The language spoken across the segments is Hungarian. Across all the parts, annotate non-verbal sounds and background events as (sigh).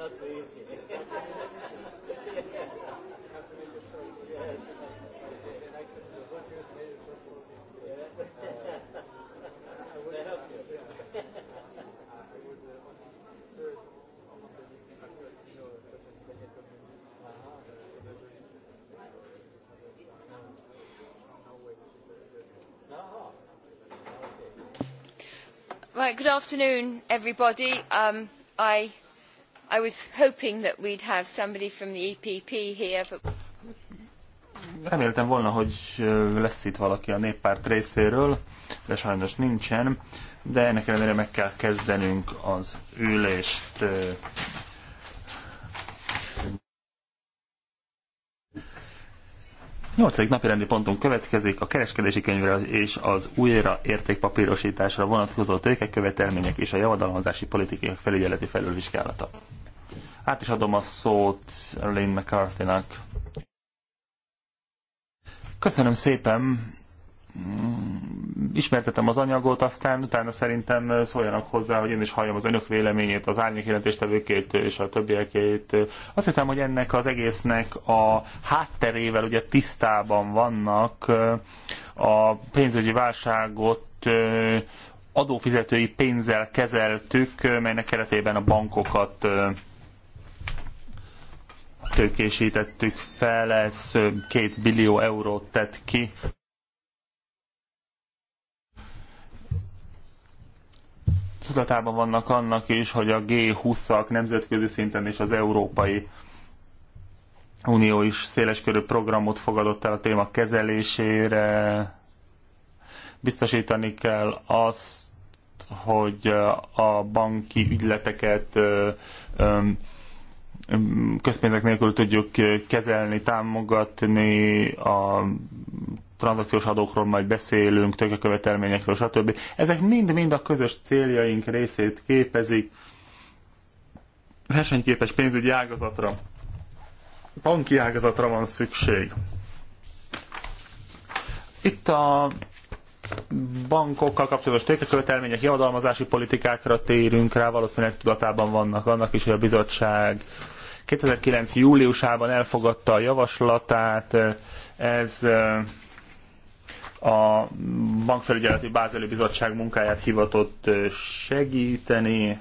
Not so easy. Right, good afternoon, everybody. Um, I I was hoping that we'd have somebody from the EPP here, but... Reméltem volna, hogy lesz itt valaki a néppárt részéről, de sajnos nincsen, de ennek ellenére meg kell kezdenünk az ülést. Nyolcadik napi rendi ponton következik a kereskedési könyvre és az újra értékpapírosításra vonatkozó tőkekövetelmények és a javadalmazási politikák felügyeleti felülvizsgálata. Át is adom a szót Lynn McCarthy-nak. Köszönöm szépen, ismertetem az anyagot, aztán utána szerintem szóljanak hozzá, hogy én is halljam az önök véleményét, az árnyék jelentéstevőkét és a többiekét. Azt hiszem, hogy ennek az egésznek a hátterével ugye tisztában vannak a pénzügyi válságot adófizetői pénzzel kezeltük, melynek keretében a bankokat tőkésítettük fel, ez két billió eurót tett ki. tudatában vannak annak is, hogy a G20-ak nemzetközi szinten és az Európai Unió is széleskörű programot fogadott el a téma kezelésére. Biztosítani kell azt, hogy a banki ügyleteket közpénzek nélkül tudjuk kezelni, támogatni a tranzakciós adókról majd beszélünk, tökekövetelményekről, stb. Ezek mind-mind a közös céljaink részét képezik versenyképes pénzügyi ágazatra, banki ágazatra van szükség. Itt a bankokkal kapcsolatos tőkekövetelmények, javadalmazási politikákra térünk rá, valószínűleg tudatában vannak annak is, hogy a bizottság 2009. júliusában elfogadta a javaslatát, ez a Bankfelügyeleti Bázeli Bizottság munkáját hivatott segíteni.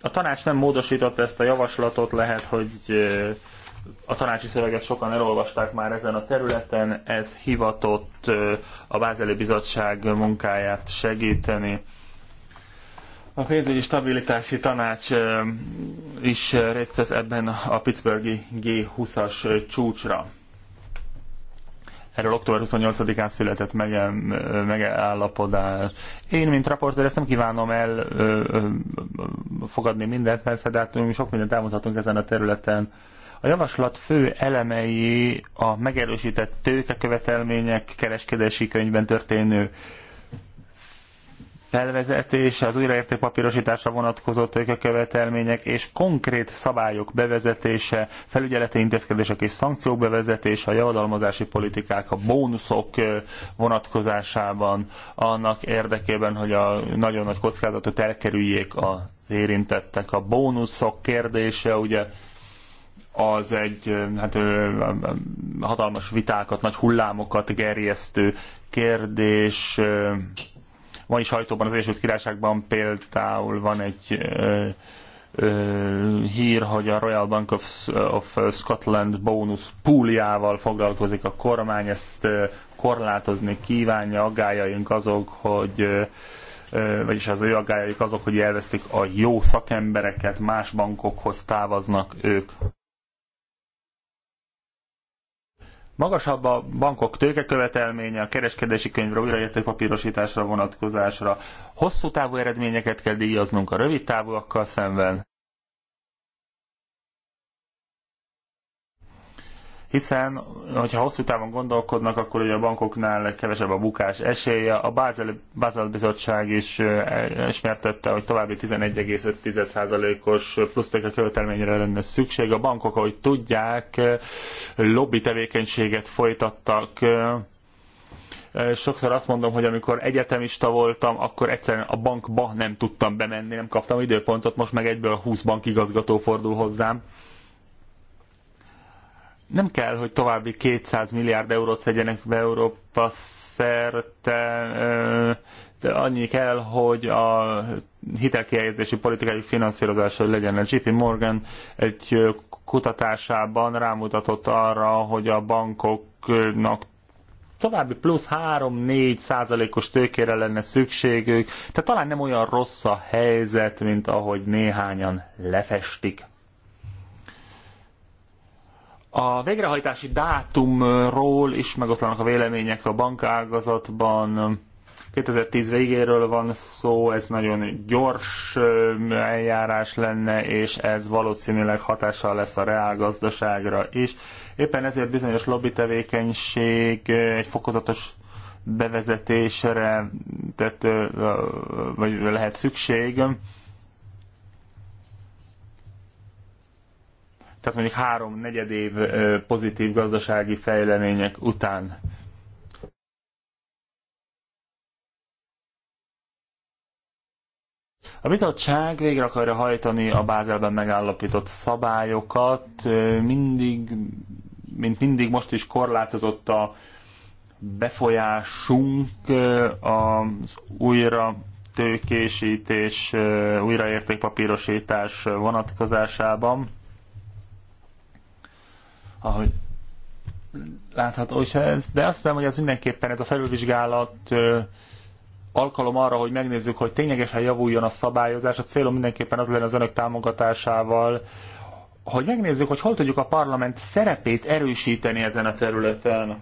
A tanács nem módosította ezt a javaslatot, lehet, hogy a tanácsi szöveget sokan elolvasták már ezen a területen, ez hivatott a Bázeli Bizottság munkáját segíteni. A pénzügyi stabilitási tanács is részt vesz ebben a Pittsburghi G20-as csúcsra. Erről október 28-án született mege, megállapodás. Én, mint raportőr, ezt nem kívánom el ö, ö, fogadni mindent, persze, de hát sok mindent elmondhatunk ezen a területen. A javaslat fő elemei a megerősített tőkekövetelmények kereskedési könyvben történő felvezetése, az papírosításra vonatkozó tőkekövetelmények és konkrét szabályok bevezetése, felügyeleti intézkedések és szankciók bevezetése, a javadalmazási politikák, a bónuszok vonatkozásában annak érdekében, hogy a nagyon nagy kockázatot elkerüljék az érintettek. A bónuszok kérdése ugye az egy hát, hatalmas vitákat, nagy hullámokat gerjesztő kérdés ma is hajtóban az Egyesült Királyságban például van egy ö, ö, hír, hogy a Royal Bank of, of Scotland bónusz púljával foglalkozik a kormány, ezt ö, korlátozni kívánja, aggájaink azok, hogy vagyis az ő aggájaik azok, hogy elvesztik a jó szakembereket, más bankokhoz távoznak ők. Magasabb a bankok tőkekövetelménye, a kereskedési könyvre, újraértékpapírosításra vonatkozásra. Hosszú távú eredményeket kell díjaznunk a rövid távúakkal szemben. hiszen hogyha hosszú távon gondolkodnak, akkor ugye a bankoknál kevesebb a bukás esélye. A Basel, Basel Bizottság is ismertette, hogy további 11,5%-os plusz a követelményre lenne szükség. A bankok, ahogy tudják, lobby tevékenységet folytattak sokszor azt mondom, hogy amikor egyetemista voltam, akkor egyszerűen a bankba nem tudtam bemenni, nem kaptam időpontot, most meg egyből 20 bankigazgató fordul hozzám nem kell, hogy további 200 milliárd eurót szedjenek be Európa szerte, de annyi kell, hogy a hitelkihelyezési politikai finanszírozása legyen. A JP Morgan egy kutatásában rámutatott arra, hogy a bankoknak további plusz 3-4 százalékos tőkére lenne szükségük, tehát talán nem olyan rossz a helyzet, mint ahogy néhányan lefestik. A végrehajtási dátumról is megoszlanak a vélemények a bankágazatban. 2010 végéről van szó, ez nagyon gyors eljárás lenne, és ez valószínűleg hatással lesz a reálgazdaságra is. Éppen ezért bizonyos lobby tevékenység egy fokozatos bevezetésre tett, vagy lehet szükség. tehát mondjuk három negyed év pozitív gazdasági fejlemények után. A bizottság végre akarja hajtani a Bázelben megállapított szabályokat, mindig, mint mindig most is korlátozott a befolyásunk az újra tőkésítés, újraértékpapírosítás vonatkozásában ahogy látható is ez, de azt hiszem, hogy ez mindenképpen ez a felülvizsgálat alkalom arra, hogy megnézzük, hogy ténylegesen javuljon a szabályozás. A célom mindenképpen az lenne az önök támogatásával, hogy megnézzük, hogy hol tudjuk a parlament szerepét erősíteni ezen a területen.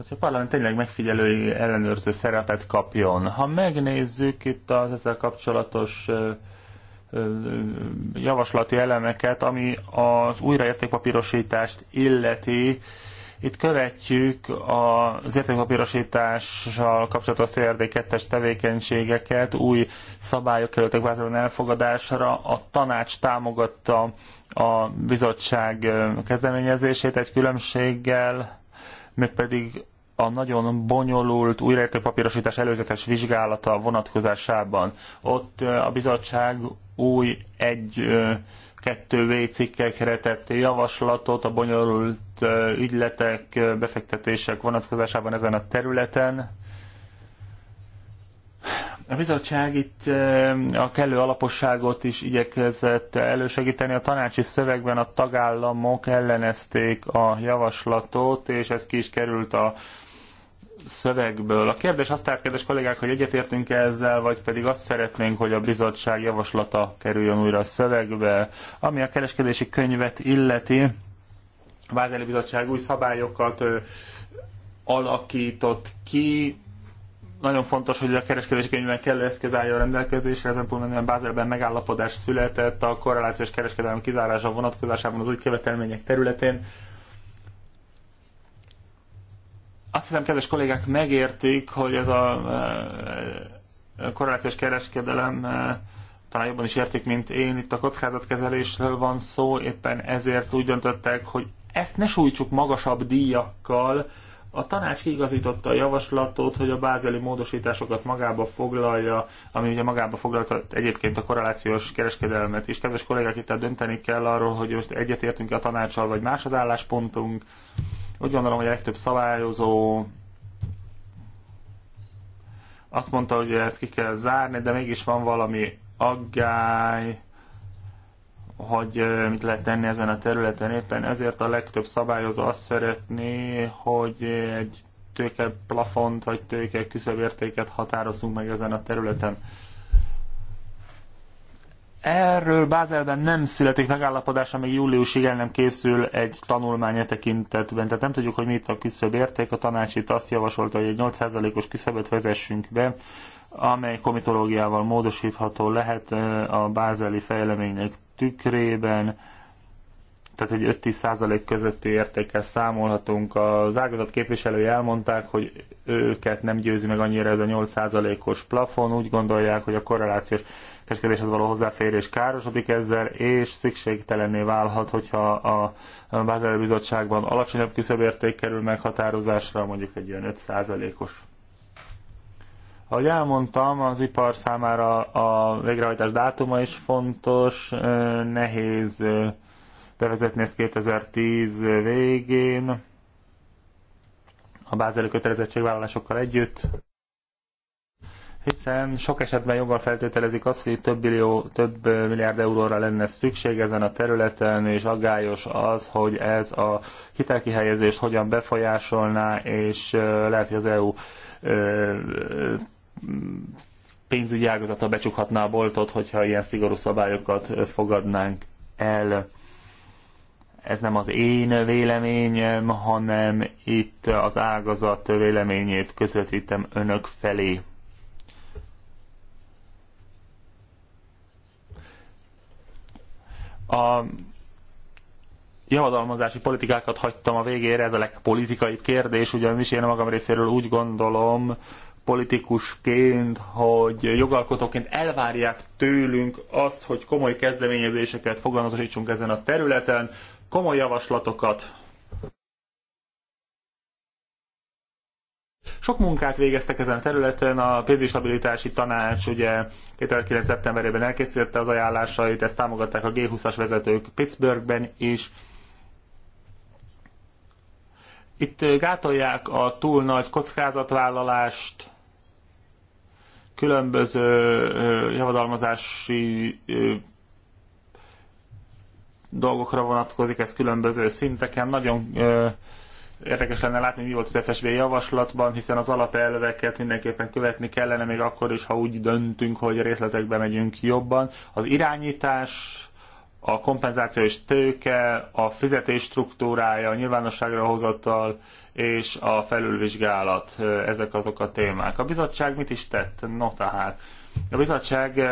az, hogy a parlament tényleg megfigyelői ellenőrző szerepet kapjon. Ha megnézzük itt az ezzel kapcsolatos javaslati elemeket, ami az újraértékpapírosítást illeti, itt követjük az értékpapírosítással kapcsolatos crd 2 tevékenységeket, új szabályok kerültek vázolóan elfogadásra. A tanács támogatta a bizottság kezdeményezését egy különbséggel, mégpedig a nagyon bonyolult újraértékpapírosítás előzetes vizsgálata vonatkozásában. Ott a bizottság új egy kettő V cikkekre javaslatot a bonyolult ügyletek, befektetések vonatkozásában ezen a területen. A bizottság itt a kellő alaposságot is igyekezett elősegíteni. A tanácsi szövegben a tagállamok ellenezték a javaslatot, és ez ki is került a szövegből. A kérdés azt tehát, kedves kollégák, hogy egyetértünk -e ezzel, vagy pedig azt szeretnénk, hogy a bizottság javaslata kerüljön újra a szövegbe. Ami a kereskedési könyvet illeti, a Vázeli Bizottság új szabályokat ö, alakított ki, nagyon fontos, hogy a kereskedési könyvben kellő eszköz állja a rendelkezésre, ezen nem Bázelben megállapodás született a korrelációs kereskedelem kizárása vonatkozásában az új követelmények területén. Azt hiszem, kedves kollégák, megértik, hogy ez a e, e, korrelációs kereskedelem e, talán jobban is értik, mint én. Itt a kockázatkezelésről van szó, éppen ezért úgy döntöttek, hogy ezt ne sújtsuk magasabb díjakkal. A tanács kiigazította a javaslatot, hogy a bázeli módosításokat magába foglalja, ami ugye magába foglalta egyébként a korrelációs kereskedelmet is. Kedves kollégák, itt dönteni kell arról, hogy most egyetértünk-e a tanácssal, vagy más az álláspontunk. Úgy gondolom, hogy a legtöbb szabályozó azt mondta, hogy ezt ki kell zárni, de mégis van valami aggály, hogy mit lehet tenni ezen a területen. Éppen ezért a legtöbb szabályozó azt szeretné, hogy egy tőke plafont vagy tőke küszöbértéket határozunk meg ezen a területen. Erről Bázelben nem születik megállapodás, amíg júliusig el nem készül egy tanulmánya e tekintetben. Tehát nem tudjuk, hogy mit a küszöb érték. A tanács itt azt javasolta, hogy egy 8%-os küszöbet vezessünk be, amely komitológiával módosítható lehet a bázeli fejlemények tükrében tehát egy 5-10% közötti értékkel számolhatunk. Az ágazat képviselői elmondták, hogy őket nem győzi meg annyira ez a 8%-os plafon, úgy gondolják, hogy a korrelációs kereskedéshez való hozzáférés károsodik ezzel, és szükségtelenné válhat, hogyha a Bázel Bizottságban alacsonyabb küszöbérték kerül meghatározásra, mondjuk egy ilyen 5%-os. Ahogy elmondtam, az ipar számára a végrehajtás dátuma is fontos, nehéz bevezetni ezt 2010 végén a bázeli kötelezettségvállalásokkal együtt hiszen sok esetben joggal feltételezik azt, hogy több, millió, több milliárd euróra lenne szükség ezen a területen, és aggályos az, hogy ez a hitelkihelyezést hogyan befolyásolná, és lehet, hogy az EU pénzügyi ágazata becsukhatná a boltot, hogyha ilyen szigorú szabályokat fogadnánk el. Ez nem az én véleményem, hanem itt az ágazat véleményét közvetítem önök felé. A javadalmazási politikákat hagytam a végére, ez a legpolitikai kérdés, ugyanis én magam részéről úgy gondolom, politikusként, hogy jogalkotóként elvárják tőlünk azt, hogy komoly kezdeményezéseket foganatosítsunk ezen a területen, komoly javaslatokat Sok munkát végeztek ezen a területen, a pénzügystabilitási tanács ugye 2009. szeptemberében elkészítette az ajánlásait, ezt támogatták a G20-as vezetők Pittsburghben is. Itt gátolják a túl nagy kockázatvállalást, különböző javadalmazási dolgokra vonatkozik, ez különböző szinteken. Nagyon érdekes lenne látni, mi volt az FSB javaslatban, hiszen az alapelveket mindenképpen követni kellene, még akkor is, ha úgy döntünk, hogy a részletekbe megyünk jobban. Az irányítás, a kompenzációs tőke, a fizetés struktúrája, a nyilvánosságra hozatal és a felülvizsgálat, ezek azok a témák. A bizottság mit is tett? No tehát. A bizottság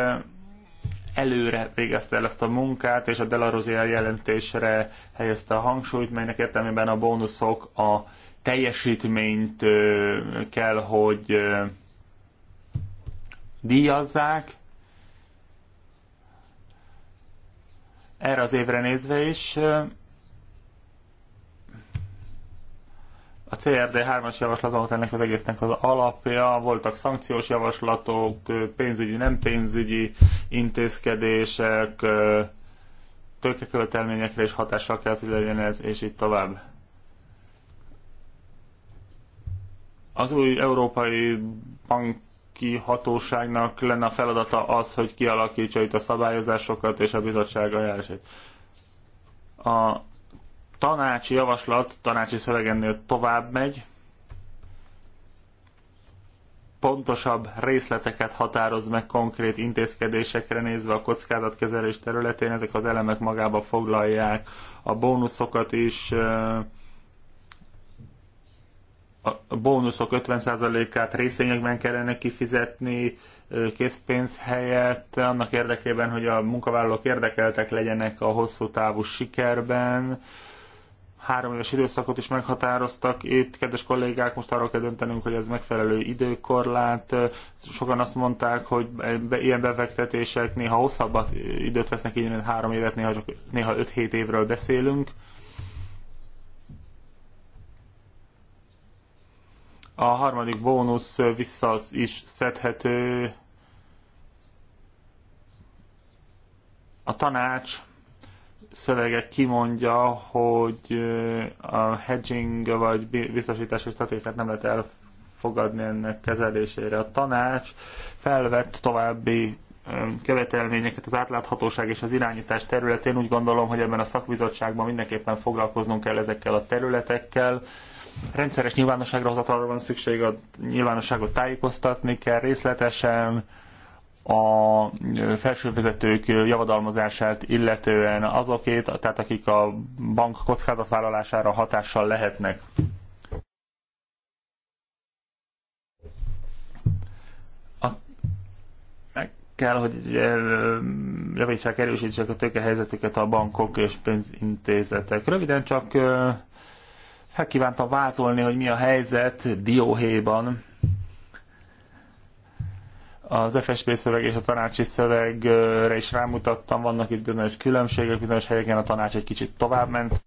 előre végezte el ezt a munkát, és a Delarozia jelentésre helyezte a hangsúlyt, melynek értelmében a bónuszok a teljesítményt kell, hogy díjazzák, erre az évre nézve is A CRD 3-as javaslat volt ennek az egésznek az alapja, voltak szankciós javaslatok, pénzügyi, nem pénzügyi intézkedések, tőkekövetelményekre is hatással kell, hogy legyen ez, és így tovább. Az új európai banki hatóságnak lenne a feladata az, hogy kialakítsa itt a szabályozásokat és a bizottság ajánlásait. A tanácsi javaslat tanácsi szövegennél tovább megy, pontosabb részleteket határoz meg konkrét intézkedésekre nézve a kockázatkezelés területén. Ezek az elemek magába foglalják a bónuszokat is, a bónuszok 50%-át részvényekben kellene kifizetni készpénz helyett, annak érdekében, hogy a munkavállalók érdekeltek legyenek a hosszú távú sikerben három éves időszakot is meghatároztak. Itt, kedves kollégák, most arról kell döntenünk, hogy ez megfelelő időkorlát. Sokan azt mondták, hogy ilyen befektetések néha hosszabbat időt vesznek, így mint három évet, néha, csak, néha öt-hét évről beszélünk. A harmadik bónusz vissza is szedhető. A tanács szövege kimondja, hogy a hedging vagy biztosítási stratégiát nem lehet elfogadni ennek kezelésére. A tanács felvett további követelményeket az átláthatóság és az irányítás területén. Úgy gondolom, hogy ebben a szakbizottságban mindenképpen foglalkoznunk kell ezekkel a területekkel. Rendszeres nyilvánosságra hozatalra van szükség, a nyilvánosságot tájékoztatni kell részletesen, a felsővezetők javadalmazását illetően azokét, tehát akik a bank kockázatvállalására hatással lehetnek. meg kell, hogy javítsák, erősítsék a tőkehelyzetüket a bankok és pénzintézetek. Röviden csak hát kívántam vázolni, hogy mi a helyzet dióhéjban az FSP szöveg és a tanácsi szövegre is rámutattam, vannak itt bizonyos különbségek, bizonyos helyeken a tanács egy kicsit tovább ment.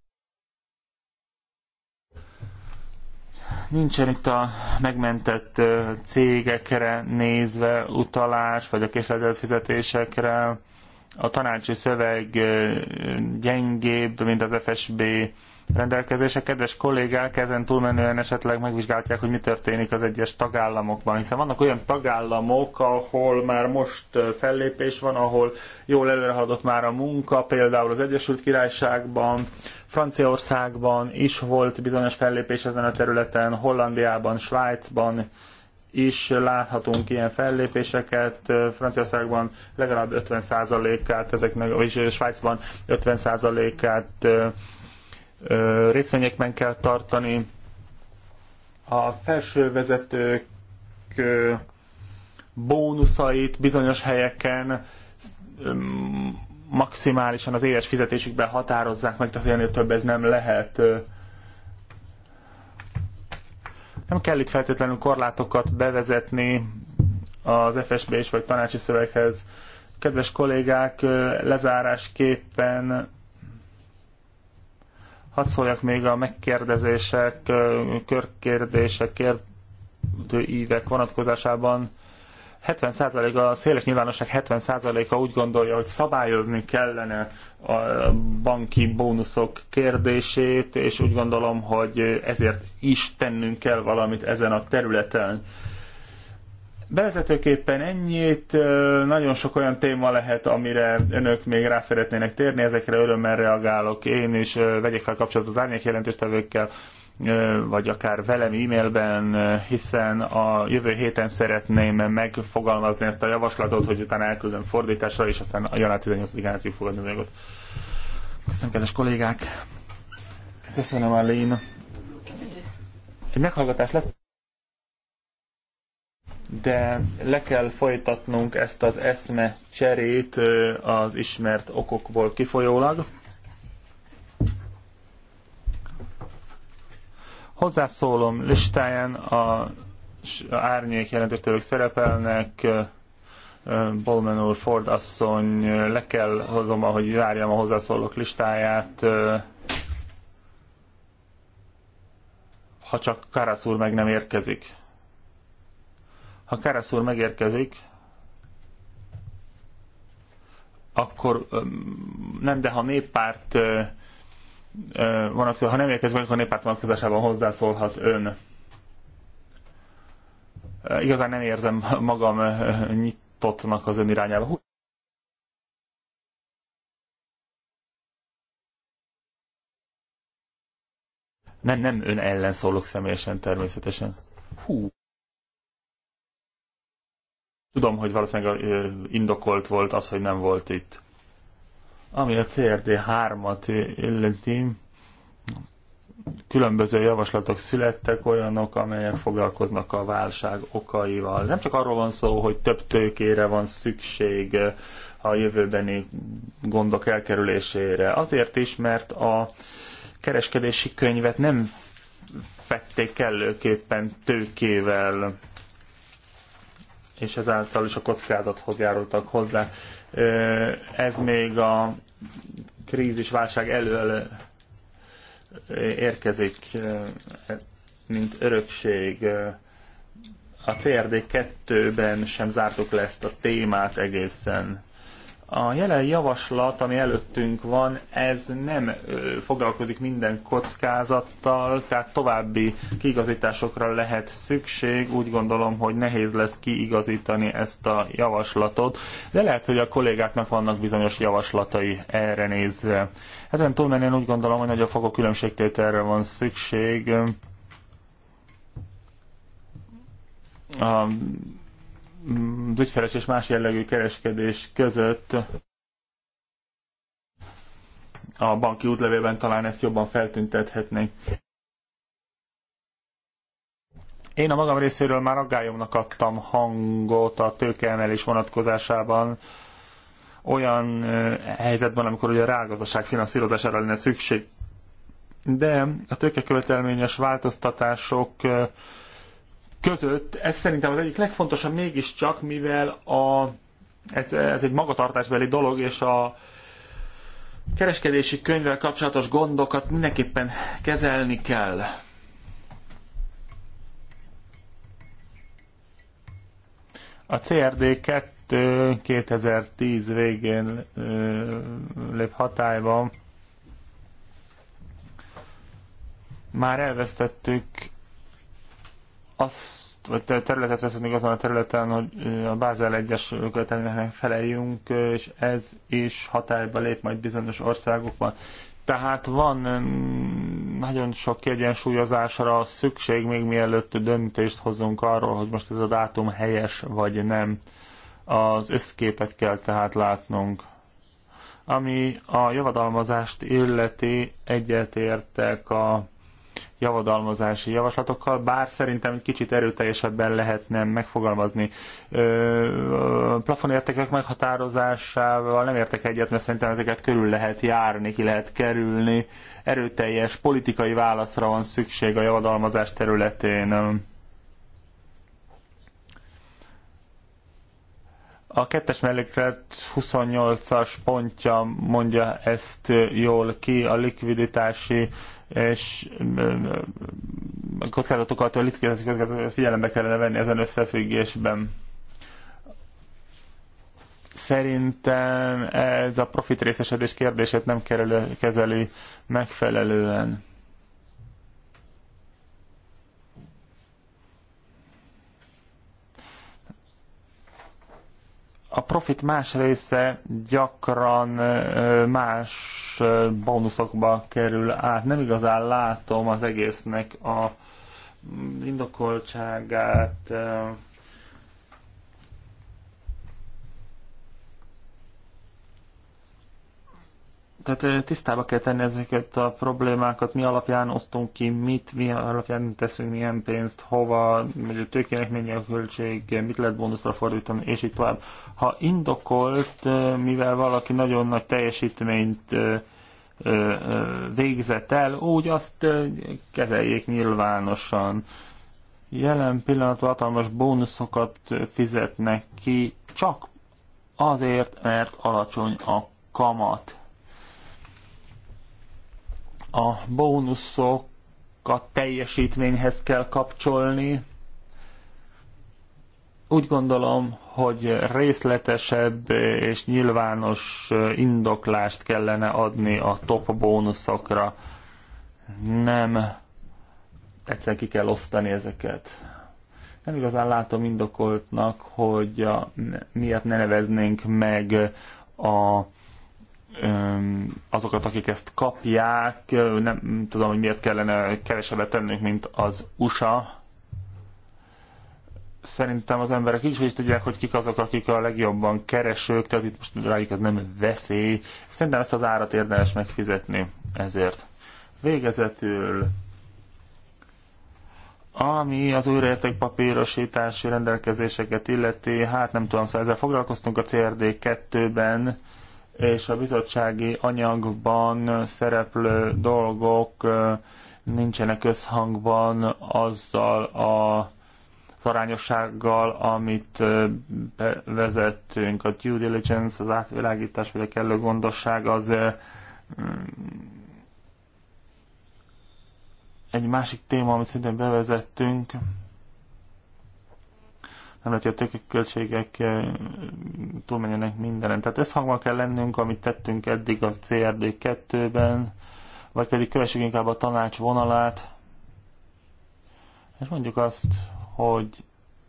Nincsen itt a megmentett cégekre nézve utalás, vagy a késledelt fizetésekre. A tanácsi szöveg gyengébb, mint az FSB rendelkezése Kedves kollégák, ezen túlmenően esetleg megvizsgálják, hogy mi történik az egyes tagállamokban, hiszen vannak olyan tagállamok, ahol már most fellépés van, ahol jól előrehaladott már a munka, például az Egyesült Királyságban, Franciaországban is volt bizonyos fellépés ezen a területen, Hollandiában, Svájcban, is láthatunk ilyen fellépéseket. Franciaországban legalább 50%-át, ezeknek, vagyis Svájcban 50%-át részvényekben kell tartani. A felső vezetők bónuszait bizonyos helyeken maximálisan az éves fizetésükben határozzák meg, tehát ennél több ez nem lehet. Nem kell itt feltétlenül korlátokat bevezetni az FSB és vagy tanácsi szöveghez. Kedves kollégák, lezárásképpen Hadd szóljak még a megkérdezések, körkérdések, kérdőívek vonatkozásában. 70% a széles nyilvánosság 70%-a úgy gondolja, hogy szabályozni kellene a banki bónuszok kérdését, és úgy gondolom, hogy ezért is tennünk kell valamit ezen a területen. Bevezetőképpen ennyit, nagyon sok olyan téma lehet, amire önök még rá szeretnének térni, ezekre örömmel reagálok én is, vegyek fel kapcsolatot az árnyék jelentéstevőkkel, vagy akár velem e-mailben, hiszen a jövő héten szeretném megfogalmazni ezt a javaslatot, hogy utána elküldöm fordításra, és aztán a január 18-án tudjuk fogadni az anyagot. Köszönöm, kedves kollégák! Köszönöm, Aline! Egy meghallgatás lesz de le kell folytatnunk ezt az eszme cserét az ismert okokból kifolyólag. Hozzászólom listáján a árnyék jelentőstőlők szerepelnek, Bowman úr, Ford asszony, le kell hozom, ahogy járjam a hozzászólók listáját, ha csak Karasz úr meg nem érkezik. Ha Karasz úr megérkezik, akkor nem, de ha néppárt vonatkozásában, ha nem érkezik akkor néppárt vonatkozásában hozzászólhat ön. Igazán nem érzem magam nyitottnak az ön irányába. Nem, nem ön ellen szólok személyesen természetesen. Hú. Tudom, hogy valószínűleg indokolt volt az, hogy nem volt itt. Ami a CRD 3-at illeti, különböző javaslatok születtek, olyanok, amelyek foglalkoznak a válság okaival. Nem csak arról van szó, hogy több tőkére van szükség a jövőbeni gondok elkerülésére. Azért is, mert a kereskedési könyvet nem fették kellőképpen tőkével és ezáltal is a kockázathoz járultak hozzá. Ez még a krízis válság elől érkezik, mint örökség. A CRD 2-ben sem zártuk le ezt a témát egészen a jelen javaslat, ami előttünk van, ez nem foglalkozik minden kockázattal, tehát további kiigazításokra lehet szükség. Úgy gondolom, hogy nehéz lesz kiigazítani ezt a javaslatot, de lehet, hogy a kollégáknak vannak bizonyos javaslatai erre nézve. Ezen túlmenően úgy gondolom, hogy nagyobb fokú különbségtételre van szükség. A az ügyfeles és más jellegű kereskedés között a banki útlevélben talán ezt jobban feltüntethetnénk. Én a magam részéről már aggályomnak adtam hangot a tőkeemelés vonatkozásában olyan helyzetben, amikor ugye a rágazdaság finanszírozására lenne szükség. De a tőkekövetelményes változtatások között, ez szerintem az egyik legfontosabb mégiscsak, mivel a, ez, ez egy magatartásbeli dolog, és a kereskedési könyvvel kapcsolatos gondokat mindenképpen kezelni kell. A CRD 2 2010 végén lép hatályba. Már elvesztettük azt vagy területet veszünk még azon a területen, hogy a Bázel 1-es követelményeknek feleljünk, és ez is hatályba lép majd bizonyos országokban. Tehát van nagyon sok kiegyensúlyozásra szükség, még mielőtt döntést hozunk arról, hogy most ez a dátum helyes vagy nem. Az összképet kell tehát látnunk. Ami a javadalmazást illeti, egyetértek a javadalmazási javaslatokkal, bár szerintem egy kicsit erőteljesebben lehetne megfogalmazni. a plafonértékek meghatározásával nem értek egyet, mert szerintem ezeket körül lehet járni, ki lehet kerülni. Erőteljes politikai válaszra van szükség a javadalmazás területén. A kettes melléklet 28-as pontja mondja ezt jól ki, a likviditási és kockázatokat, a litkérező kockázatokat figyelembe kellene venni ezen összefüggésben. Szerintem ez a profit részesedés kérdését nem kerül, kezeli megfelelően. a profit más része gyakran más bónuszokba kerül át. Nem igazán látom az egésznek a indokoltságát. tehát tisztába kell tenni ezeket a problémákat, mi alapján osztunk ki, mit, mi alapján teszünk milyen pénzt, hova, mondjuk tőkének mennyi a költség, mit lehet bónuszra fordítani, és így tovább. Ha indokolt, mivel valaki nagyon nagy teljesítményt végzett el, úgy azt kezeljék nyilvánosan. Jelen pillanatban hatalmas bónuszokat fizetnek ki, csak azért, mert alacsony a kamat a bónuszokat teljesítményhez kell kapcsolni. Úgy gondolom, hogy részletesebb és nyilvános indoklást kellene adni a top bónuszokra. Nem egyszer ki kell osztani ezeket. Nem igazán látom indokoltnak, hogy a, miért ne neveznénk meg a azokat, akik ezt kapják, nem tudom, hogy miért kellene kevesebbet tennünk, mint az USA. Szerintem az emberek is is tudják, hogy kik azok, akik a legjobban keresők, tehát itt most rájuk ez nem veszély. Szerintem ezt az árat érdemes megfizetni ezért. Végezetül ami az újraértékpapírosítási rendelkezéseket illeti, hát nem tudom, szóval ezzel foglalkoztunk a CRD 2-ben, és a bizottsági anyagban szereplő dolgok nincsenek összhangban azzal a az arányossággal, amit bevezettünk. A due diligence, az átvilágítás, vagy a kellő gondosság az mm, egy másik téma, amit szintén bevezettünk, nem lehet, hogy a költségek eh, túlmenjenek mindenen. Tehát összhangban kell lennünk, amit tettünk eddig az CRD 2-ben, vagy pedig kövessük inkább a tanács vonalát, és mondjuk azt, hogy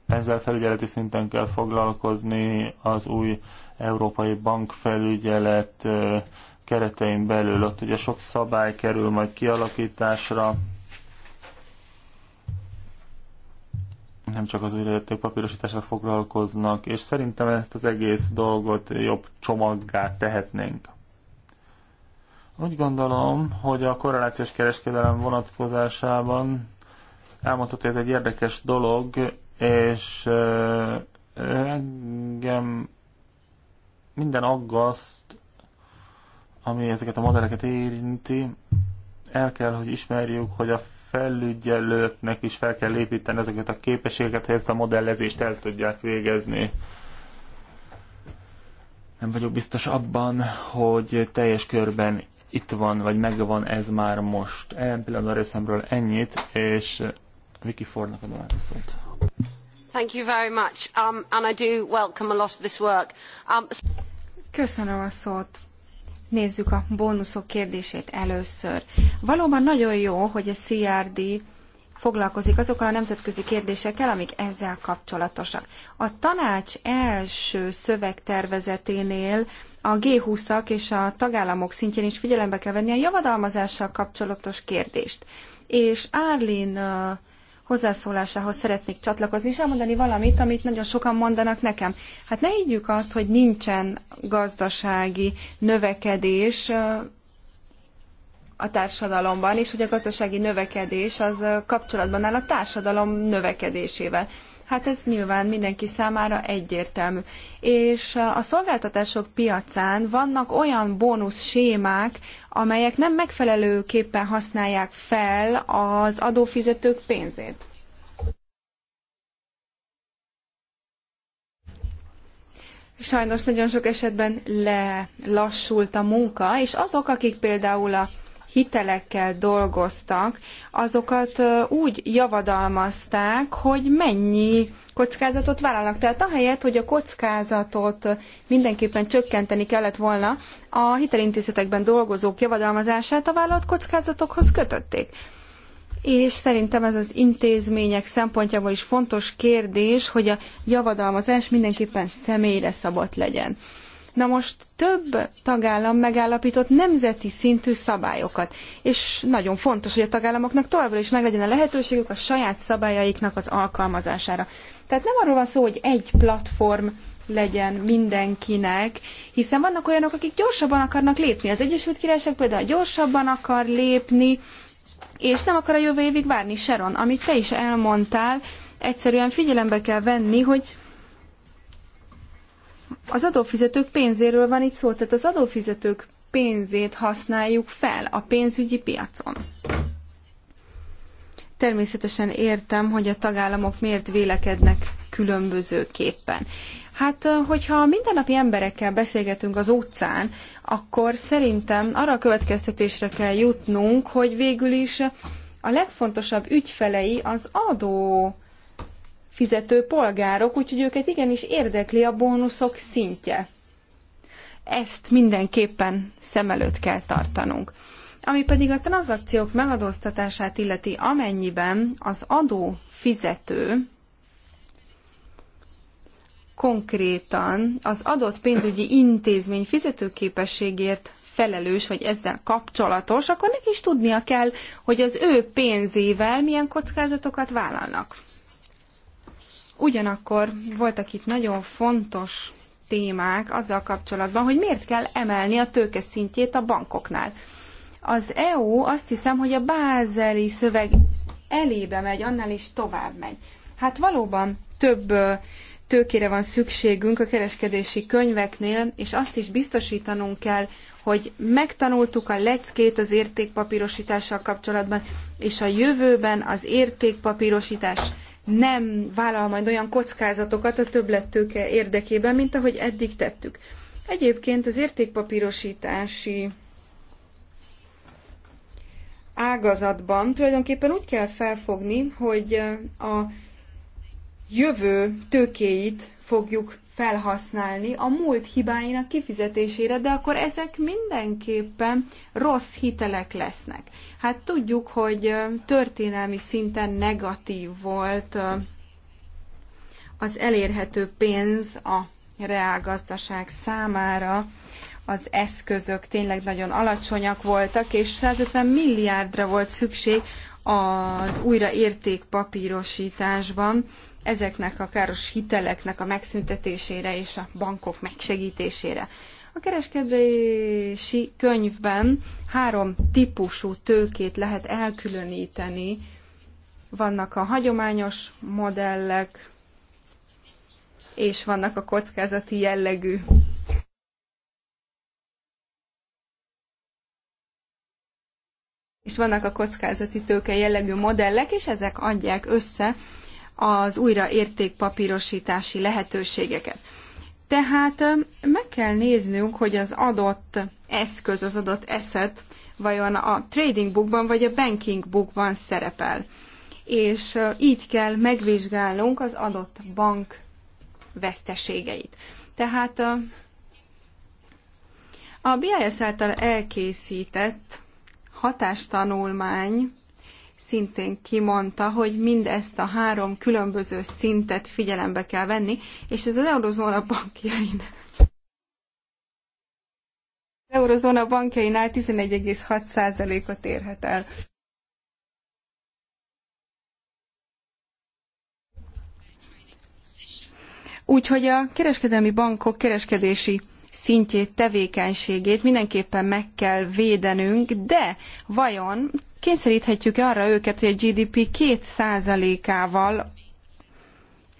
ezzel felügyeleti szinten kell foglalkozni az új Európai Bankfelügyelet eh, keretein belül. Ott ugye sok szabály kerül majd kialakításra, nem csak az újraérték papírosítással foglalkoznak, és szerintem ezt az egész dolgot jobb csomaggá tehetnénk. Úgy gondolom, hogy a korrelációs kereskedelem vonatkozásában elmondható, hogy ez egy érdekes dolog, és eh, engem minden aggaszt, ami ezeket a modelleket érinti, el kell, hogy ismerjük, hogy a felügyelőtnek is fel kell építeni ezeket a képességeket, hogy ezt a modellezést el tudják végezni. Nem vagyok biztos abban, hogy teljes körben itt van, vagy megvan ez már most. Ebből pillanatban részemről ennyit, és Vicky Fordnak adom át a szót. Thank you very much, um, and I do welcome a lot of this work. Um... Köszönöm a szót. Nézzük a bónuszok kérdését először. Valóban nagyon jó, hogy a CRD foglalkozik azokkal a nemzetközi kérdésekkel, amik ezzel kapcsolatosak. A tanács első szövegtervezeténél a G20-ak és a tagállamok szintjén is figyelembe kell venni a javadalmazással kapcsolatos kérdést. És Arlene uh, hozzászólásához szeretnék csatlakozni, és elmondani valamit, amit nagyon sokan mondanak nekem. Hát ne higgyük azt, hogy nincsen gazdasági növekedés a társadalomban, és hogy a gazdasági növekedés az kapcsolatban áll a társadalom növekedésével hát ez nyilván mindenki számára egyértelmű. És a szolgáltatások piacán vannak olyan bónusz sémák, amelyek nem megfelelőképpen használják fel az adófizetők pénzét. Sajnos nagyon sok esetben lelassult a munka, és azok, akik például a hitelekkel dolgoztak, azokat úgy javadalmazták, hogy mennyi kockázatot vállalnak. Tehát ahelyett, hogy a kockázatot mindenképpen csökkenteni kellett volna, a hitelintézetekben dolgozók javadalmazását a vállalt kockázatokhoz kötötték és szerintem ez az intézmények szempontjából is fontos kérdés, hogy a javadalmazás mindenképpen személyre szabott legyen. Na most több tagállam megállapított nemzeti szintű szabályokat, és nagyon fontos, hogy a tagállamoknak továbbra is meglegyen a lehetőségük a saját szabályaiknak az alkalmazására. Tehát nem arról van szó, hogy egy platform legyen mindenkinek, hiszen vannak olyanok, akik gyorsabban akarnak lépni. Az Egyesült Királyság például gyorsabban akar lépni, és nem akar a jövő évig várni, Sharon. Amit te is elmondtál, egyszerűen figyelembe kell venni, hogy az adófizetők pénzéről van itt szó, tehát az adófizetők pénzét használjuk fel a pénzügyi piacon. Természetesen értem, hogy a tagállamok miért vélekednek különbözőképpen. Hát, hogyha mindennapi emberekkel beszélgetünk az utcán, akkor szerintem arra a következtetésre kell jutnunk, hogy végül is a legfontosabb ügyfelei az adó fizető polgárok, úgyhogy őket igenis érdekli a bónuszok szintje. Ezt mindenképpen szem előtt kell tartanunk. Ami pedig a tranzakciók megadóztatását illeti, amennyiben az adó fizető konkrétan az adott pénzügyi intézmény fizetőképességért felelős, vagy ezzel kapcsolatos, akkor neki is tudnia kell, hogy az ő pénzével milyen kockázatokat vállalnak. Ugyanakkor voltak itt nagyon fontos témák azzal kapcsolatban, hogy miért kell emelni a tőke szintjét a bankoknál. Az EU azt hiszem, hogy a bázeli szöveg elébe megy, annál is tovább megy. Hát valóban több tőkére van szükségünk a kereskedési könyveknél, és azt is biztosítanunk kell, hogy megtanultuk a leckét az értékpapírosítással kapcsolatban, és a jövőben az értékpapírosítás nem vállal majd olyan kockázatokat a többlettőke érdekében, mint ahogy eddig tettük. Egyébként az értékpapírosítási ágazatban tulajdonképpen úgy kell felfogni, hogy a jövő tőkéit fogjuk felhasználni a múlt hibáinak kifizetésére, de akkor ezek mindenképpen rossz hitelek lesznek. Hát tudjuk, hogy történelmi szinten negatív volt az elérhető pénz a reálgazdaság számára, az eszközök tényleg nagyon alacsonyak voltak, és 150 milliárdra volt szükség az újraértékpapírosításban, ezeknek a káros hiteleknek a megszüntetésére és a bankok megsegítésére. A kereskedési könyvben három típusú tőkét lehet elkülöníteni. Vannak a hagyományos modellek, és vannak a kockázati jellegű és vannak a kockázati tőke jellegű modellek, és ezek adják össze az újraértékpapírosítási lehetőségeket. Tehát meg kell néznünk, hogy az adott eszköz, az adott eszet vajon a trading bookban vagy a banking bookban szerepel. És így kell megvizsgálnunk az adott bank veszteségeit. Tehát a, a BIS által elkészített hatástanulmány szintén kimondta, hogy mindezt a három különböző szintet figyelembe kell venni, és ez az eurozóna bankjain. Az eurozóna bankjainál 11,6%-ot érhet el. Úgyhogy a kereskedelmi bankok kereskedési szintjét, tevékenységét mindenképpen meg kell védenünk, de vajon kényszeríthetjük -e arra őket, hogy a GDP 2%-ával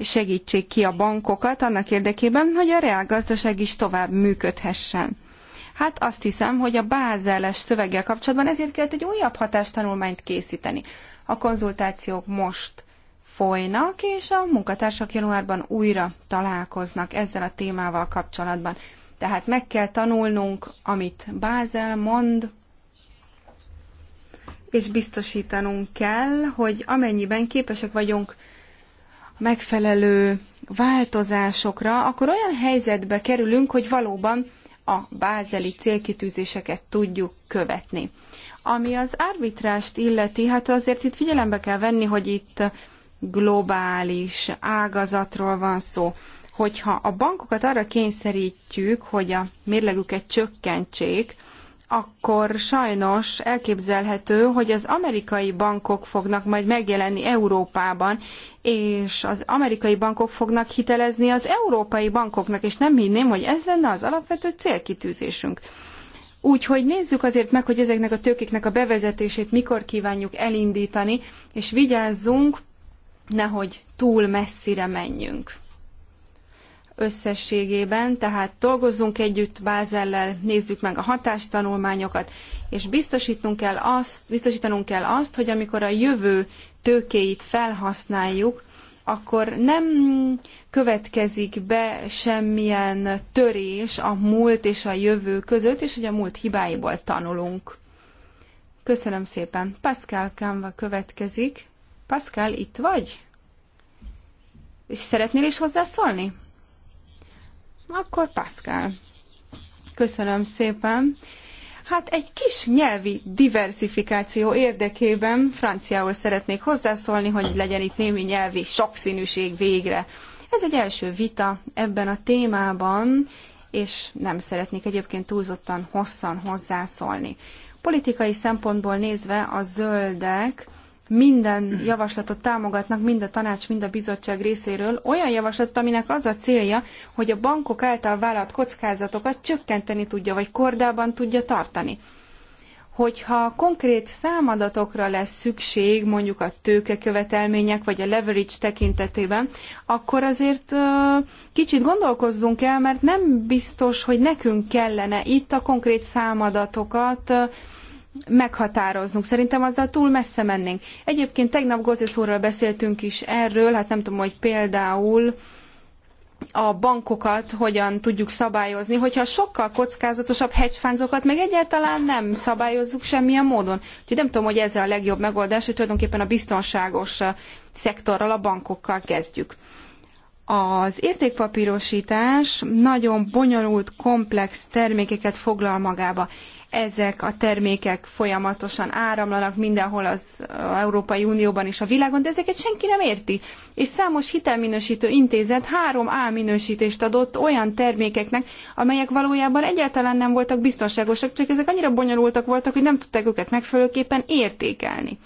segítsék ki a bankokat annak érdekében, hogy a reálgazdaság is tovább működhessen. Hát azt hiszem, hogy a bázeles szöveggel kapcsolatban ezért kellett egy újabb hatástanulmányt készíteni. A konzultációk most folynak, és a munkatársak januárban újra találkoznak ezzel a témával kapcsolatban. Tehát meg kell tanulnunk, amit Bázel mond, és biztosítanunk kell, hogy amennyiben képesek vagyunk megfelelő változásokra, akkor olyan helyzetbe kerülünk, hogy valóban a bázeli célkitűzéseket tudjuk követni. Ami az arbitrást illeti, hát azért itt figyelembe kell venni, hogy itt globális ágazatról van szó. Hogyha a bankokat arra kényszerítjük, hogy a mérlegüket csökkentsék, akkor sajnos elképzelhető, hogy az amerikai bankok fognak majd megjelenni Európában, és az amerikai bankok fognak hitelezni az európai bankoknak, és nem hinném, hogy ez lenne az alapvető célkitűzésünk. Úgyhogy nézzük azért meg, hogy ezeknek a tőkéknek a bevezetését mikor kívánjuk elindítani, és vigyázzunk, nehogy túl messzire menjünk összességében, tehát dolgozzunk együtt Bázellel, nézzük meg a hatástanulmányokat, és biztosítunk kell azt, biztosítanunk kell azt, hogy amikor a jövő tőkéit felhasználjuk, akkor nem következik be semmilyen törés a múlt és a jövő között, és hogy a múlt hibáiból tanulunk. Köszönöm szépen. Pascal Kamba következik. Pascal, itt vagy? És szeretnél is hozzászólni? Akkor Pascal. Köszönöm szépen. Hát egy kis nyelvi diversifikáció érdekében franciául szeretnék hozzászólni, hogy legyen itt némi nyelvi sokszínűség végre. Ez egy első vita ebben a témában, és nem szeretnék egyébként túlzottan hosszan hozzászólni. Politikai szempontból nézve a zöldek minden javaslatot támogatnak, mind a tanács, mind a bizottság részéről, olyan javaslatot, aminek az a célja, hogy a bankok által vállalt kockázatokat csökkenteni tudja, vagy kordában tudja tartani. Hogyha konkrét számadatokra lesz szükség, mondjuk a tőkekövetelmények vagy a leverage tekintetében, akkor azért kicsit gondolkozzunk el, mert nem biztos, hogy nekünk kellene itt a konkrét számadatokat meghatároznunk. Szerintem azzal túl messze mennénk. Egyébként tegnap Gozes úrral beszéltünk is erről, hát nem tudom, hogy például a bankokat hogyan tudjuk szabályozni, hogyha sokkal kockázatosabb hedgefánzokat meg egyáltalán nem szabályozzuk semmilyen módon. Úgyhogy nem tudom, hogy ez a legjobb megoldás, hogy tulajdonképpen a biztonságos szektorral, a bankokkal kezdjük. Az értékpapírosítás nagyon bonyolult, komplex termékeket foglal magába ezek a termékek folyamatosan áramlanak mindenhol az Európai Unióban és a világon, de ezeket senki nem érti. És számos hitelminősítő intézet három a minősítést adott olyan termékeknek, amelyek valójában egyáltalán nem voltak biztonságosak, csak ezek annyira bonyolultak voltak, hogy nem tudták őket megfelelőképpen értékelni.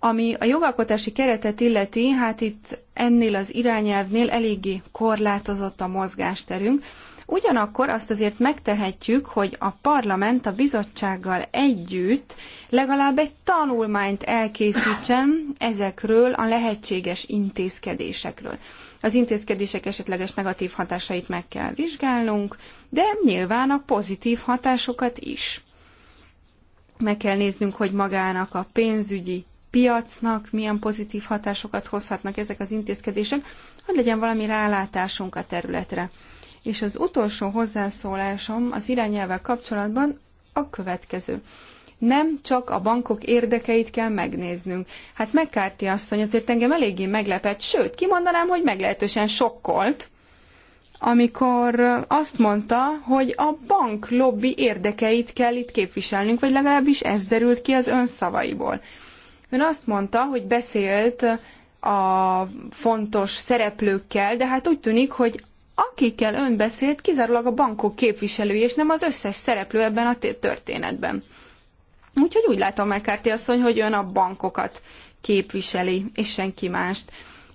Ami a jogalkotási keretet illeti, hát itt ennél az irányelvnél eléggé korlátozott a mozgásterünk Ugyanakkor azt azért megtehetjük, hogy a parlament a bizottsággal együtt legalább egy tanulmányt elkészítsen ezekről a lehetséges intézkedésekről. Az intézkedések esetleges negatív hatásait meg kell vizsgálnunk, de nyilván a pozitív hatásokat is. Meg kell néznünk, hogy magának a pénzügyi piacnak milyen pozitív hatásokat hozhatnak ezek az intézkedések, hogy legyen valami rálátásunk a területre. És az utolsó hozzászólásom az irányelvvel kapcsolatban a következő nem csak a bankok érdekeit kell megnéznünk. Hát azt, asszony azért engem eléggé meglepett, sőt, kimondanám, hogy meglehetősen sokkolt, amikor azt mondta, hogy a bank lobby érdekeit kell itt képviselnünk, vagy legalábbis ez derült ki az ön szavaiból. Ön azt mondta, hogy beszélt a fontos szereplőkkel, de hát úgy tűnik, hogy akikkel ön beszélt, kizárólag a bankok képviselői, és nem az összes szereplő ebben a történetben. Úgyhogy úgy látom, Mekárti asszony, hogy ön a bankokat képviseli, és senki mást.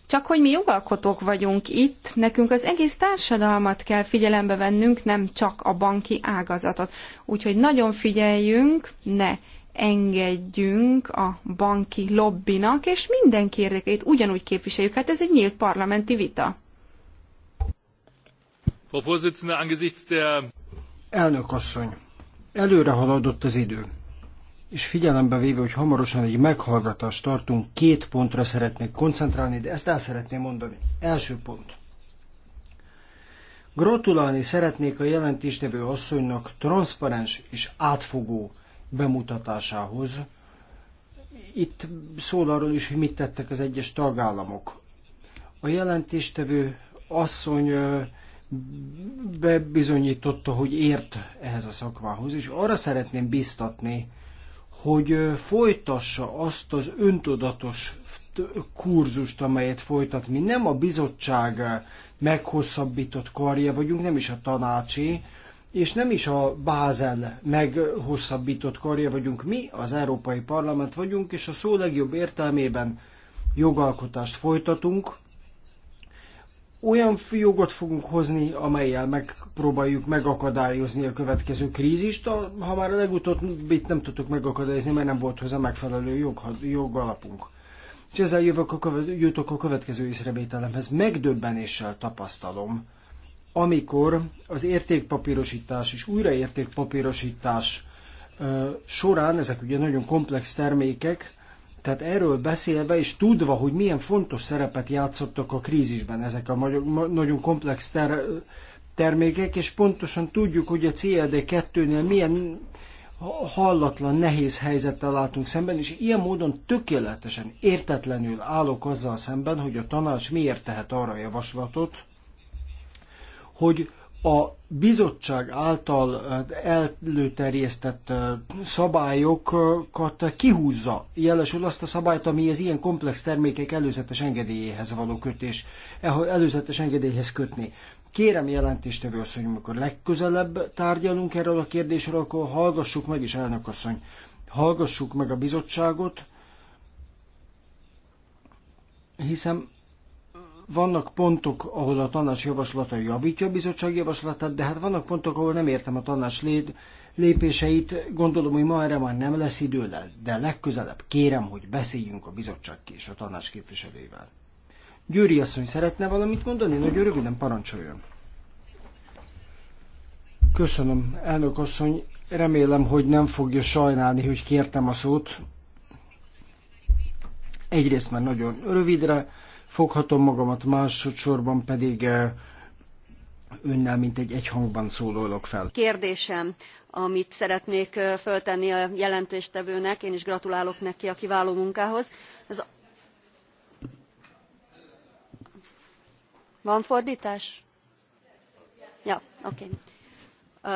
Csak hogy mi jogalkotók vagyunk itt, nekünk az egész társadalmat kell figyelembe vennünk, nem csak a banki ágazatot. Úgyhogy nagyon figyeljünk, ne engedjünk a banki lobbinak, és mindenki érdekeit ugyanúgy képviseljük. Hát ez egy nyílt parlamenti vita. Frau Vorsitzende, angesichts der... Elnök asszony, előre haladott az idő, és figyelembe véve, hogy hamarosan egy meghallgatást tartunk, két pontra szeretnék koncentrálni, de ezt el szeretném mondani. Első pont. Gratulálni szeretnék a jelentéstevő asszonynak transzparens és átfogó bemutatásához. Itt szól arról is, hogy mit tettek az egyes tagállamok. A jelentéstevő asszony bebizonyította, hogy ért ehhez a szakmához, és arra szeretném biztatni, hogy folytassa azt az öntudatos kurzust, amelyet folytat. Mi nem a bizottság meghosszabbított karja vagyunk, nem is a tanácsi, és nem is a Bázel meghosszabbított karja vagyunk. Mi az Európai Parlament vagyunk, és a szó legjobb értelmében jogalkotást folytatunk, olyan jogot fogunk hozni, amelyel megpróbáljuk megakadályozni a következő krízist, ha már a legutóbbit nem tudtuk megakadályozni, mert nem volt hozzá megfelelő jog, jogalapunk. És ezzel jövök a követ, jutok a következő észrevételemhez. Megdöbbenéssel tapasztalom, amikor az értékpapírosítás és újraértékpapírosítás során, ezek ugye nagyon komplex termékek, tehát erről beszélve és tudva, hogy milyen fontos szerepet játszottak a krízisben ezek a nagyon komplex ter- termékek, és pontosan tudjuk, hogy a CLD2-nél milyen hallatlan, nehéz helyzettel látunk szemben, és ilyen módon tökéletesen, értetlenül állok azzal szemben, hogy a tanács miért tehet arra javaslatot, hogy a bizottság által eh, előterjesztett eh, szabályokat kihúzza. Jelesül azt a szabályt, ami az ilyen komplex termékek előzetes engedélyéhez való kötés, eh, előzetes engedélyhez kötni. Kérem jelentéstevő asszony, amikor legközelebb tárgyalunk erről a kérdésről, akkor hallgassuk meg is, elnök asszony, hallgassuk meg a bizottságot, hiszen vannak pontok, ahol a tanács javaslata javítja a bizottság javaslatát, de hát vannak pontok, ahol nem értem a tanács lépéseit. Gondolom, hogy ma erre már nem lesz idő, de legközelebb kérem, hogy beszéljünk a bizottság és a tanács képviselőivel. Győri asszony szeretne valamit mondani? Nagyon röviden parancsoljon. Köszönöm, elnök asszony. Remélem, hogy nem fogja sajnálni, hogy kértem a szót. Egyrészt már nagyon rövidre, foghatom magamat, másodszorban pedig eh, önnel, mint egy egyhangban szólalok fel. Kérdésem, amit szeretnék eh, föltenni a jelentéstevőnek, én is gratulálok neki a kiváló munkához. Ez Van fordítás? Ja, oké. Okay.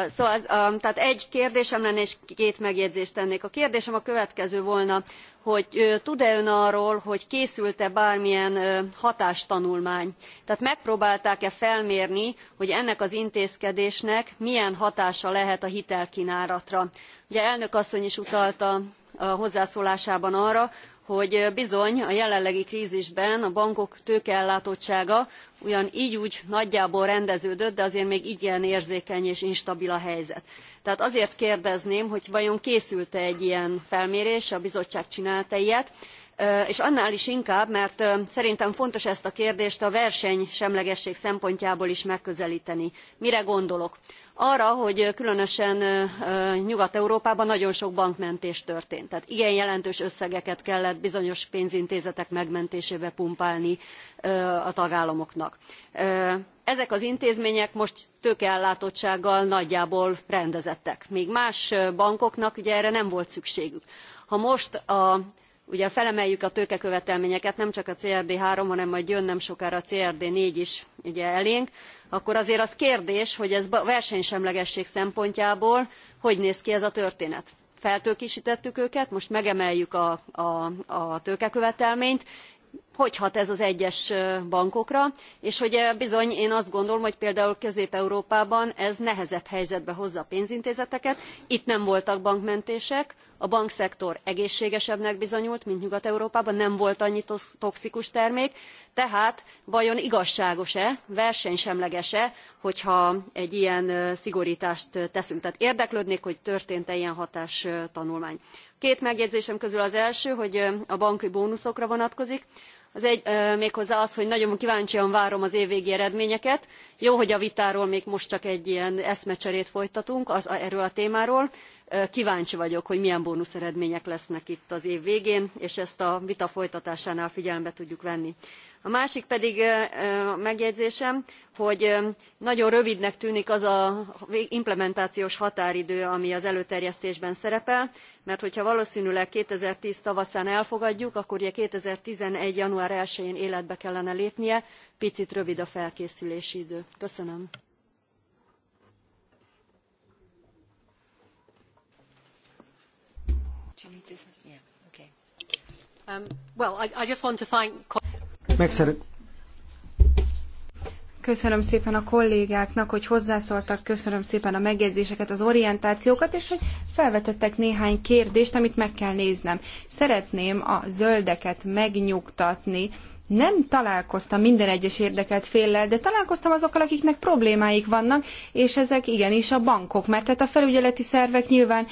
Szóval tehát egy kérdésem lenne és két megjegyzést tennék. a kérdésem a következő volna hogy tud e ön arról hogy készült e bármilyen hatástanulmány tehát megpróbálták e felmérni hogy ennek az intézkedésnek milyen hatása lehet a hitelknálatra? ugye elnök asszony is utalt a hozzászólásában arra hogy bizony a jelenlegi krzisben a bankok tőkeellátottsága ugyan gy úgy nagyjából rendeződött de azért még igen érzékeny és instabil a helyzet. tehát azért kérdezném hogy vajon készült e egy ilyen felmérés a bizottság csinált e ilyet? és annál is inkább mert szerintem fontos ezt a kérdést a versenysemlegesség szempontjából is megközelteni. mire gondolok? arra hogy különösen nyugat európában nagyon sok bankmentés történt tehát igen jelentős összegeket kellett bizonyos pénzintézetek megmentésébe pumpálni a tagállamoknak. ezek az intézmények most tőkeellátottsággal nagyjából rendezettek mg más bankoknak ugye erre nem volt szükségük. ha most a ugye felemeljük a tőkekövetelményeket nem csak a crd iii hanem majd jön nem sokára a crd iv is ugye elénk akkor azért az kérdés hogy ez versenysemlegesség szempontjából hogy néz ki ez a történet feltőkéstettük őket most megemeljük a, a tőkekövetelményt hogy hat ez az egyes bankokra és hogy bizony én azt gondolom hogy például közép európában ez nehezebb helyzetbe hozza a pénzintézeteket itt nem voltak bankmentések a bankszektor egészségesebbnek bizonyult mint nyugat európában nem volt annyi toxikus termék tehát vajon igazságos e versenysemleges e hogyha egy ilyen szigortást teszünk? tehát érdeklődnék hogy történt e ilyen hatástanulmány két megjegyzésem közül az első hogy a banki bónuszokra vonatkozik az egy, méghozzá az hogy nagyon kváncsian várom az év végi eredményeket jó hogy a vitáról még most csak egy ilyen eszmecserét folytatunk az, erről a témáról kváncsi vagyok hogy milyen bónuszeredmények lesznek itt az év végén és ezt a vita folytatásánál figyelembe tudjuk venni. a másik pedig megjegyzésem hogy nagyon rövidnek tűnik az az implementációs határidő ami az előterjesztésben szerepel mert hogyha valósznűleg two thousand and ten tavaszán elfogadjuk akkor ugye two thousand and eleven január one jén életbe kellene lépnie picit rövid a felkészülési idő. köszönöm. Um, köszönöm szépen a kollégáknak, hogy hozzászóltak, köszönöm szépen a megjegyzéseket, az orientációkat, és hogy felvetettek néhány kérdést, amit meg kell néznem. Szeretném a zöldeket megnyugtatni. Nem találkoztam minden egyes érdekelt féllel, de találkoztam azokkal, akiknek problémáik vannak, és ezek igenis a bankok, mert tehát a felügyeleti szervek nyilván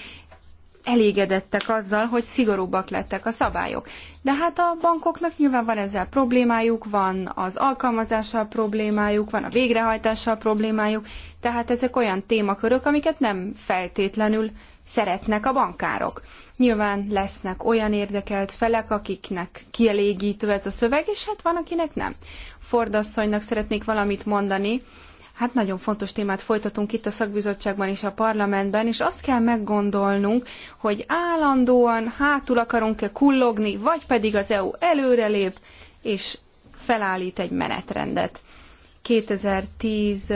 elégedettek azzal, hogy szigorúbbak lettek a szabályok. De hát a bankoknak nyilván van ezzel problémájuk, van az alkalmazással problémájuk, van a végrehajtással problémájuk, tehát ezek olyan témakörök, amiket nem feltétlenül szeretnek a bankárok. Nyilván lesznek olyan érdekelt felek, akiknek kielégítő ez a szöveg, és hát van, akinek nem. Ford asszonynak szeretnék valamit mondani, Hát nagyon fontos témát folytatunk itt a szakbizottságban és a parlamentben, és azt kell meggondolnunk, hogy állandóan hátul akarunk-e kullogni, vagy pedig az EU előrelép, és felállít egy menetrendet. 2010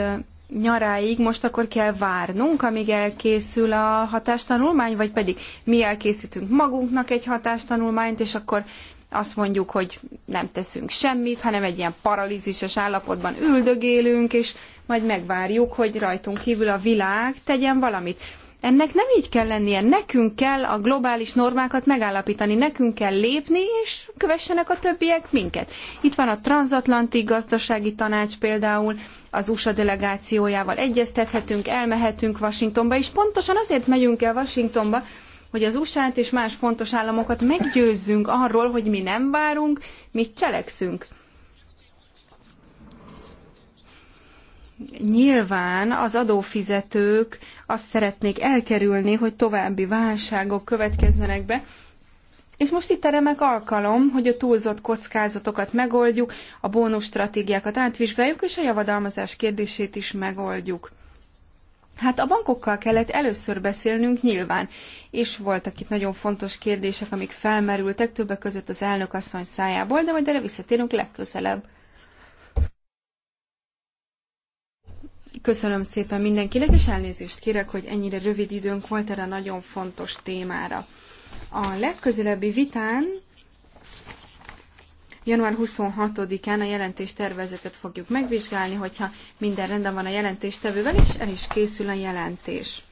nyaráig most akkor kell várnunk, amíg elkészül a hatástanulmány, vagy pedig mi elkészítünk magunknak egy hatástanulmányt, és akkor azt mondjuk, hogy nem teszünk semmit, hanem egy ilyen paralízises állapotban üldögélünk, és majd megvárjuk, hogy rajtunk kívül a világ tegyen valamit. Ennek nem így kell lennie, nekünk kell a globális normákat megállapítani, nekünk kell lépni, és kövessenek a többiek minket. Itt van a Transatlanti Gazdasági Tanács például, az USA delegációjával egyeztethetünk, elmehetünk Washingtonba, és pontosan azért megyünk el Washingtonba, hogy az USA-t és más fontos államokat meggyőzzünk arról, hogy mi nem várunk, mi cselekszünk. nyilván az adófizetők azt szeretnék elkerülni, hogy további válságok következzenek be, és most itt a remek alkalom, hogy a túlzott kockázatokat megoldjuk, a bónusz stratégiákat átvizsgáljuk, és a javadalmazás kérdését is megoldjuk. Hát a bankokkal kellett először beszélnünk nyilván, és voltak itt nagyon fontos kérdések, amik felmerültek, többek között az elnök asszony szájából, de majd erre visszatérünk legközelebb. Köszönöm szépen mindenkinek, és elnézést kérek, hogy ennyire rövid időnk volt erre a nagyon fontos témára. A legközelebbi vitán Január 26-án a jelentés tervezetet fogjuk megvizsgálni, hogyha minden rendben van a jelentéstevővel, és el is készül a jelentés.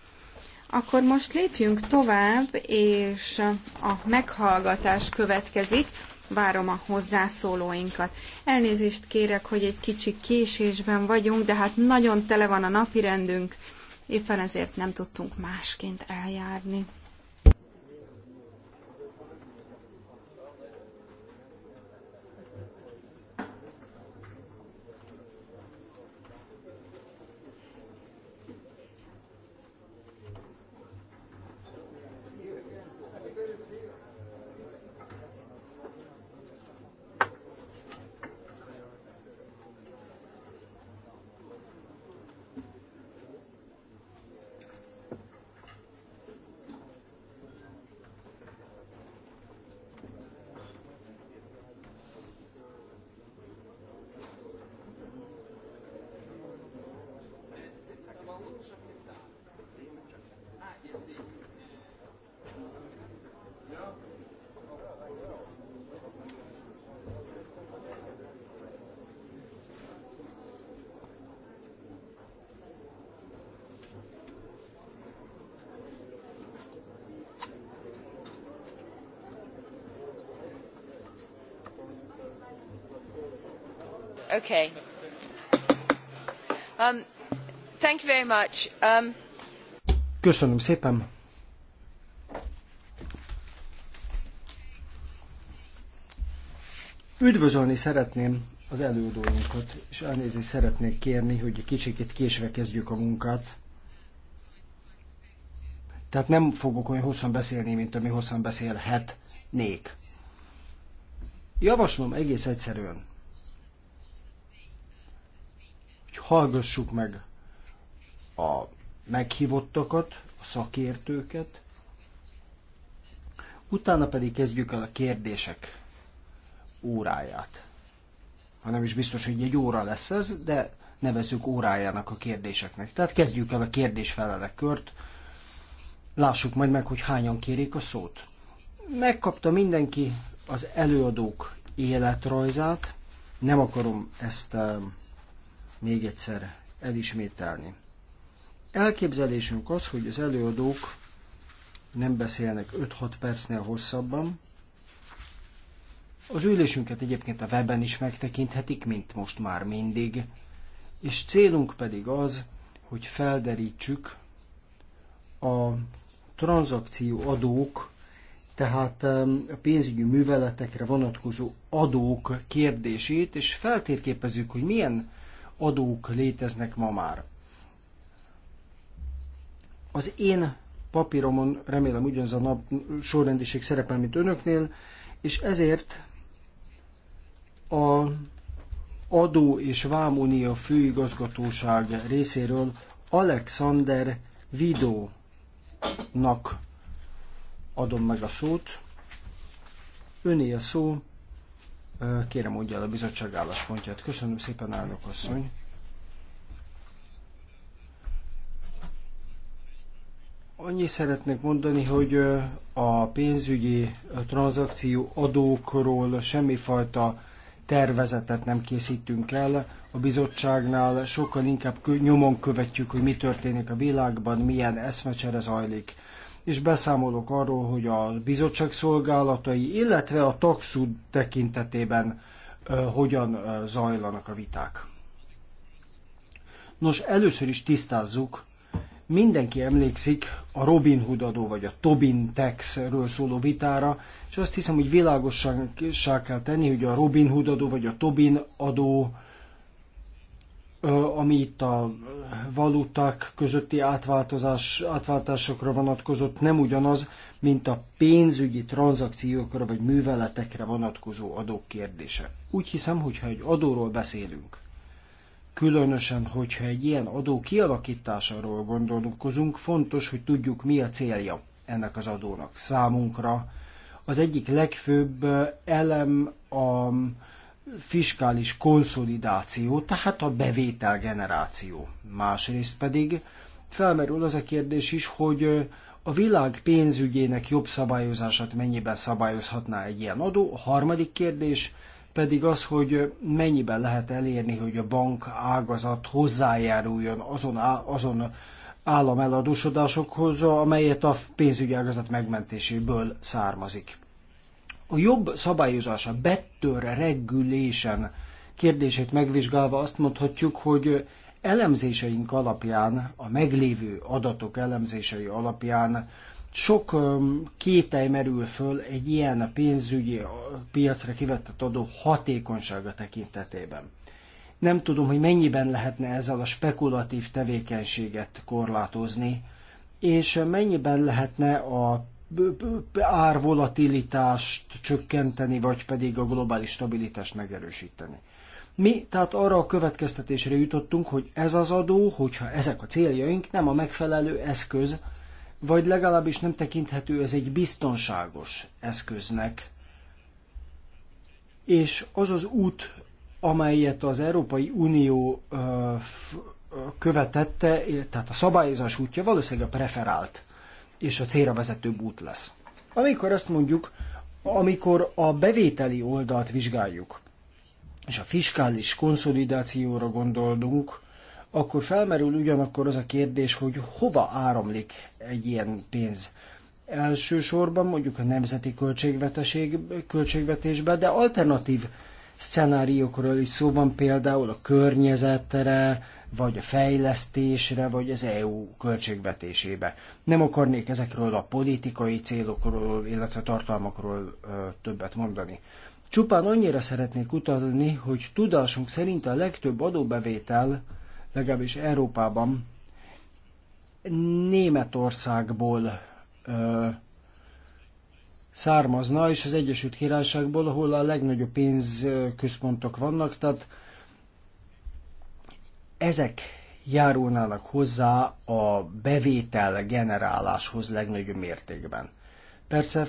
Akkor most lépjünk tovább, és a meghallgatás következik. Várom a hozzászólóinkat. Elnézést kérek, hogy egy kicsi késésben vagyunk, de hát nagyon tele van a napirendünk, éppen ezért nem tudtunk másként eljárni. Okay. Um, thank you very much. Um... Köszönöm szépen. Üdvözölni szeretném az előadóinkat, és elnézést szeretnék kérni, hogy kicsikét késve kezdjük a munkát. Tehát nem fogok olyan hosszan beszélni, mint ami hosszan beszélhetnék. Javaslom egész egyszerűen, hallgassuk meg a meghívottakat, a szakértőket, utána pedig kezdjük el a kérdések óráját. Ha nem is biztos, hogy egy óra lesz ez, de nevezzük órájának a kérdéseknek. Tehát kezdjük el a kérdésfelelek kört, lássuk majd meg, hogy hányan kérik a szót. Megkapta mindenki az előadók életrajzát, nem akarom ezt még egyszer elismételni. Elképzelésünk az, hogy az előadók nem beszélnek 5-6 percnél hosszabban. Az ülésünket egyébként a weben is megtekinthetik, mint most már mindig. És célunk pedig az, hogy felderítsük a tranzakció adók, tehát a pénzügyi műveletekre vonatkozó adók kérdését, és feltérképezzük, hogy milyen adók léteznek ma már. Az én papíromon remélem ugyanaz a nap sorrendiség szerepel, mint önöknél, és ezért a adó és vámunia főigazgatóság részéről Alexander Vidónak adom meg a szót. Öné a szó Kérem, mondja el a bizottság álláspontját. Köszönöm szépen, elnök asszony. Annyi szeretnék mondani, hogy a pénzügyi tranzakció adókról semmifajta tervezetet nem készítünk el. A bizottságnál sokkal inkább nyomon követjük, hogy mi történik a világban, milyen eszmecsere zajlik és beszámolok arról, hogy a bizottság szolgálatai, illetve a taxud tekintetében hogyan zajlanak a viták. Nos, először is tisztázzuk, mindenki emlékszik a Robin Hood adó vagy a Tobin Taxről szóló vitára, és azt hiszem, hogy világosan kell tenni, hogy a Robin Hood adó vagy a Tobin adó ami itt a valuták közötti átváltozás, átváltásokra vonatkozott, nem ugyanaz, mint a pénzügyi tranzakciókra vagy műveletekre vonatkozó adók kérdése. Úgy hiszem, hogyha egy adóról beszélünk, különösen, hogyha egy ilyen adó kialakításáról gondolkozunk, fontos, hogy tudjuk, mi a célja ennek az adónak számunkra. Az egyik legfőbb elem a fiskális konszolidáció, tehát a bevételgeneráció. Másrészt pedig felmerül az a kérdés is, hogy a világ pénzügyének jobb szabályozását mennyiben szabályozhatná egy ilyen adó. A harmadik kérdés pedig az, hogy mennyiben lehet elérni, hogy a bank ágazat hozzájáruljon azon, á, azon állameladósodásokhoz, amelyet a pénzügyi ágazat megmentéséből származik. A jobb szabályozása, better regulation kérdését megvizsgálva azt mondhatjuk, hogy elemzéseink alapján, a meglévő adatok elemzései alapján sok kétel merül föl egy ilyen pénzügyi piacra kivetett adó hatékonysága tekintetében. Nem tudom, hogy mennyiben lehetne ezzel a spekulatív tevékenységet korlátozni, és mennyiben lehetne a árvolatilitást csökkenteni, vagy pedig a globális stabilitást megerősíteni. Mi tehát arra a következtetésre jutottunk, hogy ez az adó, hogyha ezek a céljaink, nem a megfelelő eszköz, vagy legalábbis nem tekinthető ez egy biztonságos eszköznek. És az az út, amelyet az Európai Unió követette, tehát a szabályozás útja valószínűleg a preferált és a célra vezető út lesz. Amikor azt mondjuk, amikor a bevételi oldalt vizsgáljuk, és a fiskális konszolidációra gondolunk, akkor felmerül ugyanakkor az a kérdés, hogy hova áramlik egy ilyen pénz. Elsősorban mondjuk a nemzeti költségvetésbe, de alternatív szenáriókról is szó van például a környezetre, vagy a fejlesztésre, vagy az EU költségvetésébe. Nem akarnék ezekről a politikai célokról, illetve tartalmakról többet mondani. Csupán annyira szeretnék utalni, hogy tudásunk szerint a legtöbb adóbevétel, legalábbis Európában, Németországból ö, származna, és az Egyesült Királyságból, ahol a legnagyobb pénzközpontok vannak, tehát ezek járulnának hozzá a bevétel generáláshoz legnagyobb mértékben. Persze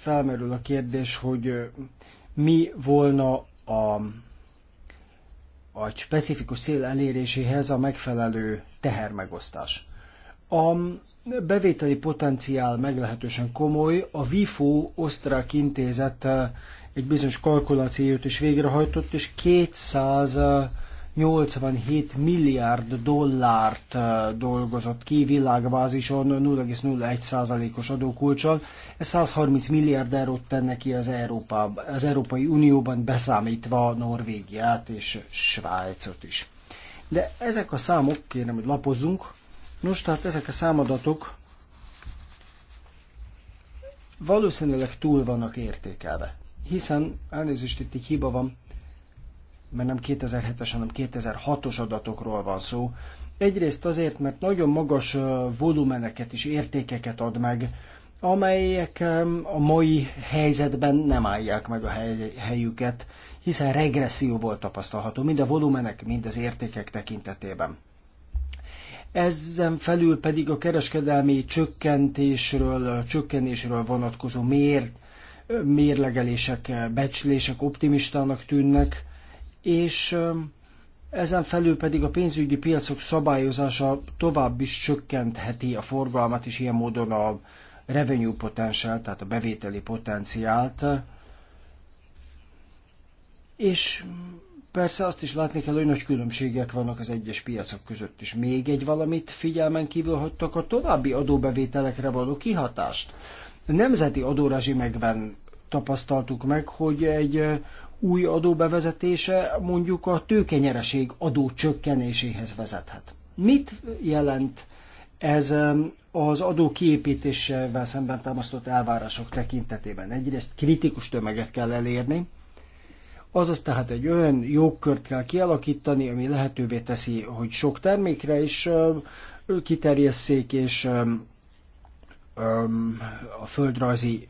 felmerül a kérdés, hogy mi volna a, a specifikus cél eléréséhez a megfelelő tehermegosztás. A bevételi potenciál meglehetősen komoly, a WIFO osztrák intézet egy bizonyos kalkulációt is végrehajtott, és 200 87 milliárd dollárt dolgozott ki világbázison 0,01%-os adókulcsal. Ez 130 milliárd eurót tenne ki az, Európa, az Európai Unióban beszámítva Norvégiát és Svájcot is. De ezek a számok, kérem, hogy lapozzunk. Nos, tehát ezek a számadatok valószínűleg túl vannak értékelve. Hiszen, elnézést, itt egy hiba van, mert nem 2007-es, hanem 2006-os adatokról van szó. Egyrészt azért, mert nagyon magas volumeneket és értékeket ad meg, amelyek a mai helyzetben nem állják meg a helyüket, hiszen regresszió volt tapasztalható, mind a volumenek, mind az értékek tekintetében. Ezen felül pedig a kereskedelmi csökkentésről, csökkenésről vonatkozó mér, mérlegelések, becslések optimistának tűnnek, és ezen felül pedig a pénzügyi piacok szabályozása tovább is csökkentheti a forgalmat, és ilyen módon a revenue potenciált, tehát a bevételi potenciált. És mm, persze azt is látni kell, hogy nagy különbségek vannak az egyes piacok között is. Még egy valamit figyelmen kívül hagytak a további adóbevételekre való kihatást. A nemzeti adórezsimekben tapasztaltuk meg, hogy egy új adó bevezetése mondjuk a tőkenyereség adó csökkenéséhez vezethet. Mit jelent ez az adó kiépítésével szemben támasztott elvárások tekintetében? Egyrészt kritikus tömeget kell elérni, azaz tehát egy olyan jogkört kell kialakítani, ami lehetővé teszi, hogy sok termékre is kiterjesszék, és a földrajzi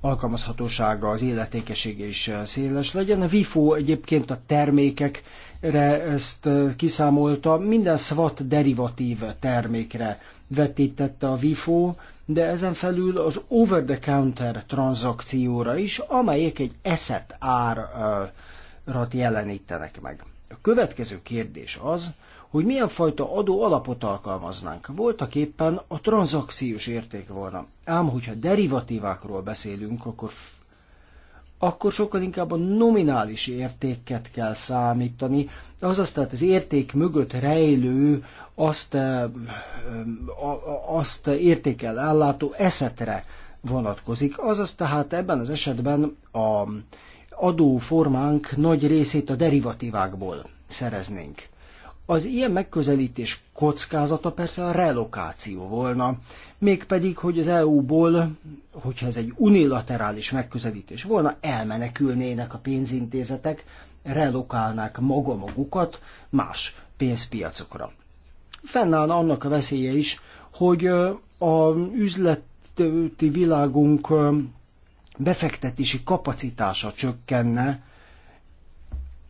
alkalmazhatósága, az életékesége is eh, széles legyen. A WIFO egyébként a termékekre ezt eh, kiszámolta, minden SWAT derivatív termékre vetítette a WIFO, de ezen felül az over-the-counter tranzakcióra is, amelyek egy eszet árat jelenítenek meg. A következő kérdés az, hogy milyen fajta adó alapot alkalmaznánk. Voltak éppen a tranzakciós érték volna. Ám hogyha derivatívákról beszélünk, akkor akkor sokkal inkább a nominális értéket kell számítani, azaz tehát az érték mögött rejlő, azt, eh, eh, azt értékel ellátó eszetre vonatkozik, azaz tehát ebben az esetben a adóformánk nagy részét a derivatívákból szereznénk. Az ilyen megközelítés kockázata persze a relokáció volna, mégpedig, hogy az EU-ból, hogyha ez egy unilaterális megközelítés volna, elmenekülnének a pénzintézetek, relokálnák maga magukat más pénzpiacokra. Fennáll annak a veszélye is, hogy a üzleti világunk befektetési kapacitása csökkenne,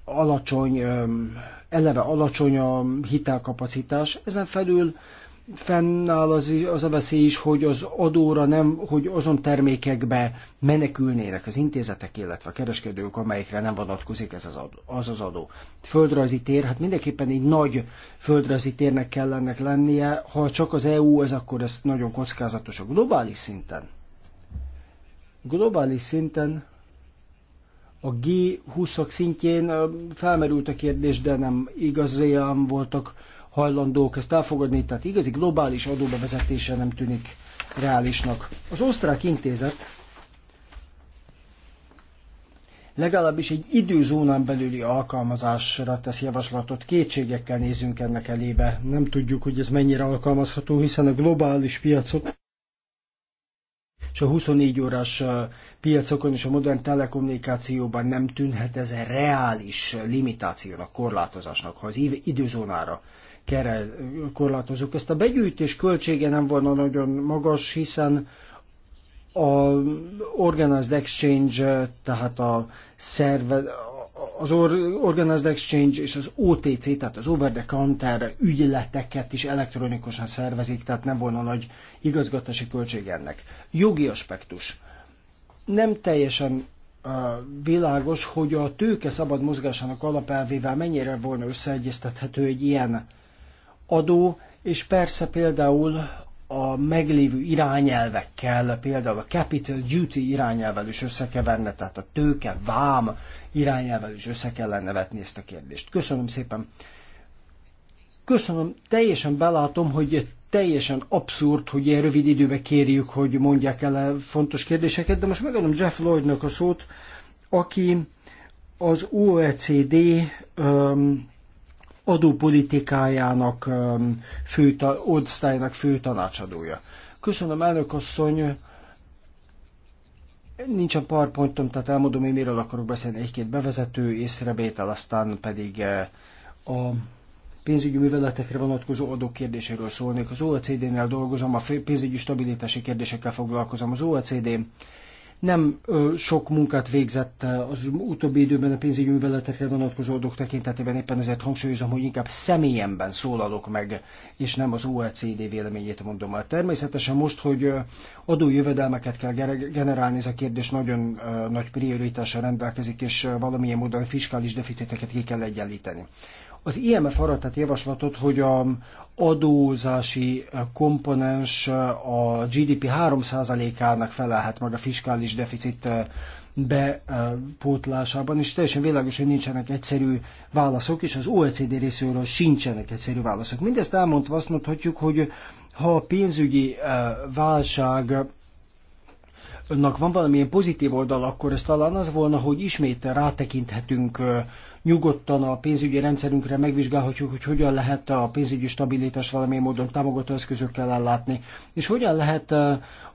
alacsony eleve alacsony a hitelkapacitás, ezen felül fennáll az, az a veszély is, hogy az adóra nem, hogy azon termékekbe menekülnének az intézetek, illetve a kereskedők, amelyekre nem vonatkozik ez az, adó, az az adó. Földrajzi tér, hát mindenképpen egy nagy földrajzi térnek ennek lennie, ha csak az EU, ez akkor ez nagyon kockázatos a globális szinten. Globális szinten a g 20 ok szintjén felmerült a kérdés, de nem igazán voltak hajlandók ezt elfogadni, tehát igazi globális adóbevezetése nem tűnik reálisnak. Az osztrák intézet legalábbis egy időzónán belüli alkalmazásra tesz javaslatot. Kétségekkel nézünk ennek elébe. Nem tudjuk, hogy ez mennyire alkalmazható, hiszen a globális piacok és a 24 órás piacokon és a modern telekommunikációban nem tűnhet ez a reális limitációnak, korlátozásnak, ha az időzónára kell korlátozunk. Ezt a begyűjtés költsége nem volna nagyon magas, hiszen a Organized Exchange, tehát a, szerve, az Or- Organized Exchange és az OTC, tehát az Over the Counter ügyleteket is elektronikusan szervezik, tehát nem volna nagy igazgatási költség ennek. Jogi aspektus. Nem teljesen uh, világos, hogy a tőke szabad mozgásának alapelvével mennyire volna összeegyeztethető egy ilyen adó, és persze például a meglévő irányelvekkel, például a Capital Duty irányelvel is összekeverne, tehát a tőke, vám irányelvel is össze kellene vetni ezt a kérdést. Köszönöm szépen. Köszönöm, teljesen belátom, hogy teljesen abszurd, hogy ilyen rövid időbe kérjük, hogy mondják el a fontos kérdéseket, de most megadom Jeff Lloydnak a szót, aki az OECD um, adópolitikájának fő, osztálynak fő tanácsadója. Köszönöm, elnök asszony, nincsen pontom, tehát elmondom, hogy miről akarok beszélni. Egy-két bevezető észrevétel, aztán pedig a pénzügyi műveletekre vonatkozó adók kérdéséről szólnék. Az OECD-nél dolgozom, a pénzügyi stabilitási kérdésekkel foglalkozom. Az OECD nem sok munkát végzett az utóbbi időben a pénzügyi műveletekre vonatkozó adók tekintetében, éppen ezért hangsúlyozom, hogy inkább személyemben szólalok meg, és nem az OECD véleményét mondom el. Természetesen most, hogy adójövedelmeket kell generálni, ez a kérdés nagyon nagy prioritással rendelkezik, és valamilyen módon fiskális deficiteket ki kell egyenlíteni. Az IMF arra tett javaslatot, hogy a adózási komponens a GDP 3%-ának felelhet meg a fiskális deficit bepótlásában, és teljesen világos, hogy nincsenek egyszerű válaszok, és az OECD részéről sincsenek egyszerű válaszok. Mindezt elmondva azt mondhatjuk, hogy ha a pénzügyi eh, válság önnek van valamilyen pozitív oldal, akkor ez talán az volna, hogy ismét rátekinthetünk nyugodtan a pénzügyi rendszerünkre, megvizsgálhatjuk, hogy hogyan lehet a pénzügyi stabilitás valamilyen módon támogató eszközökkel ellátni, és hogyan lehet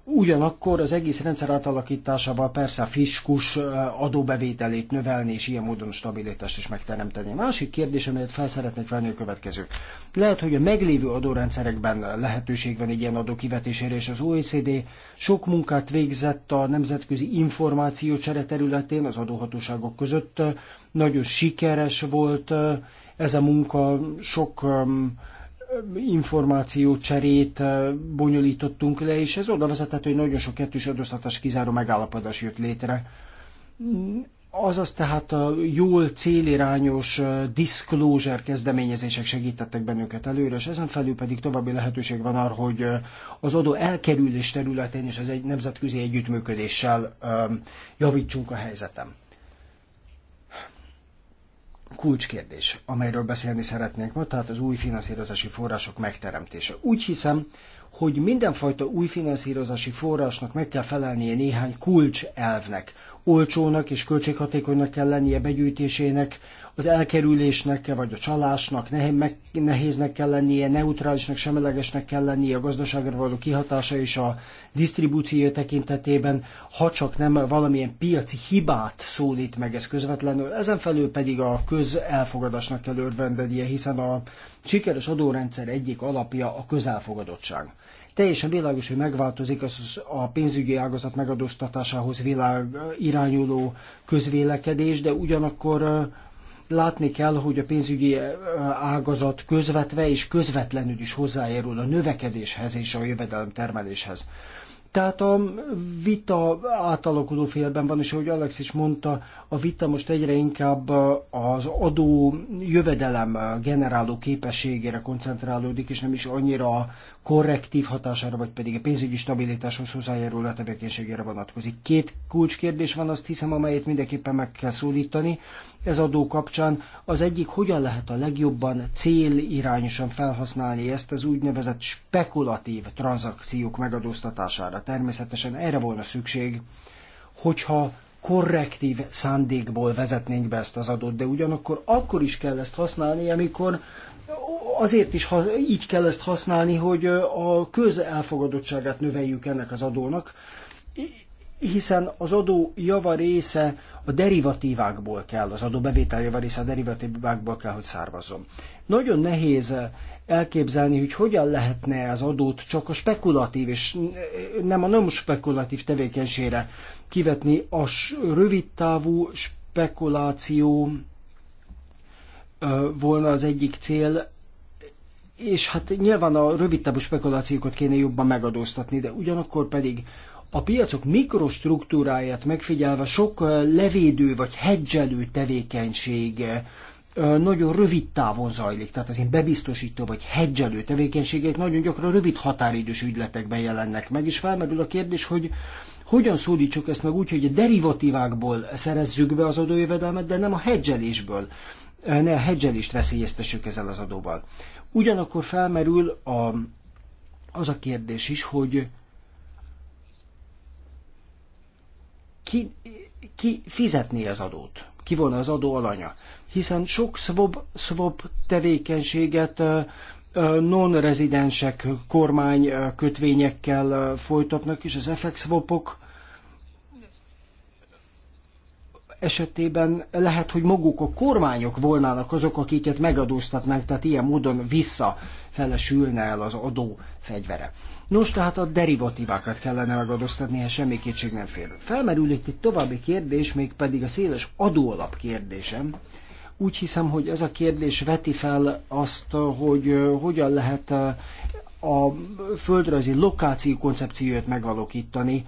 Ugyanakkor az egész rendszer átalakításával persze a fiskus adóbevételét növelni, és ilyen módon stabilitást is megteremteni. A másik kérdés, amelyet fel szeretnék venni a következő. Lehet, hogy a meglévő adórendszerekben lehetőség van egy ilyen adó kivetésére, és az OECD sok munkát végzett a nemzetközi információcsere területén az adóhatóságok között. Nagyon sikeres volt ez a munka, sok információcserét bonyolítottunk le, és ez oda vezetett, hogy nagyon sok kettős adóztatás kizáró megállapodás jött létre. Azaz tehát a jól célirányos disclosure kezdeményezések segítettek bennünket előre, és ezen felül pedig további lehetőség van arra, hogy az adó elkerülés területén és az egy nemzetközi együttműködéssel javítsunk a helyzetem kulcskérdés, amelyről beszélni szeretnénk ma, tehát az új finanszírozási források megteremtése. Úgy hiszem, hogy mindenfajta új finanszírozási forrásnak meg kell felelnie néhány kulcselvnek, olcsónak és költséghatékonynak kell lennie begyűjtésének, az elkerülésnek vagy a csalásnak nehéznek kell lennie, neutrálisnak, semlegesnek kell lennie a gazdaságra való kihatása és a disztribúció tekintetében, ha csak nem valamilyen piaci hibát szólít meg ez közvetlenül, ezen felül pedig a közelfogadásnak kell örvendenie, hiszen a sikeres adórendszer egyik alapja a közelfogadottság. Teljesen világos, hogy megváltozik az a pénzügyi ágazat megadóztatásához világ irányuló közvélekedés, de ugyanakkor látni kell, hogy a pénzügyi ágazat közvetve és közvetlenül is hozzájárul a növekedéshez és a jövedelemtermeléshez. Tehát a vita átalakuló félben van, és ahogy Alex is mondta, a vita most egyre inkább az adó jövedelem generáló képességére koncentrálódik, és nem is annyira a korrektív hatására, vagy pedig a pénzügyi stabilitáshoz a tevékenységére vonatkozik. Két kulcskérdés van, azt hiszem, amelyet mindenképpen meg kell szólítani. Ez adó kapcsán az egyik, hogyan lehet a legjobban célirányosan felhasználni ezt az úgynevezett spekulatív tranzakciók megadóztatására. Természetesen erre volna szükség, hogyha korrektív szándékból vezetnénk be ezt az adót, de ugyanakkor akkor is kell ezt használni, amikor azért is ha, így kell ezt használni, hogy a köz elfogadottságát növeljük ennek az adónak, hiszen az adó java része a derivatívákból kell, az adó bevétel java része a derivatívákból kell, hogy származzon. Nagyon nehéz elképzelni, hogy hogyan lehetne az adót csak a spekulatív és nem a nem spekulatív tevékenységre kivetni. A rövidtávú spekuláció volna az egyik cél, és hát nyilván a rövidtávú spekulációkat kéne jobban megadóztatni, de ugyanakkor pedig a piacok mikrostruktúráját megfigyelve sok levédő vagy hedzselő tevékenység nagyon rövid távon zajlik, tehát az én bebiztosító vagy hedzselő tevékenységek nagyon gyakran rövid határidős ügyletekben jelennek meg, és felmerül a kérdés, hogy hogyan szólítsuk ezt meg úgy, hogy a derivatívákból szerezzük be az adójövedelmet, de nem a hedzselésből ne a hedzselést veszélyeztessük ezzel az adóval. Ugyanakkor felmerül a, az a kérdés is, hogy ki, ki fizetné az adót? Ki volna az adó alanya? Hiszen sok swap, swap tevékenységet non-rezidensek kormány kötvényekkel folytatnak, és az FX swapok esetében lehet, hogy maguk a kormányok volnának azok, akiket megadóztatnánk, tehát ilyen módon visszafelesülne el az adó fegyvere. Nos, tehát a derivatívákat kellene megadóztatni, ha semmi kétség nem fér. Felmerül itt egy további kérdés, mégpedig a széles adóalap kérdésem. Úgy hiszem, hogy ez a kérdés veti fel azt, hogy hogyan lehet a földrajzi lokáció koncepcióját megalakítani,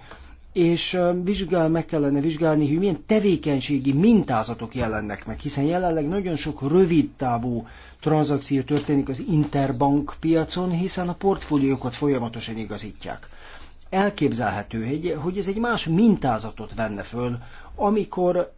és vizsgál, meg kellene vizsgálni, hogy milyen tevékenységi mintázatok jelennek meg, hiszen jelenleg nagyon sok rövid távú tranzakció történik az interbank piacon, hiszen a portfóliókat folyamatosan igazítják. Elképzelhető, hogy ez egy más mintázatot venne föl, amikor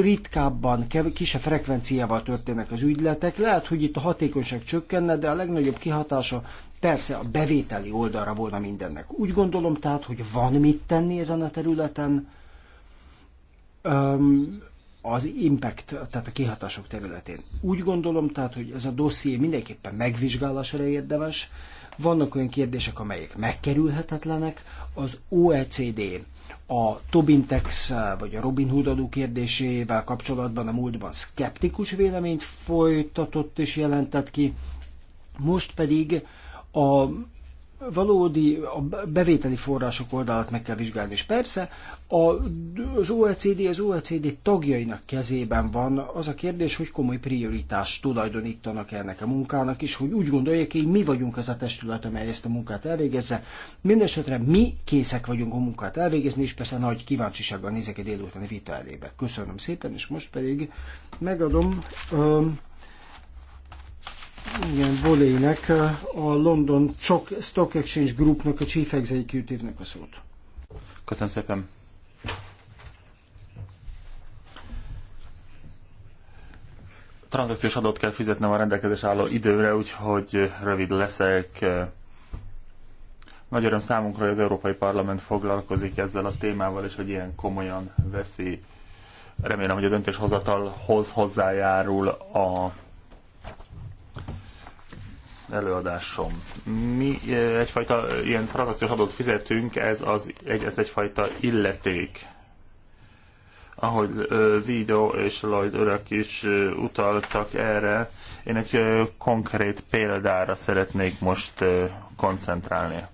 ritkábban, kisebb frekvenciával történnek az ügyletek. Lehet, hogy itt a hatékonyság csökkenne, de a legnagyobb kihatása persze a bevételi oldalra volna mindennek. Úgy gondolom tehát, hogy van mit tenni ezen a területen. Um, az impact, tehát a kihatások területén. Úgy gondolom, tehát, hogy ez a dosszié mindenképpen megvizsgálásra érdemes. Vannak olyan kérdések, amelyek megkerülhetetlenek. Az OECD a Tobintex vagy a Robin Hood adó kérdésével kapcsolatban a múltban szkeptikus véleményt folytatott és jelentett ki, most pedig a valódi a bevételi források oldalát meg kell vizsgálni. És persze az OECD, az OECD tagjainak kezében van az a kérdés, hogy komoly prioritást tulajdonítanak ennek a munkának, és hogy úgy gondolják, hogy mi vagyunk az a testület, amely ezt a munkát elvégezze. Mindenesetre mi készek vagyunk a munkát elvégezni, és persze nagy kíváncsisággal nézek egy délutáni vita elébe. Köszönöm szépen, és most pedig megadom um, igen, Bolének, a London Stock Exchange Groupnak, a Chief Executive-nek a szót. Köszönöm szépen. Transzakciós adót kell fizetnem a rendelkezés álló időre, úgyhogy rövid leszek. Nagy öröm számunkra, hogy az Európai Parlament foglalkozik ezzel a témával, és hogy ilyen komolyan veszi. Remélem, hogy a döntéshozatalhoz hozzájárul a előadásom. Mi eh, egyfajta eh, ilyen tranzakciós adót fizetünk, ez, az, egy, ez egyfajta illeték. Ahogy eh, Vido és Lloyd örök is utaltak erre, én egy konkrét példára szeretnék most koncentrálni.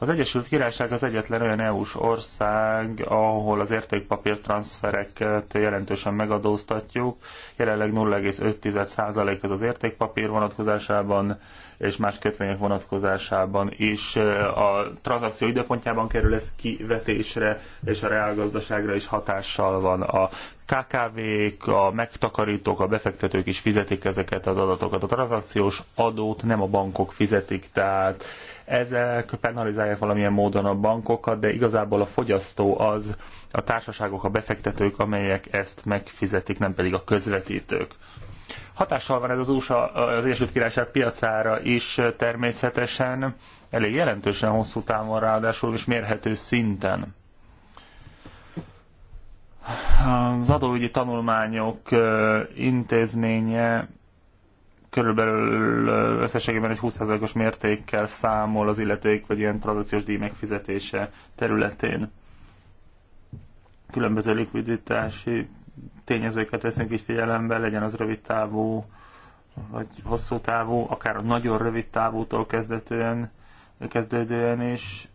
Az Egyesült Királyság az egyetlen olyan EU-s ország, ahol az értékpapírtranszfereket eh, jelentősen megadóztatjuk. Jelenleg 0,5% ez az értékpapír vonatkozásában, és más kötvények vonatkozásában is a tranzakció időpontjában kerül ez kivetésre, és a reálgazdaságra is hatással van. A KKV-k, a megtakarítók, a befektetők is fizetik ezeket az adatokat. A tranzakciós adót nem a bankok fizetik, tehát ezek penalizálják valamilyen módon a bankokat, de igazából a fogyasztó az, a társaságok, a befektetők, amelyek ezt megfizetik, nem pedig a közvetítők. Hatással van ez az USA, az Egyesült Királyság piacára is természetesen, elég jelentősen hosszú távon ráadásul és mérhető szinten. Az adóügyi tanulmányok intézménye körülbelül összességében egy 20%-os mértékkel számol az illeték vagy ilyen tranzakciós díj megfizetése területén. Különböző likviditási tényezőket veszünk így figyelembe, legyen az rövid távú, vagy hosszú távú, akár a nagyon rövid távútól kezdetően, kezdődően is.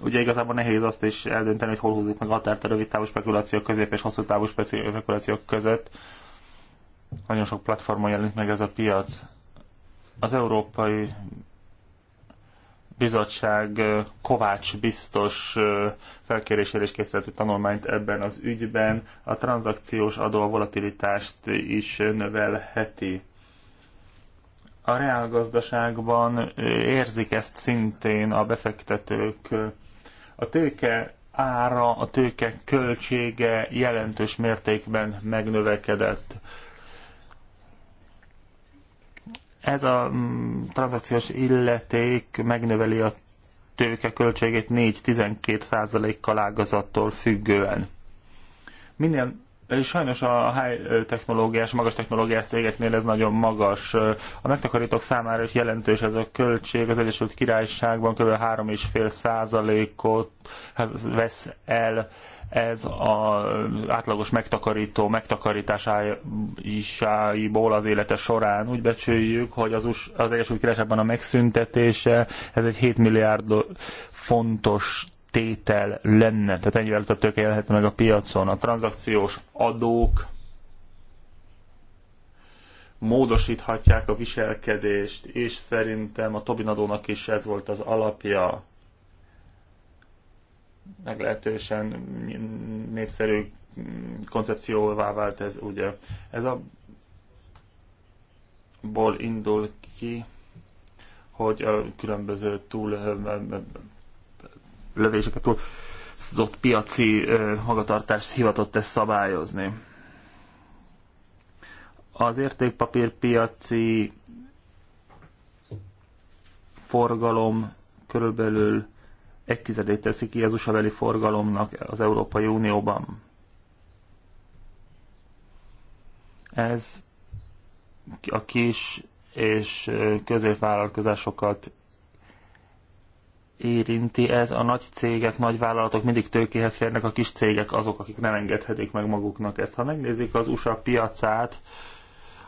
Ugye igazából nehéz azt is eldönteni, hogy hol húzzuk meg a határt a rövid távú spekulációk, közép és hosszú távú spekulációk között. Nagyon sok platformon jelent meg ez a piac. Az európai bizottság Kovács biztos felkérésére is készített tanulmányt ebben az ügyben. A tranzakciós adó a volatilitást is növelheti. A reálgazdaságban érzik ezt szintén a befektetők. A tőke ára, a tőke költsége jelentős mértékben megnövekedett. Ez a mm, tranzakciós illeték megnöveli a tőke költségét 4-12 kal ágazattól függően. Minél és sajnos a high technológiás, magas technológiás cégeknél ez nagyon magas. A megtakarítók számára is jelentős ez a költség. Az Egyesült Királyságban kb. 3,5 százalékot vesz el ez az átlagos megtakarító megtakarításáiból az élete során. Úgy becsüljük, hogy az, US, az Egyesült Királyságban a megszüntetése, ez egy 7 milliárd fontos tétel lenne, tehát ennyivel több tőke meg a piacon. A tranzakciós adók módosíthatják a viselkedést, és szerintem a Tobin adónak is ez volt az alapja meglehetősen népszerű koncepcióvá vált ez, ugye. Ez a ból indul ki, hogy a különböző túl lövéseket túl szott piaci magatartást hivatott ezt szabályozni. Az értékpapírpiaci forgalom körülbelül egy tizedét teszi ki az USA forgalomnak az Európai Unióban. Ez a kis és középvállalkozásokat érinti ez. A nagy cégek, nagy vállalatok mindig tőkéhez férnek, a kis cégek azok, akik nem engedhetik meg maguknak ezt. Ha megnézik az USA piacát,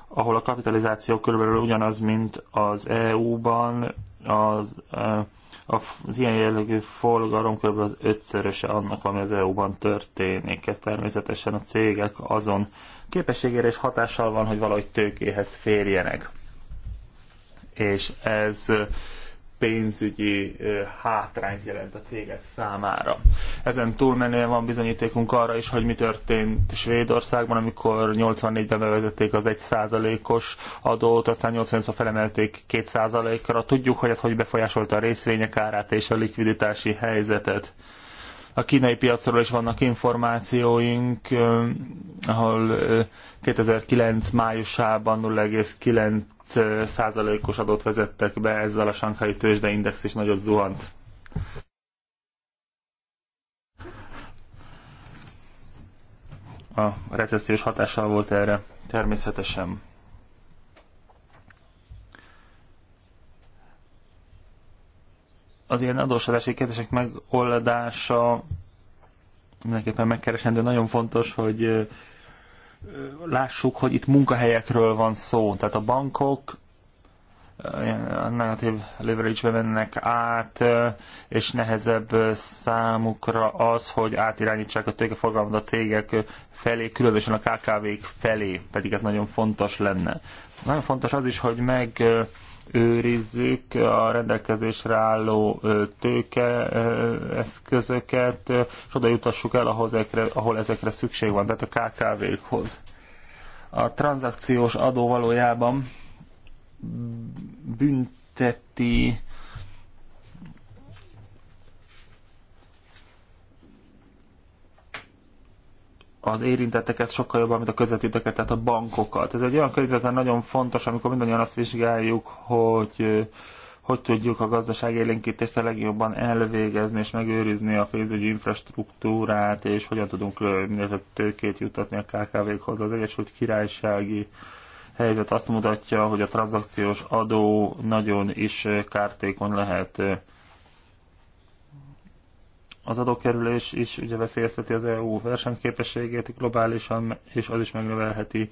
ahol a kapitalizáció körülbelül ugyanaz, mint az EU-ban, az uh, az ilyen jellegű forgalom kb. az ötszöröse annak, ami az EU-ban történik. Ez természetesen a cégek azon képességére és hatással van, hogy valahogy tőkéhez férjenek. És ez pénzügyi hátrányt jelent a cégek számára. Ezen túlmenően van bizonyítékunk arra is, hogy mi történt Svédországban, amikor 84-ben bevezették az 1%-os adót, aztán 80-ban felemelték 2%-ra. Tudjuk, hogy ez hogy befolyásolta a részvények árát és a likviditási helyzetet. A kínai piacról is vannak információink, ahol 2009 májusában százalékos adót vezettek be, ezzel a Sankai tőzsdeindex is nagyot zuhant. A recessziós hatással volt erre természetesen. Az ilyen adósodási kérdések megoldása mindenképpen megkeresendő. Nagyon fontos, hogy lássuk, hogy itt munkahelyekről van szó. Tehát a bankok eh, a negatív leverage-be mennek át, eh, és nehezebb eh, számukra az, hogy átirányítsák a tőkeforgalmat a cégek felé, különösen a KKV-k felé, pedig ez nagyon fontos lenne. Nagyon fontos az is, hogy meg őrizzük a rendelkezésre álló tőke eszközöket, és oda jutassuk el, ahhoz, ahol ezekre szükség van, tehát a KKV-khoz. A tranzakciós adó valójában bünteti az érintetteket sokkal jobban, mint a közvetítőket, tehát a bankokat. Ez egy olyan környezetben nagyon fontos, amikor mindannyian azt vizsgáljuk, hogy hogy tudjuk a gazdaság élénkítést a legjobban elvégezni és megőrizni a pénzügyi infrastruktúrát, és hogyan tudunk minél több tőkét juttatni a KKV-khoz. Az Egyesült Királysági helyzet azt mutatja, hogy a tranzakciós adó nagyon is kártékony lehet az adókerülés is ugye veszélyezteti az EU versenyképességét globálisan, és az is megnövelheti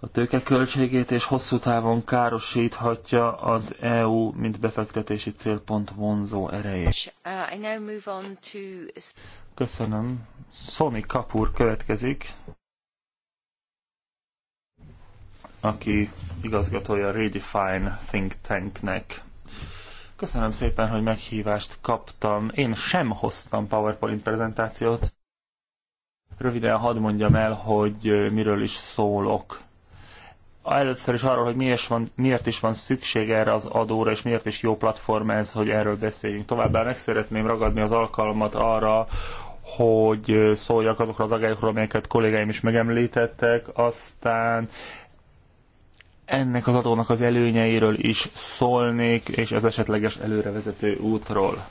a tőke költségét, és hosszú távon károsíthatja az EU, mint befektetési célpont vonzó erejét. Uh, Köszönöm. Sony Kapur következik, aki igazgatója a Redefine Think Tanknek. Köszönöm szépen, hogy meghívást kaptam. Én sem hoztam PowerPoint prezentációt. Röviden hadd mondjam el, hogy miről is szólok. Először is arról, hogy miért, van, miért is van szükség erre az adóra, és miért is jó platform ez, hogy erről beszéljünk. Továbbá meg szeretném ragadni az alkalmat arra, hogy szóljak azokra az agályokról, amelyeket kollégáim is megemlítettek, aztán ennek az adónak az előnyeiről is szólnék, és az esetleges előrevezető útról.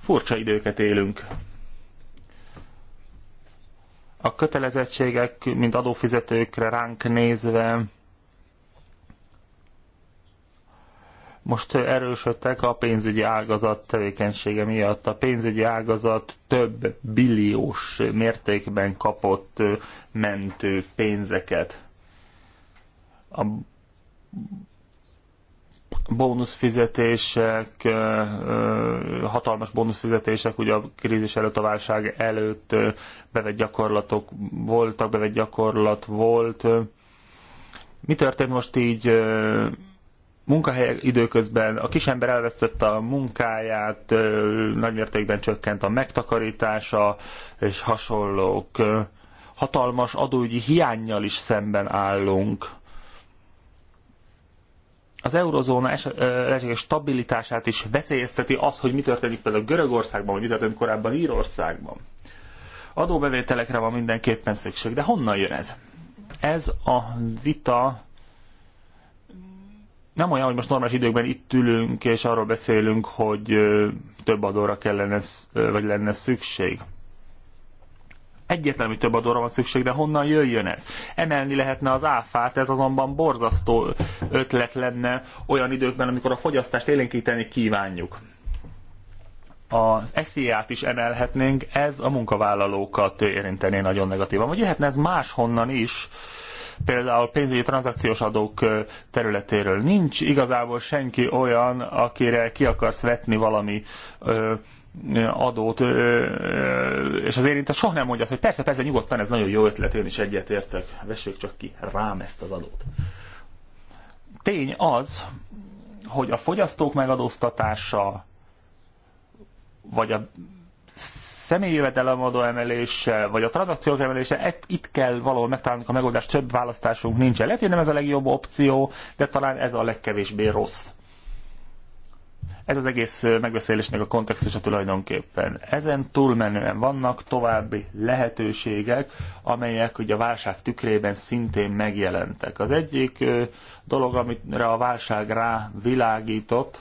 Furcsa időket élünk. A kötelezettségek, mint adófizetőkre ránk nézve, most erősödtek a pénzügyi ágazat tevékenysége miatt. A pénzügyi ágazat több billiós mértékben kapott mentő pénzeket a bónuszfizetések, hatalmas bónuszfizetések, ugye a krízis előtt, a válság előtt bevett gyakorlatok voltak, bevett gyakorlat volt. Mi történt most így munkahelyek időközben? A kisember elvesztette a munkáját, nagymértékben csökkent a megtakarítása, és hasonlók. Hatalmas adóügyi hiányjal is szemben állunk az eurozóna esetleges stabilitását is veszélyezteti az, hogy mi történik például Görögországban, vagy mi történik korábban Írországban. Adóbevételekre van mindenképpen szükség, de honnan jön ez? Ez a vita nem olyan, hogy most normális időkben itt ülünk, és arról beszélünk, hogy több adóra kellene, vagy lenne szükség egyértelmű több adóra van szükség, de honnan jöjjön ez? Emelni lehetne az áfát, ez azonban borzasztó ötlet lenne olyan időkben, amikor a fogyasztást élénkíteni kívánjuk. Az SZIA-t is emelhetnénk, ez a munkavállalókat érintené nagyon negatívan. Vagy jöhetne ez máshonnan is, például pénzügyi tranzakciós adók területéről. Nincs igazából senki olyan, akire ki akarsz vetni valami ö, adót, és az érintett soha nem mondja azt, hogy persze, persze, nyugodtan, ez nagyon jó ötlet, én is egyetértek, vessék csak ki rám ezt az adót. Tény az, hogy a fogyasztók megadóztatása, vagy a személyi jövedelemadó emelése, vagy a tranzakciók emelése, itt kell valahol megtalálni a megoldást, több választásunk nincsen. Lehet, hogy nem ez a legjobb opció, de talán ez a legkevésbé rossz. Ez az egész megbeszélésnek a kontextusa tulajdonképpen. Ezen túlmenően vannak további lehetőségek, amelyek ugye a válság tükrében szintén megjelentek. Az egyik dolog, amire a válság rá világított,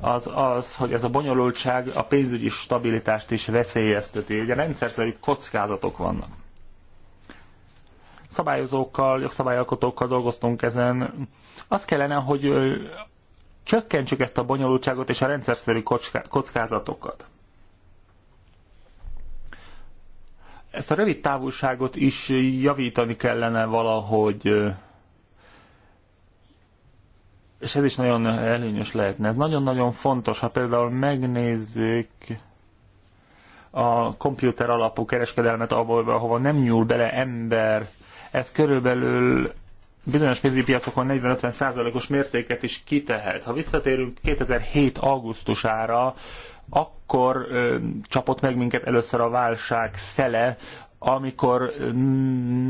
az az, hogy ez a bonyolultság a pénzügyi stabilitást is veszélyezteti. Ugye szerint kockázatok vannak. Szabályozókkal, jogszabályalkotókkal dolgoztunk ezen. Az kellene, hogy csökkentsük ezt a bonyolultságot és a rendszerszerű kockázatokat. Ezt a rövid távolságot is javítani kellene valahogy, és ez is nagyon előnyös lehetne. Ez nagyon-nagyon fontos, ha például megnézzük a komputer alapú kereskedelmet, ahol, ahova nem nyúl bele ember, ez körülbelül bizonyos pénzügyi piacokon 40-50 százalékos mértéket is kitehet. Ha visszatérünk 2007. augusztusára, akkor ö, csapott meg minket először a válság szele, amikor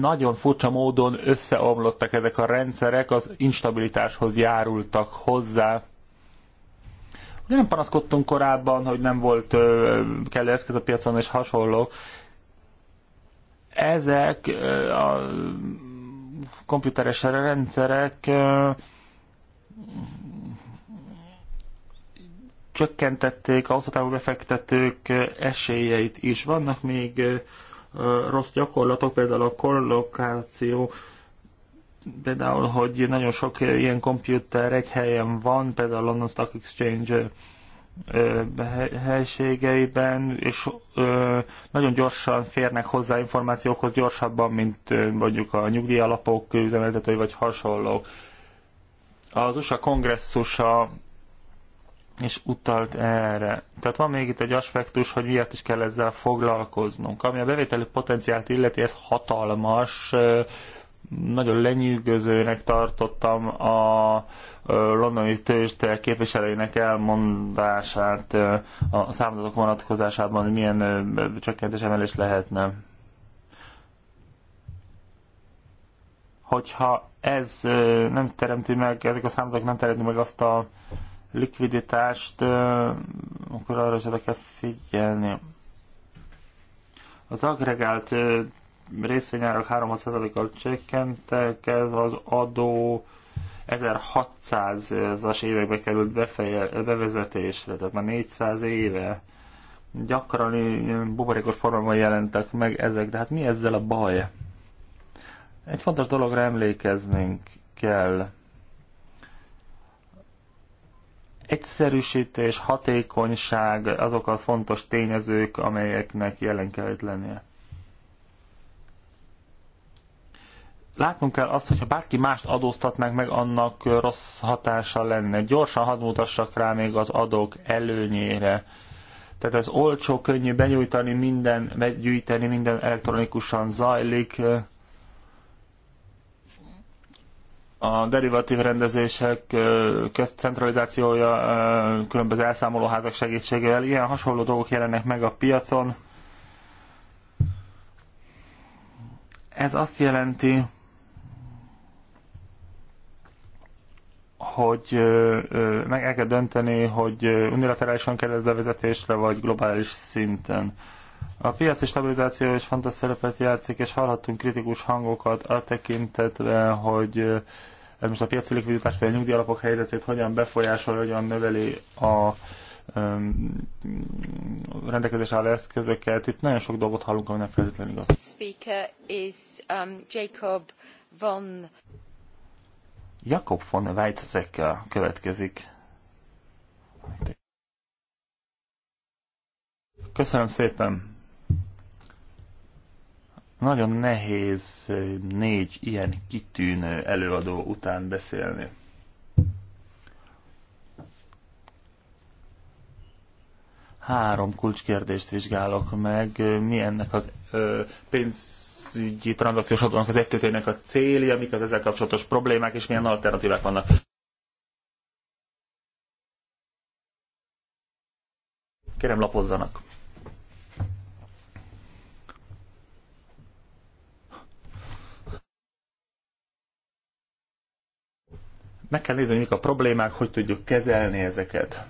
nagyon furcsa módon összeomlottak ezek a rendszerek, az instabilitáshoz járultak hozzá. Ugye nem panaszkodtunk korábban, hogy nem volt ö, kellő eszköz a piacon és hasonlók. Ezek ö, a komputeres rendszerek csökkentették a hosszatávú befektetők esélyeit is. Vannak még rossz gyakorlatok, például a kollokáció, például, hogy nagyon sok ilyen komputer egy helyen van, például a London Stock Exchange helységeiben, és nagyon gyorsan férnek hozzá információkhoz, gyorsabban, mint mondjuk a nyugdíjalapok üzemeltetői vagy hasonlók. Az USA kongresszusa és utalt erre. Tehát van még itt egy aspektus, hogy miért is kell ezzel foglalkoznunk. Ami a bevételi potenciált illeti, ez hatalmas nagyon lenyűgözőnek tartottam a londoni tőzsde képviselőinek elmondását a számadatok vonatkozásában, hogy milyen csökkentés emelés lehetne. Hogyha ez nem teremti meg, ezek a számadatok nem teremti meg azt a likviditást, akkor arra is kell figyelni. Az agregált részvényárak 3%-kal csökkentek, ez az adó 1600-as évekbe került befeje, bevezetésre, tehát már 400 éve. Gyakran buborékos formában jelentek meg ezek, de hát mi ezzel a baj? Egy fontos dologra emlékeznünk kell. Egyszerűsítés, hatékonyság, azok a fontos tényezők, amelyeknek jelen kell lennie. látnunk kell azt, hogyha bárki mást adóztatnánk meg, annak rossz hatása lenne. Gyorsan hadd mutassak rá még az adók előnyére. Tehát ez olcsó, könnyű benyújtani minden, meggyűjteni minden elektronikusan zajlik. A derivatív rendezések közcentralizációja, különböző elszámolóházak segítségével, ilyen hasonló dolgok jelennek meg a piacon. Ez azt jelenti, hogy meg el kell dönteni, hogy unilaterálisan ez bevezetésre, vagy globális szinten. A piaci stabilizáció is fontos szerepet játszik, és hallhattunk kritikus hangokat a tekintetben, hogy ez most a piaci likviditás vagy a nyugdíjalapok helyzetét hogyan befolyásolja, hogyan növeli a rendelkezés áll eszközöket. Itt nagyon sok dolgot hallunk, ami nem feltétlenül igaz. Speaker is um, Jacob von Jakob von Weizsäcker következik. Köszönöm szépen! Nagyon nehéz négy ilyen kitűnő előadó után beszélni. Három kulcskérdést vizsgálok meg. Mi ennek az ö, pénz pénzügyi tranzakciós adónak, az FTT-nek a célja, mik az ezzel kapcsolatos problémák, és milyen alternatívák vannak. Kérem, lapozzanak. Meg kell nézni, hogy mik a problémák, hogy tudjuk kezelni ezeket.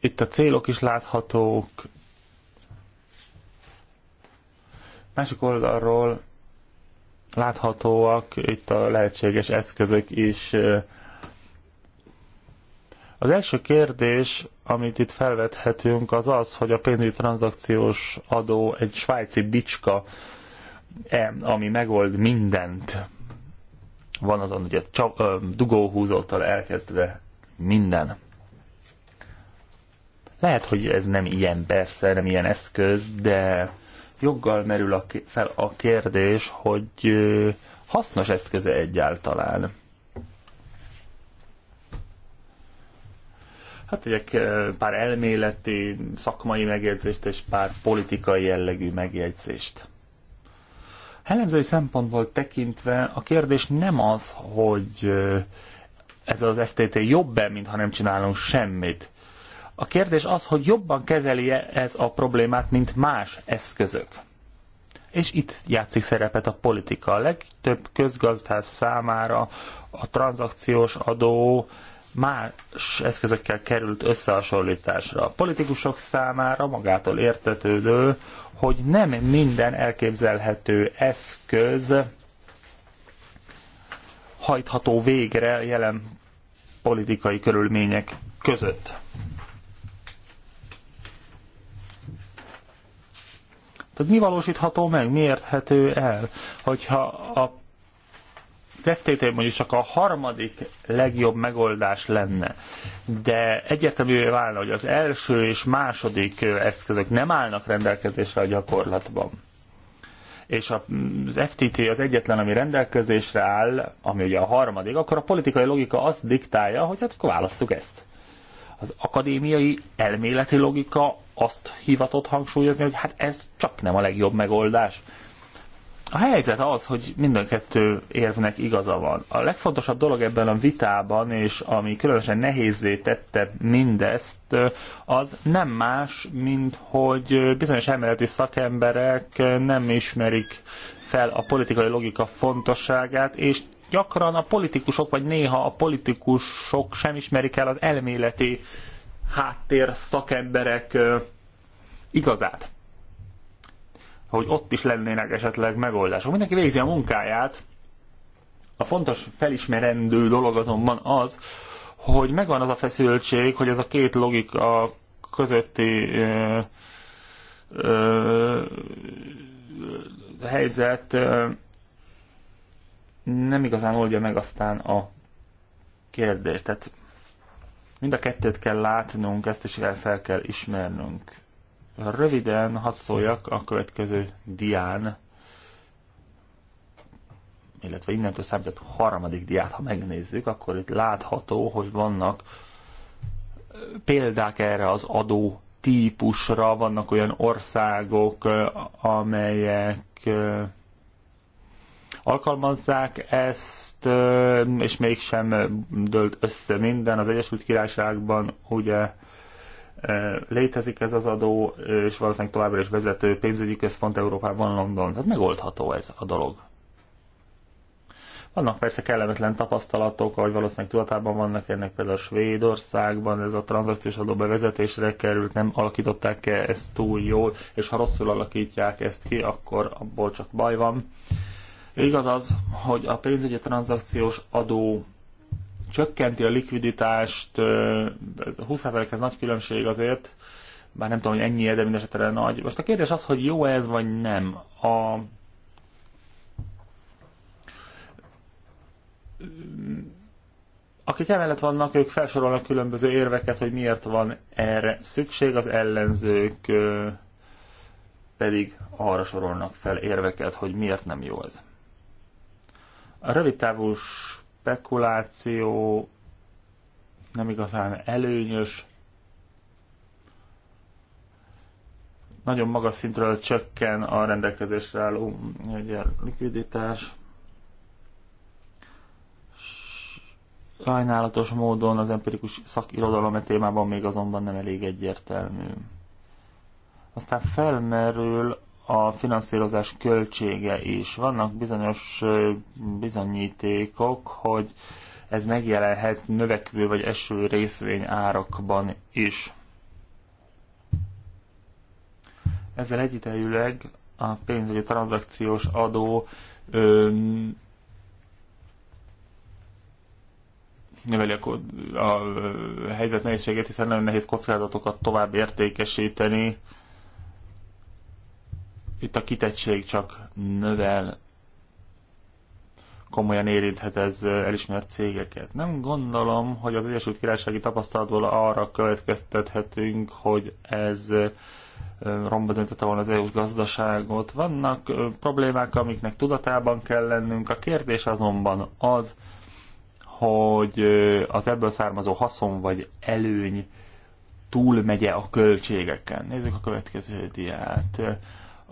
Itt a célok is láthatók, Másik oldalról láthatóak itt a lehetséges eszközök is. Az első kérdés, amit itt felvethetünk, az az, hogy a pénzügyi tranzakciós adó egy svájci bicska, -e, ami megold mindent. Van azon hogy a dugóhúzótól elkezdve minden. Lehet, hogy ez nem ilyen persze, nem ilyen eszköz, de joggal merül a, fel a kérdés, hogy hasznos eszköze egyáltalán. Hát egy pár elméleti, szakmai megjegyzést és pár politikai jellegű megjegyzést. Elemzői szempontból tekintve a kérdés nem az, hogy ez az FTT jobb-e, mint ha nem csinálunk semmit. A kérdés az, hogy jobban kezeli -e ez a problémát, mint más eszközök. És itt játszik szerepet a politika. A legtöbb közgazdász számára a tranzakciós adó más eszközökkel került összehasonlításra. A politikusok számára magától értetődő, hogy nem minden elképzelhető eszköz hajtható végre jelen politikai körülmények között. Tehát mi valósítható meg, mi érthető el, hogyha a az FTT mondjuk csak a harmadik legjobb megoldás lenne, de egyértelművé válna, hogy az első és második eszközök nem állnak rendelkezésre a gyakorlatban. És az FTT az egyetlen, ami rendelkezésre áll, ami ugye a harmadik, akkor a politikai logika azt diktálja, hogy hát akkor válasszuk ezt. Az akadémiai elméleti logika azt hivatott hangsúlyozni, hogy hát ez csak nem a legjobb megoldás. A helyzet az, hogy mind kettő érvnek igaza van. A legfontosabb dolog ebben a vitában, és ami különösen nehézé tette mindezt, az nem más, mint hogy bizonyos elméleti szakemberek nem ismerik fel a politikai logika fontosságát, és gyakran a politikusok, vagy néha a politikusok sem ismerik el az elméleti háttér szakemberek igazát. Hogy ott is lennének esetleg megoldások. Mindenki végzi a munkáját. A fontos felismerendő dolog azonban az, hogy megvan az a feszültség, hogy ez a két logika közötti ö, ö, helyzet ö, nem igazán oldja meg aztán a kérdést. Tehát mind a kettőt kell látnunk, ezt is el fel kell ismernünk. Röviden hadd szóljak a következő dián, illetve innentől számított harmadik diát, ha megnézzük, akkor itt látható, hogy vannak példák erre az adó típusra, vannak olyan országok, amelyek alkalmazzák ezt, és mégsem dölt össze minden. Az Egyesült Királyságban ugye létezik ez az adó, és valószínűleg továbbra is vezető pénzügyi központ Európában, London. Tehát megoldható ez a dolog. Vannak persze kellemetlen tapasztalatok, ahogy valószínűleg tudatában vannak ennek például Svédországban, ez a tranzakciós adó bevezetésre került, nem alakították -e ezt túl jól, és ha rosszul alakítják ezt ki, akkor abból csak baj van. Igaz az, hogy a pénzügyi tranzakciós adó csökkenti a likviditást, ez 20% ez nagy különbség azért, bár nem tudom, hogy ennyi, de mindesetre nagy. Most a kérdés az, hogy jó ez, vagy nem. A akik emellett vannak, ők felsorolnak különböző érveket, hogy miért van erre szükség, az ellenzők pedig arra sorolnak fel érveket, hogy miért nem jó ez. A rövidtávú spekuláció nem igazán előnyös. Nagyon magas szintről csökken a rendelkezésre álló ugye, likviditás. Sajnálatos módon az empirikus szakirodalom e témában még azonban nem elég egyértelmű. Aztán felmerül a finanszírozás költsége is. Vannak bizonyos bizonyítékok, hogy ez megjelenhet növekvő vagy eső részvény árakban is. Ezzel egyidejűleg a pénzügyi tranzakciós adó öm, növeli a, a, a helyzet nehézségét, hiszen nagyon nehéz kockázatokat tovább értékesíteni, itt a kitettség csak növel, komolyan érinthet ez elismert cégeket. Nem gondolom, hogy az Egyesült Királysági tapasztalatból arra következtethetünk, hogy ez romba döntötte volna az EU-s gazdaságot. Vannak problémák, amiknek tudatában kell lennünk. A kérdés azonban az, hogy az ebből származó haszon vagy előny túlmegye a költségeken. Nézzük a következő diát.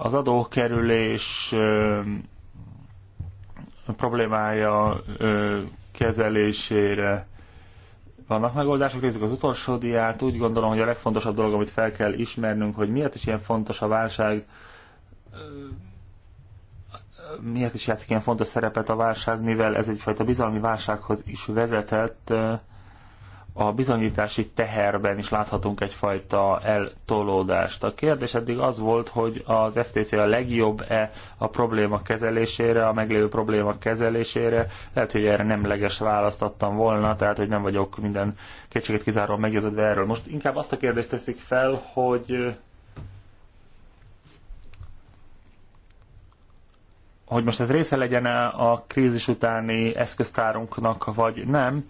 Az adókerülés problémája kezelésére vannak megoldások, nézzük az utolsó diát. Úgy gondolom, hogy a legfontosabb dolog, amit fel kell ismernünk, hogy miért is ilyen fontos a válság, miért is játszik ilyen fontos szerepet a válság, mivel ez egyfajta bizalmi válsághoz is vezetett, a bizonyítási teherben is láthatunk egyfajta eltolódást. A kérdés eddig az volt, hogy az FTC a legjobb-e a probléma kezelésére, a meglévő probléma kezelésére. Lehet, hogy erre nemleges választ adtam volna, tehát hogy nem vagyok minden kétséget kizáróan meggyőződve erről. Most inkább azt a kérdést teszik fel, hogy hogy most ez része legyen -e a krízis utáni eszköztárunknak, vagy nem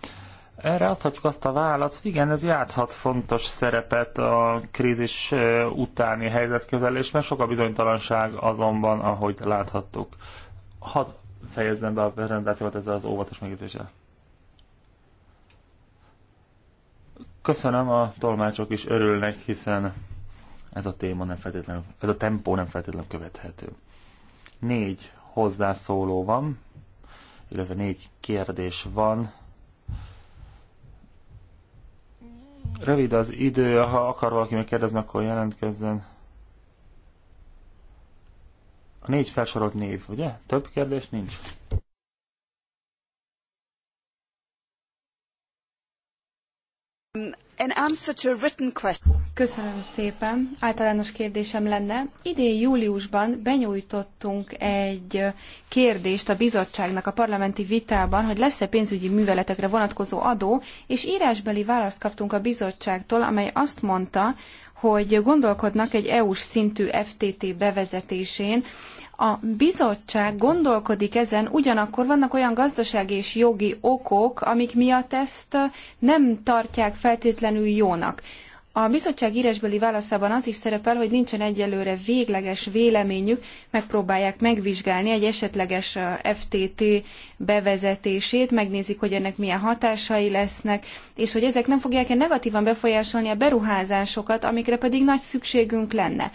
erre azt adjuk azt a választ, hogy igen, ez játszhat fontos szerepet a krízis utáni helyzetkezelésben, sok a bizonytalanság azonban, ahogy láthattuk. Hadd fejezzem be a prezentációt ezzel az óvatos megjegyzéssel. Köszönöm, a tolmácsok is örülnek, hiszen ez a téma nem feltétlenül, ez a tempó nem feltétlenül követhető. Négy hozzászóló van, illetve négy kérdés van, Rövid az idő, ha akar valaki megkérdezni, akkor jelentkezzen. A négy felsorolt név, ugye? Több kérdés nincs. Köszönöm szépen. Általános kérdésem lenne. Idén júliusban benyújtottunk egy kérdést a bizottságnak a parlamenti vitában, hogy lesz-e pénzügyi műveletekre vonatkozó adó, és írásbeli választ kaptunk a bizottságtól, amely azt mondta, hogy gondolkodnak egy EU-s szintű FTT bevezetésén, a bizottság gondolkodik ezen, ugyanakkor vannak olyan gazdasági és jogi okok, amik miatt ezt nem tartják feltétlenül jónak. A bizottság írásbeli válaszában az is szerepel, hogy nincsen egyelőre végleges véleményük, megpróbálják megvizsgálni egy esetleges FTT bevezetését, megnézik, hogy ennek milyen hatásai lesznek, és hogy ezek nem fogják-e negatívan befolyásolni a beruházásokat, amikre pedig nagy szükségünk lenne.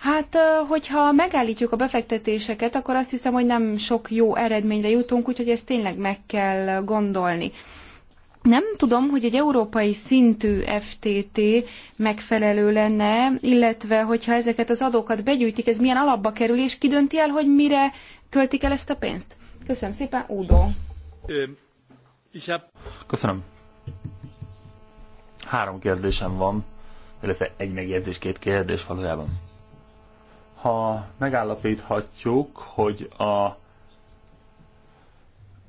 Hát, hogyha megállítjuk a befektetéseket, akkor azt hiszem, hogy nem sok jó eredményre jutunk, úgyhogy ezt tényleg meg kell gondolni. Nem tudom, hogy egy európai szintű FTT megfelelő lenne, illetve hogyha ezeket az adókat begyűjtik, ez milyen alapba kerül, és ki dönti el, hogy mire költik el ezt a pénzt? Köszönöm szépen, Udo. Köszönöm. Három kérdésem van, illetve egy megjegyzés, két kérdés valójában ha megállapíthatjuk, hogy a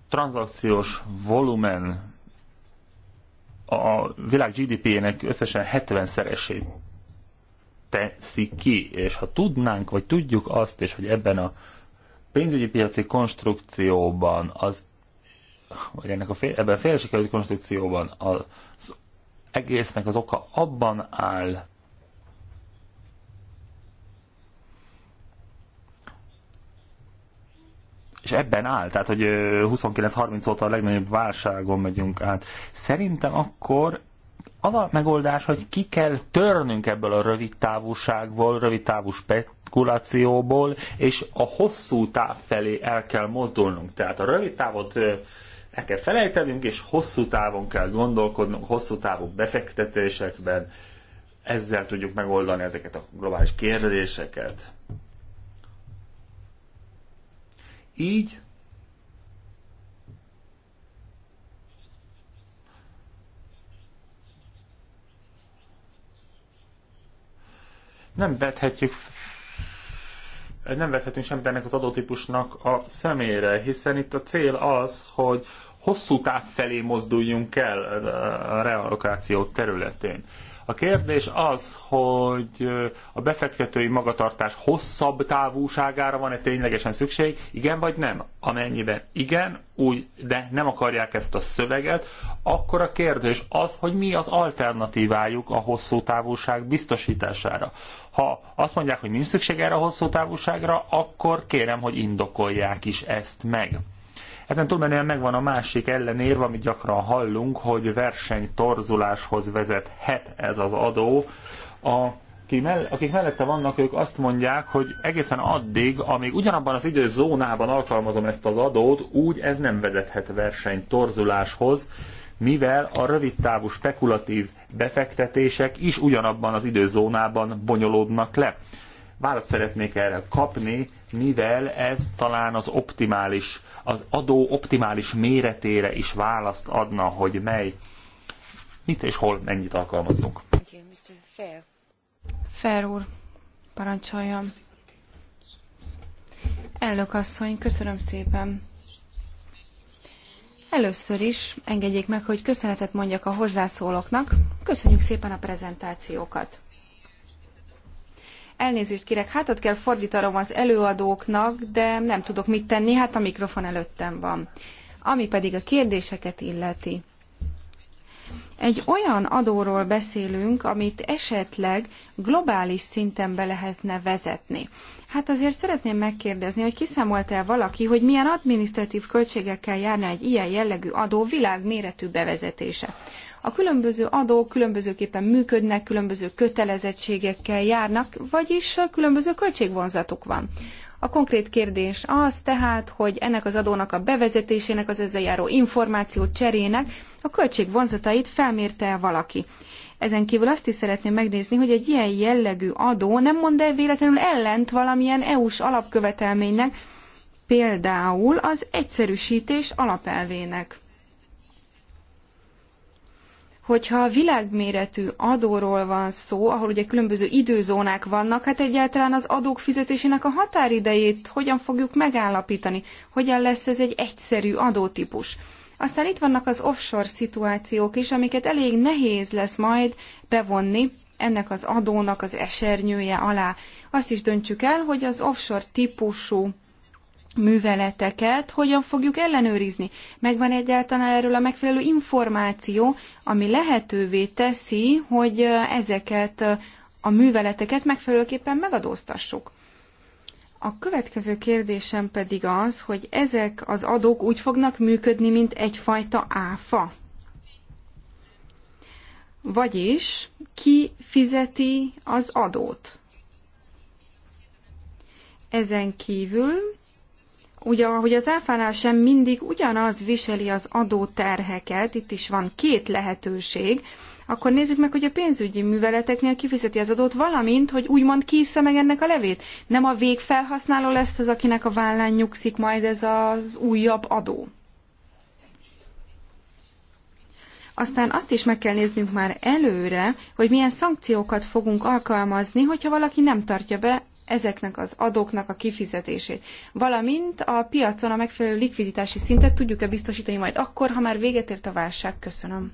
tranzakciós volumen a világ GDP-jének összesen 70-szeresét teszi ki, és ha tudnánk, vagy tudjuk azt, és hogy ebben a pénzügyi piaci konstrukcióban, az, vagy ennek a fél, ebben a félsikerült konstrukcióban az egésznek az oka abban áll, és ebben áll, tehát hogy 29-30 óta a legnagyobb válságon megyünk át. Szerintem akkor az a megoldás, hogy ki kell törnünk ebből a rövid távúságból, rövid távú spekulációból, és a hosszú táv felé el kell mozdulnunk. Tehát a rövid távot el kell felejtenünk, és hosszú távon kell gondolkodnunk, hosszú távú befektetésekben, ezzel tudjuk megoldani ezeket a globális kérdéseket. Így nem vethetjük nem vethetünk semmit ennek az adótípusnak a szemére, hiszen itt a cél az, hogy hosszú táv felé mozduljunk el a realokáció területén. A kérdés az, hogy a befektetői magatartás hosszabb távúságára van-e ténylegesen szükség, igen vagy nem? Amennyiben igen, úgy, de nem akarják ezt a szöveget, akkor a kérdés az, hogy mi az alternatívájuk a hosszú távúság biztosítására. Ha azt mondják, hogy nincs szükség erre a hosszú távúságra, akkor kérem, hogy indokolják is ezt meg. Ezen túlmenően megvan a másik ellenérv, amit gyakran hallunk, hogy versenytorzuláshoz vezethet ez az adó. A akik mellette vannak, ők azt mondják, hogy egészen addig, amíg ugyanabban az időzónában alkalmazom ezt az adót, úgy ez nem vezethet versenytorzuláshoz, mivel a rövidtávú spekulatív befektetések is ugyanabban az időzónában bonyolódnak le. Választ szeretnék erre kapni, mivel ez talán az optimális az adó optimális méretére is választ adna, hogy mely, mit és hol mennyit alkalmazzunk. Fair úr, parancsoljam. Elnök asszony, köszönöm szépen. Először is engedjék meg, hogy köszönetet mondjak a hozzászólóknak. Köszönjük szépen a prezentációkat. Elnézést kérek, hátat kell fordítanom az előadóknak, de nem tudok mit tenni, hát a mikrofon előttem van. Ami pedig a kérdéseket illeti. Egy olyan adóról beszélünk, amit esetleg globális szinten be lehetne vezetni. Hát azért szeretném megkérdezni, hogy kiszámolta e valaki, hogy milyen adminisztratív költségekkel járna egy ilyen jellegű adó világméretű bevezetése. A különböző adók különbözőképpen működnek, különböző kötelezettségekkel járnak, vagyis különböző költségvonzatuk van. A konkrét kérdés az tehát, hogy ennek az adónak a bevezetésének, az ezzel járó információ cserének a költségvonzatait felmérte e valaki. Ezen kívül azt is szeretném megnézni, hogy egy ilyen jellegű adó nem mond -e véletlenül ellent valamilyen EU-s alapkövetelménynek, például az egyszerűsítés alapelvének hogyha világméretű adóról van szó, ahol ugye különböző időzónák vannak, hát egyáltalán az adók fizetésének a határidejét hogyan fogjuk megállapítani? Hogyan lesz ez egy egyszerű adótípus? Aztán itt vannak az offshore szituációk is, amiket elég nehéz lesz majd bevonni ennek az adónak az esernyője alá. Azt is döntsük el, hogy az offshore típusú műveleteket hogyan fogjuk ellenőrizni? Megvan egyáltalán erről a megfelelő információ, ami lehetővé teszi, hogy ezeket a műveleteket megfelelőképpen megadóztassuk. A következő kérdésem pedig az, hogy ezek az adók úgy fognak működni, mint egyfajta áfa. Vagyis ki fizeti az adót? Ezen kívül Ugye, ahogy az áfánál sem mindig ugyanaz viseli az adóterheket, itt is van két lehetőség, akkor nézzük meg, hogy a pénzügyi műveleteknél kifizeti az adót, valamint, hogy úgymond kiissza meg ennek a levét. Nem a végfelhasználó lesz az, akinek a vállán nyugszik majd ez az újabb adó. Aztán azt is meg kell néznünk már előre, hogy milyen szankciókat fogunk alkalmazni, hogyha valaki nem tartja be ezeknek az adóknak a kifizetését, valamint a piacon a megfelelő likviditási szintet tudjuk-e biztosítani majd akkor, ha már véget ért a válság. Köszönöm.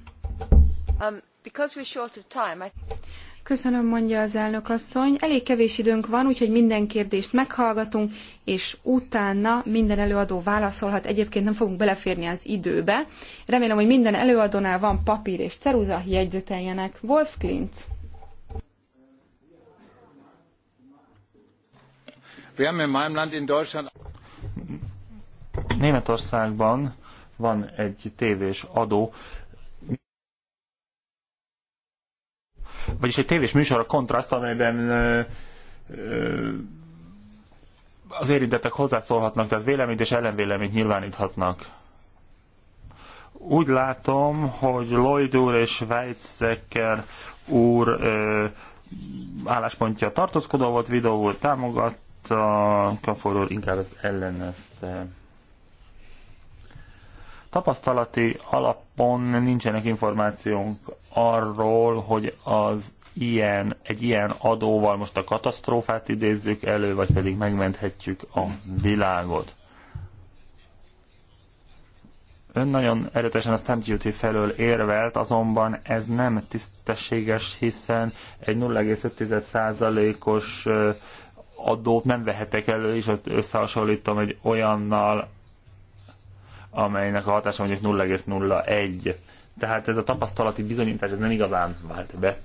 Um, time, I... Köszönöm, mondja az elnök asszony. Elég kevés időnk van, úgyhogy minden kérdést meghallgatunk, és utána minden előadó válaszolhat. Egyébként nem fogunk beleférni az időbe. Remélem, hogy minden előadónál van papír és ceruza, jegyzeteljenek. Wolf Klintz. Németországban van egy tévés adó, vagyis egy tévés műsor a kontraszt, amelyben ö, ö, az érintettek hozzászólhatnak, tehát véleményt és ellenvéleményt nyilváníthatnak. Úgy látom, hogy Lloyd úr és Weizsäcker úr ö, álláspontja tartózkodó volt, videó úr támogat, a kaforról inkább az ellenezte. Tapasztalati alapon nincsenek információnk arról, hogy az ilyen, egy ilyen adóval most a katasztrófát idézzük elő, vagy pedig megmenthetjük a világot. Ön nagyon erőtesen a stamp duty felől érvelt, azonban ez nem tisztességes, hiszen egy 0,5%-os adót nem vehetek elő, és azt összehasonlítom egy olyannal, amelynek a hatása mondjuk 0,01. Tehát ez a tapasztalati bizonyítás ez nem igazán vált be.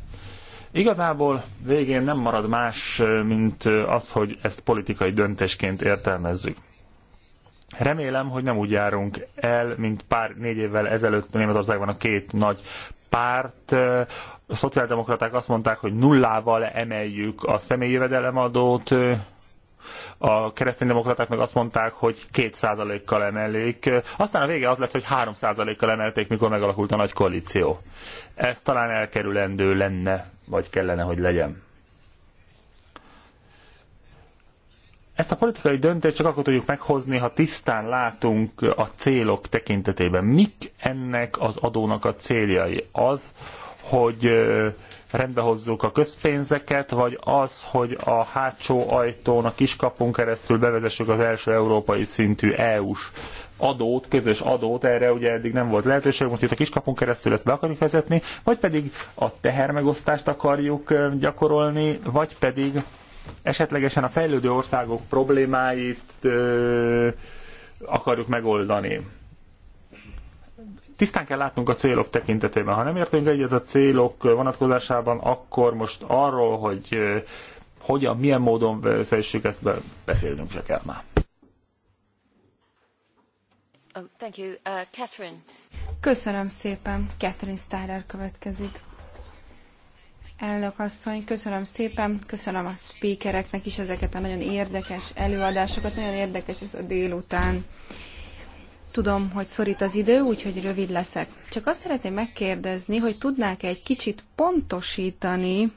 Igazából végén nem marad más, mint az, hogy ezt politikai döntésként értelmezzük. Remélem, hogy nem úgy járunk el, mint pár négy évvel ezelőtt Németországban a két nagy párt. A szociáldemokraták azt mondták, hogy nullával emeljük a személyi jövedelemadót, a kereszténydemokraták meg azt mondták, hogy 2%-kal emelik. Aztán a vége az lett, hogy 3%-kal emelték, mikor megalakult a nagy koalíció. Ez talán elkerülendő lenne, vagy kellene, hogy legyen. Ezt a politikai döntést csak akkor tudjuk meghozni, ha tisztán látunk a célok tekintetében. Mik ennek az adónak a céljai? Az, hogy rendbe hozzuk a közpénzeket, vagy az, hogy a hátsó ajtón, a kiskapun keresztül bevezessük az első európai szintű EU-s adót, közös adót, erre ugye eddig nem volt lehetőség, most itt a kiskapunk keresztül ezt be akarjuk vezetni, vagy pedig a tehermegosztást akarjuk gyakorolni, vagy pedig esetlegesen a fejlődő országok problémáit ö, akarjuk megoldani. Tisztán kell látnunk a célok tekintetében. Ha nem értünk egyet a célok vonatkozásában, akkor most arról, hogy ö, hogyan, milyen módon vezessük ezt be, beszélnünk se kell már. Oh, thank you. Uh, Catherine. Köszönöm szépen. Catherine Styler következik. Elnök asszony, köszönöm szépen, köszönöm a speakereknek is ezeket a nagyon érdekes előadásokat, nagyon érdekes ez a délután. Tudom, hogy szorít az idő, úgyhogy rövid leszek. Csak azt szeretném megkérdezni, hogy tudnák-e egy kicsit pontosítani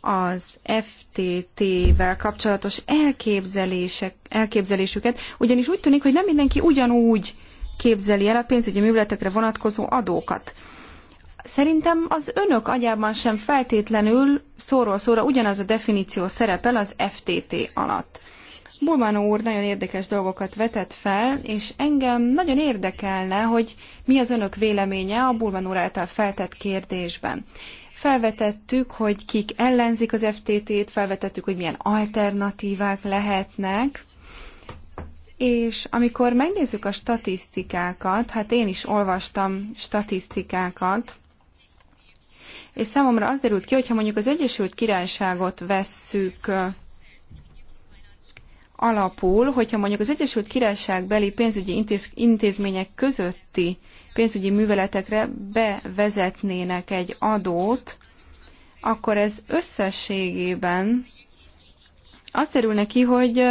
az FTT-vel kapcsolatos elképzelések, elképzelésüket, ugyanis úgy tűnik, hogy nem mindenki ugyanúgy képzeli el a pénzügyi műveletekre vonatkozó adókat. Szerintem az önök agyában sem feltétlenül szóról szóra ugyanaz a definíció szerepel az FTT alatt. Bulman úr nagyon érdekes dolgokat vetett fel, és engem nagyon érdekelne, hogy mi az önök véleménye a Bulman úr által feltett kérdésben. Felvetettük, hogy kik ellenzik az FTT-t, felvetettük, hogy milyen alternatívák lehetnek, és amikor megnézzük a statisztikákat, hát én is olvastam statisztikákat, és számomra az derült ki, hogyha mondjuk az Egyesült Királyságot vesszük alapul, hogyha mondjuk az Egyesült Királyság beli pénzügyi intéz, intézmények közötti pénzügyi műveletekre bevezetnének egy adót, akkor ez összességében az derül neki, hogy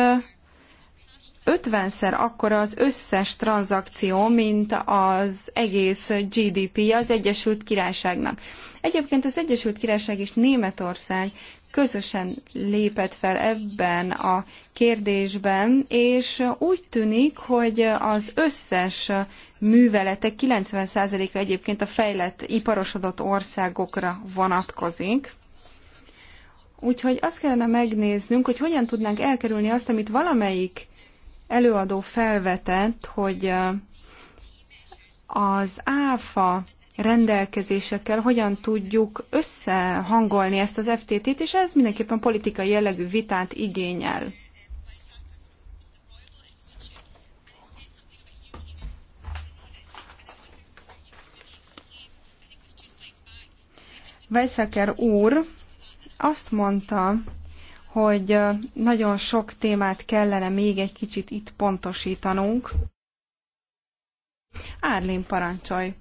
50-szer akkora az összes tranzakció, mint az egész GDP-je az Egyesült Királyságnak. Egyébként az Egyesült Királyság és Németország közösen lépett fel ebben a kérdésben, és úgy tűnik, hogy az összes műveletek 90%-a egyébként a fejlett, iparosodott országokra vonatkozik. Úgyhogy azt kellene megnéznünk, hogy hogyan tudnánk elkerülni azt, amit valamelyik előadó felvetett, hogy az áfa rendelkezésekkel hogyan tudjuk összehangolni ezt az FTT-t, és ez mindenképpen politikai jellegű vitát igényel. Weissaker úr azt mondta, hogy nagyon sok témát kellene még egy kicsit itt pontosítanunk. Árlén parancsolj!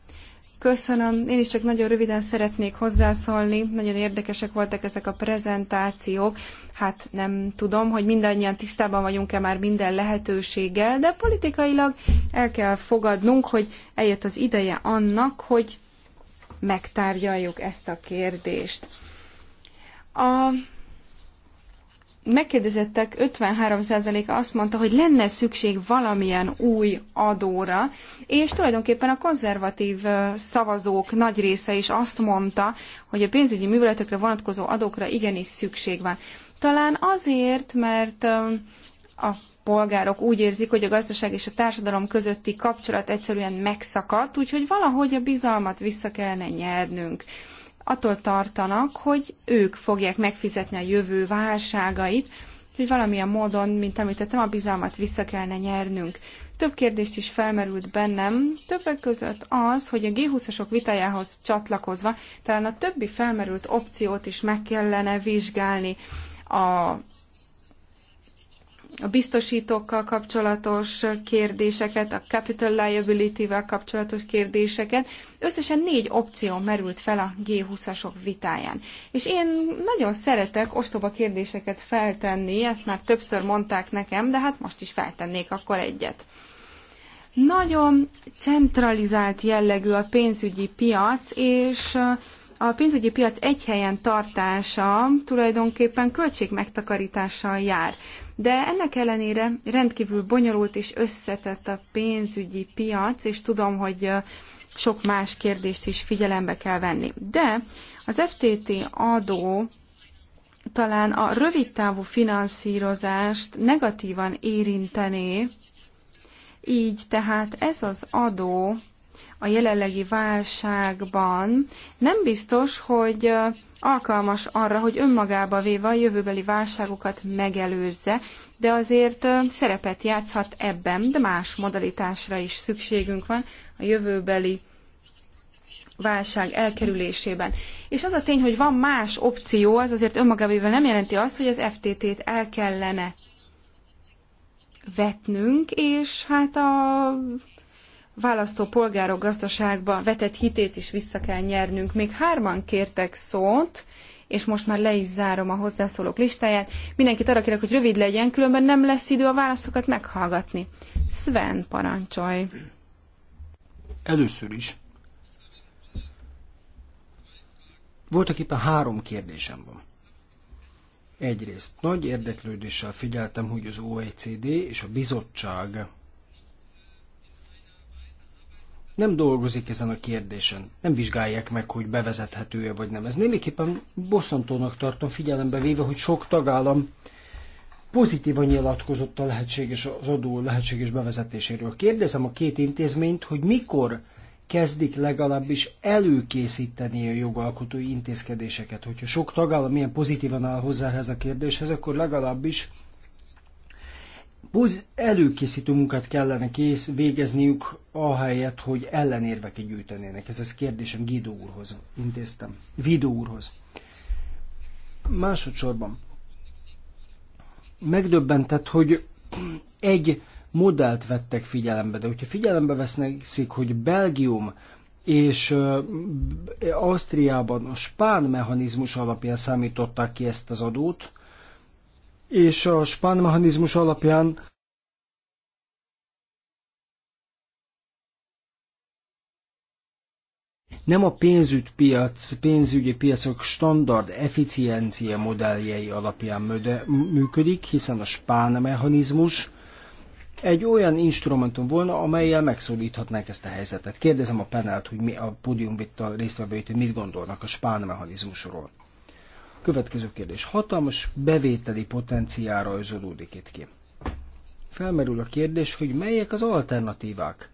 Köszönöm. Én is csak nagyon röviden szeretnék hozzászólni. Nagyon érdekesek voltak ezek a prezentációk. Hát nem tudom, hogy mindannyian tisztában vagyunk-e már minden lehetőséggel, de politikailag el kell fogadnunk, hogy eljött az ideje annak, hogy megtárgyaljuk ezt a kérdést. A megkérdezettek 53%-a azt mondta, hogy lenne szükség valamilyen új adóra, és tulajdonképpen a konzervatív szavazók nagy része is azt mondta, hogy a pénzügyi műveletekre vonatkozó adókra igenis szükség van. Talán azért, mert a polgárok úgy érzik, hogy a gazdaság és a társadalom közötti kapcsolat egyszerűen megszakadt, úgyhogy valahogy a bizalmat vissza kellene nyernünk attól tartanak, hogy ők fogják megfizetni a jövő válságait, hogy valamilyen módon, mint említettem, a bizalmat vissza kellene nyernünk. Több kérdést is felmerült bennem, többek között az, hogy a G20-asok vitájához csatlakozva talán a többi felmerült opciót is meg kellene vizsgálni. A a biztosítókkal kapcsolatos kérdéseket, a capital liability-vel kapcsolatos kérdéseket. Összesen négy opció merült fel a G20-asok vitáján. És én nagyon szeretek ostoba kérdéseket feltenni, ezt már többször mondták nekem, de hát most is feltennék akkor egyet. Nagyon centralizált jellegű a pénzügyi piac, és a pénzügyi piac egy helyen tartása tulajdonképpen költségmegtakarítással jár. De ennek ellenére rendkívül bonyolult és összetett a pénzügyi piac, és tudom, hogy sok más kérdést is figyelembe kell venni. De az FTT adó talán a rövidtávú finanszírozást negatívan érintené, így tehát ez az adó a jelenlegi válságban nem biztos, hogy alkalmas arra, hogy önmagába véve a jövőbeli válságokat megelőzze, de azért szerepet játszhat ebben, de más modalitásra is szükségünk van a jövőbeli válság elkerülésében. És az a tény, hogy van más opció, az azért önmagában nem jelenti azt, hogy az FTT-t el kellene vetnünk, és hát a választópolgárok gazdaságba vetett hitét is vissza kell nyernünk. Még hárman kértek szót, és most már le is zárom a hozzászólók listáját. Mindenkit arra kérek, hogy rövid legyen, különben nem lesz idő a válaszokat meghallgatni. Sven, parancsolj! Először is. Voltak éppen három kérdésem van. Egyrészt nagy érdeklődéssel figyeltem, hogy az OECD és a bizottság nem dolgozik ezen a kérdésen. Nem vizsgálják meg, hogy bevezethető-e vagy nem. Ez némiképpen bosszantónak tartom figyelembe véve, hogy sok tagállam pozitívan nyilatkozott a lehetséges, az adó lehetséges bevezetéséről. Kérdezem a két intézményt, hogy mikor kezdik legalábbis előkészíteni a jogalkotói intézkedéseket. Hogyha sok tagállam ilyen pozitívan áll hozzá ehhez a kérdéshez, akkor legalábbis Poz előkészítő munkát kellene kész végezniük, ahelyett, hogy ellenérveket gyűjtenének. Ez az kérdésem Gidó úrhoz intéztem. Vidó úrhoz. Másodszorban. Megdöbbentett, hogy egy modellt vettek figyelembe, de hogyha figyelembe vesznek, hogy Belgium és Ausztriában a spán mechanizmus alapján számították ki ezt az adót, és a spán mechanizmus alapján nem a piac, pénzügyi piacok standard eficiencia modelljei alapján möde, működik, hiszen a spán mechanizmus egy olyan instrumentum volna, amelyel megszólíthatnánk ezt a helyzetet. Kérdezem a panelt, hogy mi a pódium itt a résztvevőit, mit gondolnak a spán mechanizmusról. Következő kérdés. Hatalmas bevételi potenciál rajzolódik itt ki. Felmerül a kérdés, hogy melyek az alternatívák,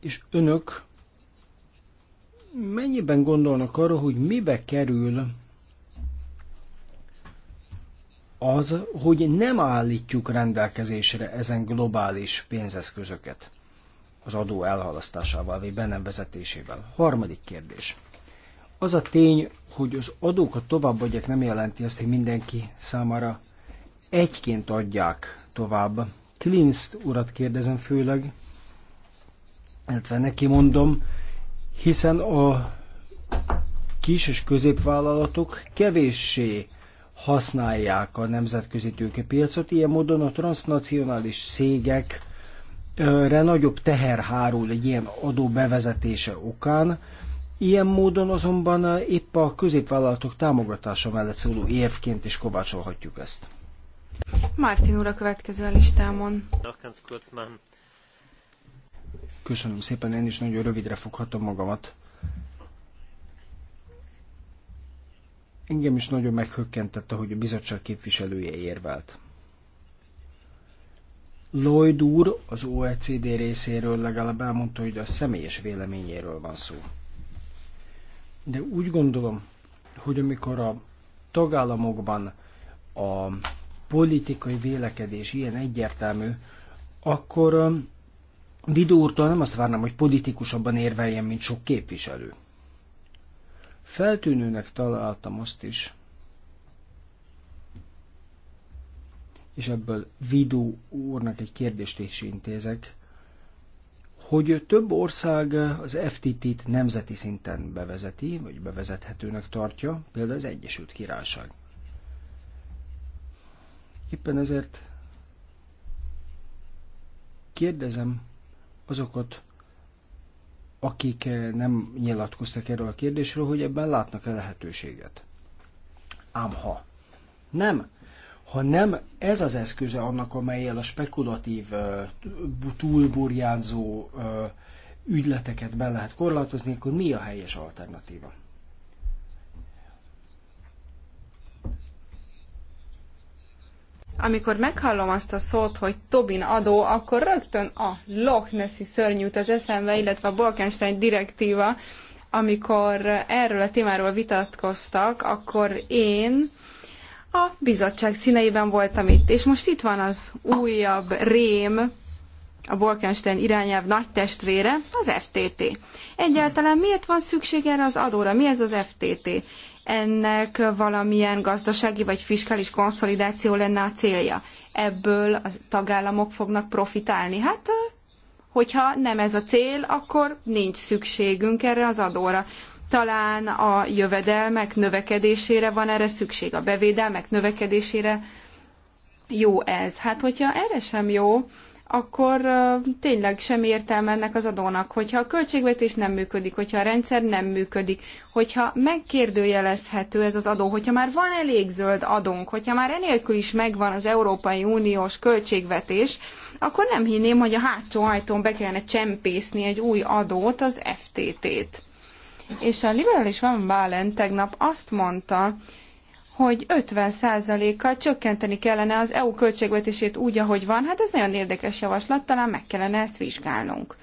és önök mennyiben gondolnak arra, hogy mibe kerül az, hogy nem állítjuk rendelkezésre ezen globális pénzeszközöket az adó elhalasztásával, vagy be vezetésével. Harmadik kérdés. Az a tény, hogy az adókat továbbadják, nem jelenti azt, hogy mindenki számára egyként adják tovább. Klinzt urat kérdezem főleg, illetve neki mondom, hiszen a kis és középvállalatok kevéssé használják a nemzetközi tőkepiacot, ilyen módon a transnacionális szégekre nagyobb teher hárul egy ilyen adó bevezetése okán, Ilyen módon azonban eh, épp a középvállalatok támogatása mellett szóló évként is kovácsolhatjuk ezt. Martin úr a következő a listámon. Köszönöm szépen, én is nagyon rövidre foghatom magamat. Engem is nagyon meghökkentette, hogy a bizottság képviselője érvelt. Lloyd úr az OECD részéről legalább elmondta, hogy a személyes véleményéről van szó de úgy gondolom, hogy amikor a tagállamokban a politikai vélekedés ilyen egyértelmű, akkor um, Vidó úrtól nem azt várnám, hogy politikusabban érveljen, mint sok képviselő. Feltűnőnek találtam azt is, és ebből Vidó úrnak egy kérdést is intézek, hogy több ország az FTT-t nemzeti szinten bevezeti, vagy bevezethetőnek tartja, például az Egyesült Királyság. Éppen ezért kérdezem azokat, akik nem nyilatkoztak erről a kérdésről, hogy ebben látnak-e lehetőséget. Ám ha nem ha nem ez az eszköze annak, amelyel a spekulatív, túlburjánzó ügyleteket be lehet korlátozni, akkor mi a helyes alternatíva? Amikor meghallom azt a szót, hogy Tobin adó, akkor rögtön a Loch Nessi szörnyűt az eszembe, illetve a Bolkenstein direktíva, amikor erről a témáról vitatkoztak, akkor én a bizottság színeiben voltam itt, és most itt van az újabb rém, a Bolkenstein irányelv nagy testvére, az FTT. Egyáltalán miért van szükség erre az adóra? Mi ez az FTT? Ennek valamilyen gazdasági vagy fiskális konszolidáció lenne a célja. Ebből a tagállamok fognak profitálni. Hát hogyha nem ez a cél, akkor nincs szükségünk erre az adóra talán a jövedelmek növekedésére van erre szükség, a bevédelmek növekedésére jó ez. Hát, hogyha erre sem jó, akkor tényleg sem értelme ennek az adónak, hogyha a költségvetés nem működik, hogyha a rendszer nem működik, hogyha megkérdőjelezhető ez az adó, hogyha már van elég zöld adónk, hogyha már enélkül is megvan az Európai Uniós költségvetés, akkor nem hinném, hogy a hátsó ajtón be kellene csempészni egy új adót, az FTT-t és a liberális Van Balen tegnap azt mondta, hogy 50%-kal csökkenteni kellene az EU költségvetését úgy, ahogy van. Hát ez nagyon érdekes javaslat, talán meg kellene ezt vizsgálnunk.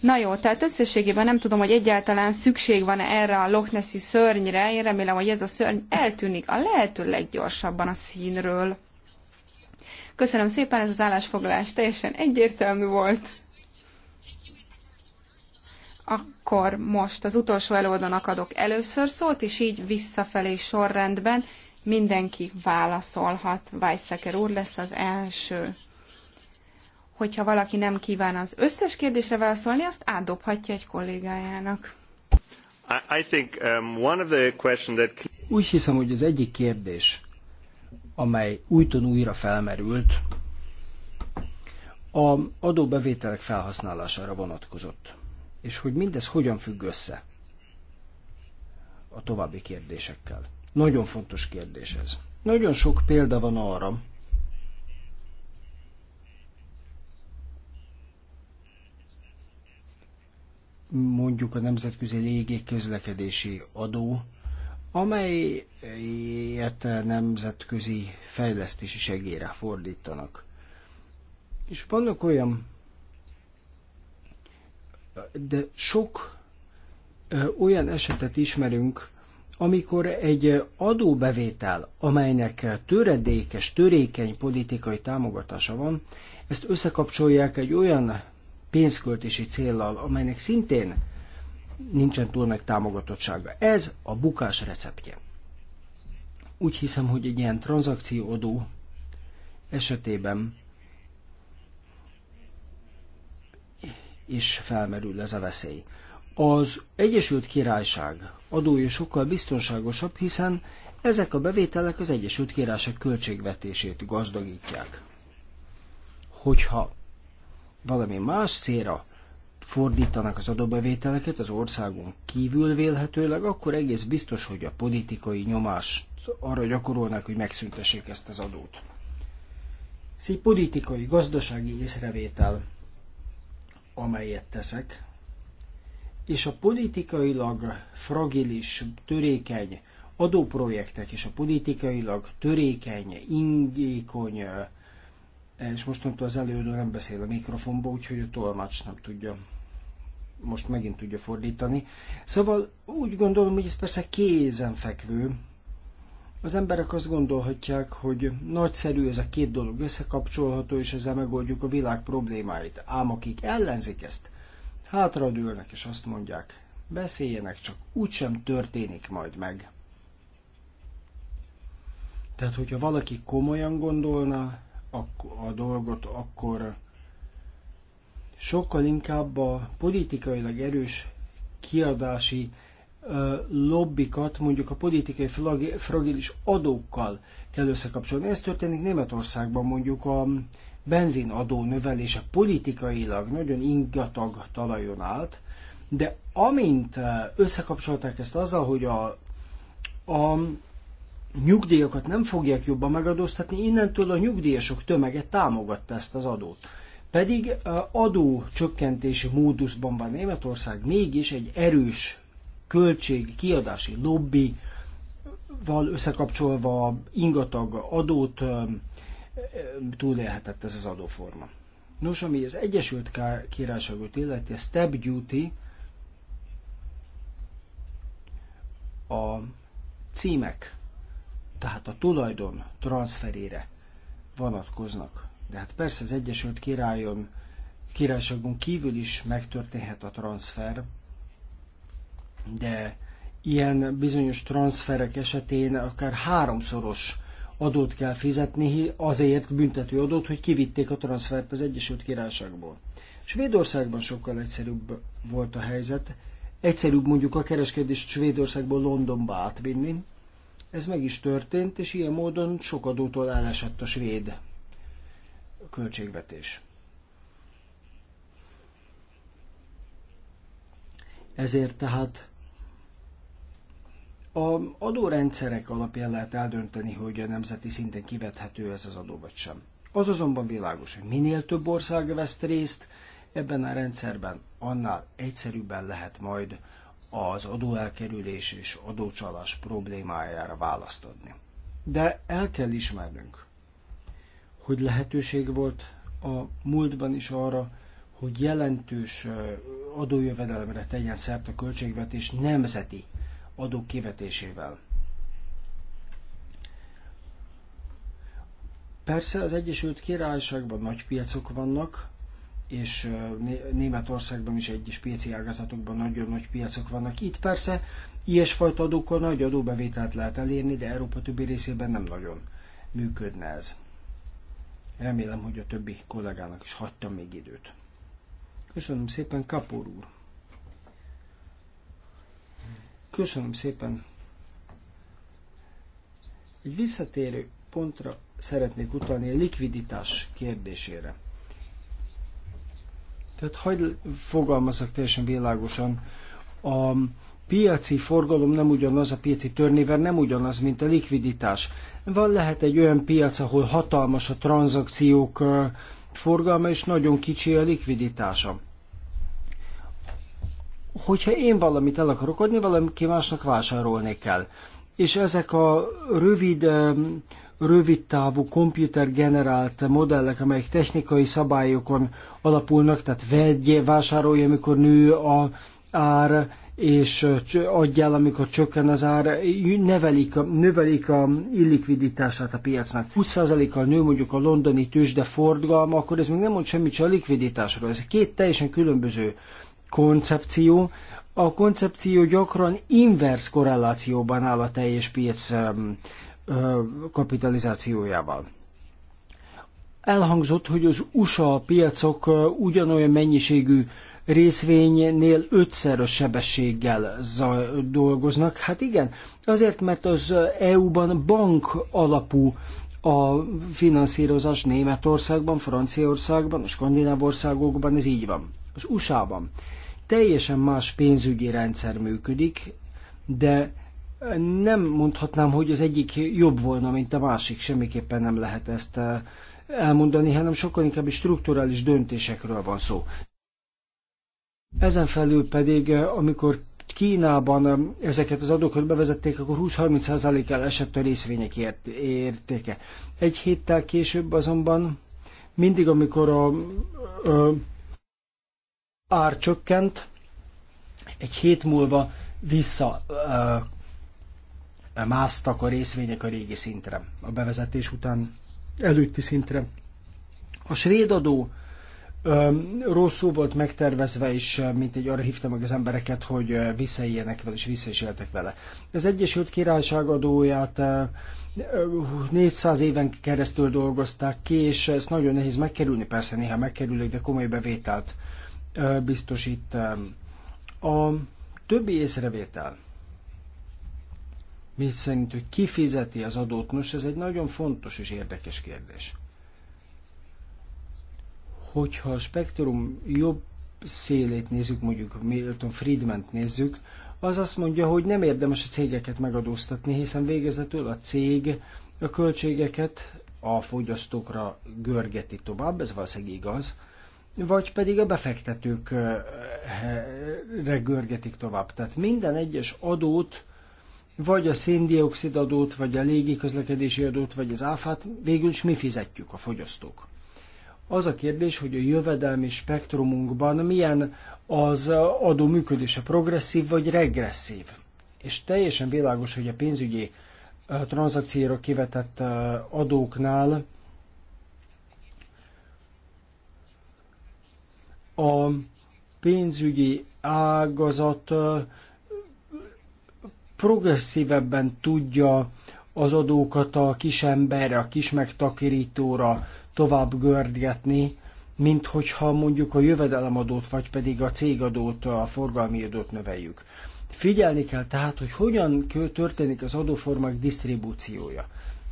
Na jó, tehát összességében nem tudom, hogy egyáltalán szükség van-e erre a Loch Nessi szörnyre. Én remélem, hogy ez a szörny eltűnik a lehető leggyorsabban a színről. Köszönöm szépen, ez az állásfoglalás teljesen egyértelmű volt. Akkor most az utolsó előadónak adok először szót, és így visszafelé sorrendben mindenki válaszolhat. Weisseker úr lesz az első. Hogyha valaki nem kíván az összes kérdésre válaszolni, azt átdobhatja egy kollégájának. I think, um, one of the that... Úgy hiszem, hogy az egyik kérdés, amely újton újra felmerült, a adóbevételek felhasználására vonatkozott és hogy mindez hogyan függ össze a további kérdésekkel. Nagyon fontos kérdés ez. Nagyon sok példa van arra, mondjuk a nemzetközi légi közlekedési adó, amelyet nemzetközi fejlesztési segélyre fordítanak. És vannak olyan de sok olyan esetet ismerünk, amikor egy adóbevétel, amelynek töredékes, törékeny politikai támogatása van, ezt összekapcsolják egy olyan pénzköltési céllal, amelynek szintén nincsen túl nagy támogatottsága. Ez a bukás receptje. Úgy hiszem, hogy egy ilyen tranzakcióadó esetében is felmerül ez a veszély. Az Egyesült Királyság adója sokkal biztonságosabb, hiszen ezek a bevételek az Egyesült Királyság költségvetését gazdagítják. Hogyha valami más célra fordítanak az adóbevételeket az országon kívül vélhetőleg, akkor egész biztos, hogy a politikai nyomás arra gyakorolnak, hogy megszüntessék ezt az adót. Ez egy politikai, gazdasági észrevétel amelyet teszek, és a politikailag fragilis, törékeny adóprojektek és a politikailag törékeny, ingékony, eh, és mostantól az előadó nem beszél a mikrofonba, úgyhogy a tolmács nem tudja most megint tudja fordítani. Szóval úgy gondolom, hogy ez persze kézenfekvő, az emberek azt gondolhatják, hogy nagyszerű ez a két dolog összekapcsolható, és ezzel megoldjuk a világ problémáit. Ám akik ellenzik ezt, hátradőlnek és azt mondják, beszéljenek csak, úgysem történik majd meg. Tehát, hogyha valaki komolyan gondolna a dolgot, akkor sokkal inkább a politikailag erős kiadási lobbikat mondjuk a politikai fragilis adókkal kell összekapcsolni. Ez történik Németországban mondjuk a benzinadó növelése politikailag nagyon ingatag talajon állt, de amint összekapcsolták ezt azzal, hogy a, a nyugdíjakat nem fogják jobban megadóztatni, innentől a nyugdíjasok tömege támogatta ezt az adót. Pedig adó csökkentési módusban van Németország, mégis egy erős költség, kiadási lobby, val összekapcsolva ingatag adót túlélhetett ez az adóforma. Nos, ami az Egyesült Királyságot illeti, a step duty a címek, tehát a tulajdon transferére vonatkoznak. De hát persze az Egyesült Királyon, Királyságon kívül is megtörténhet a transfer, de ilyen bizonyos transferek esetén akár háromszoros adót kell fizetni, azért büntető adót, hogy kivitték a transfert az Egyesült Királyságból. Svédországban sokkal egyszerűbb volt a helyzet. Egyszerűbb mondjuk a kereskedést Svédországból Londonba átvinni. Ez meg is történt, és ilyen módon sok adótól elesett a svéd költségvetés. Ezért tehát a adórendszerek alapján lehet eldönteni, hogy a nemzeti szinten kivethető ez az adó vagy sem. Az azonban világos, hogy minél több ország vesz részt ebben a rendszerben, annál egyszerűbben lehet majd az adóelkerülés és adócsalás problémájára választ adni. De el kell ismernünk, hogy lehetőség volt a múltban is arra, hogy jelentős adójövedelemre tegyen szert a költségvetés nemzeti adók kivetésével. Persze az Egyesült Királyságban nagy piacok vannak, és Németországban is egyes piaci ágazatokban nagyon nagy piacok vannak. Itt persze ilyesfajta adókkal nagy adóbevételt lehet elérni, de Európa többi részében nem nagyon működne ez. Remélem, hogy a többi kollégának is hagytam még időt. Köszönöm szépen, Kapor úr! Köszönöm szépen. Egy visszatérő pontra szeretnék utalni a likviditás kérdésére. Tehát hagyd fogalmazok teljesen világosan. A piaci forgalom nem ugyanaz, a piaci turnover nem ugyanaz, mint a likviditás. Van lehet egy olyan piac, ahol hatalmas a tranzakciók forgalma, és nagyon kicsi a likviditása hogyha én valamit el akarok adni, valaki másnak vásárolni kell. És ezek a rövid, rövid távú komputer generált modellek, amelyek technikai szabályokon alapulnak, tehát vegye, vásárolja, amikor nő a ár, és adjál, amikor csökken az ár, nevelik a, növelik a illikviditását a piacnak. 20%-kal nő mondjuk a londoni tőzsde forgalma, akkor ez még nem mond semmit se a likviditásról. Ez két teljesen különböző koncepció. A koncepció gyakran inverse korrelációban áll a teljes piac kapitalizációjával. Elhangzott, hogy az USA piacok ugyanolyan mennyiségű részvénynél ötszörös sebességgel dolgoznak. Hát igen, azért, mert az EU-ban bank alapú a finanszírozás Németországban, Franciaországban, a Skandináv országokban ez így van. Az USA-ban teljesen más pénzügyi rendszer működik, de nem mondhatnám, hogy az egyik jobb volna, mint a másik. Semmiképpen nem lehet ezt eh, elmondani, hanem sokkal inkább strukturális döntésekről van szó. Ezen felül pedig, eh, amikor Kínában eh, ezeket az adókat bevezették, akkor 20-30%-kal esett a részvények ért- értéke. Egy héttel később azonban mindig, amikor a, a ár csökkent, egy hét múlva vissza uh, másztak a részvények a régi szintre, a bevezetés után előtti szintre. A srédadó um, rosszul volt megtervezve, és mint egy arra hívta meg az embereket, hogy visszaéljenek vele, és vissza is éltek vele. Az Egyesült Királyság adóját uh, 400 éven keresztül dolgozták ki, és ezt nagyon nehéz megkerülni, persze néha megkerülik, de komoly bevételt uh, biztosít. A többi észrevétel, mi szerint, hogy ki fizeti az adót, nos, ez egy nagyon fontos és érdekes kérdés. Hogyha a spektrum jobb szélét nézzük, mondjuk Milton friedman nézzük, az azt mondja, hogy nem érdemes a cégeket megadóztatni, hiszen végezetül a cég a költségeket a fogyasztókra görgeti tovább, ez valószínűleg igaz, vagy pedig a befektetőkre görgetik tovább. Tehát minden egyes adót, vagy a széndiokszid adót, vagy a légiközlekedési adót, vagy az áfát, végül is mi fizetjük a fogyasztók. Az a kérdés, hogy a jövedelmi spektrumunkban milyen az adó működése progresszív vagy regresszív. És teljesen világos, hogy a pénzügyi tranzakcióra kivetett adóknál a pénzügyi ágazat progresszívebben tudja az adókat a kis emberre, a kis megtakirítóra tovább gördgetni, mint hogyha mondjuk a jövedelemadót, vagy pedig a cégadót, a forgalmi adót növeljük. Figyelni kell tehát, hogy hogyan történik az adóformák disztribúciója.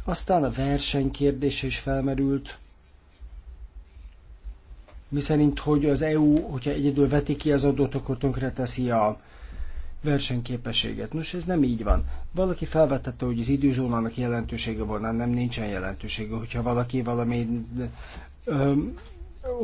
Aztán a verseny kérdése is felmerült, miszerint, hogy az EU, hogyha egyedül veti ki az adót, akkor tönkre teszi a versenyképességet. Nos, ez nem így van. Valaki felvetette, hogy az időzónának jelentősége volna, nem nincsen jelentősége. Hogyha valaki valami, öm,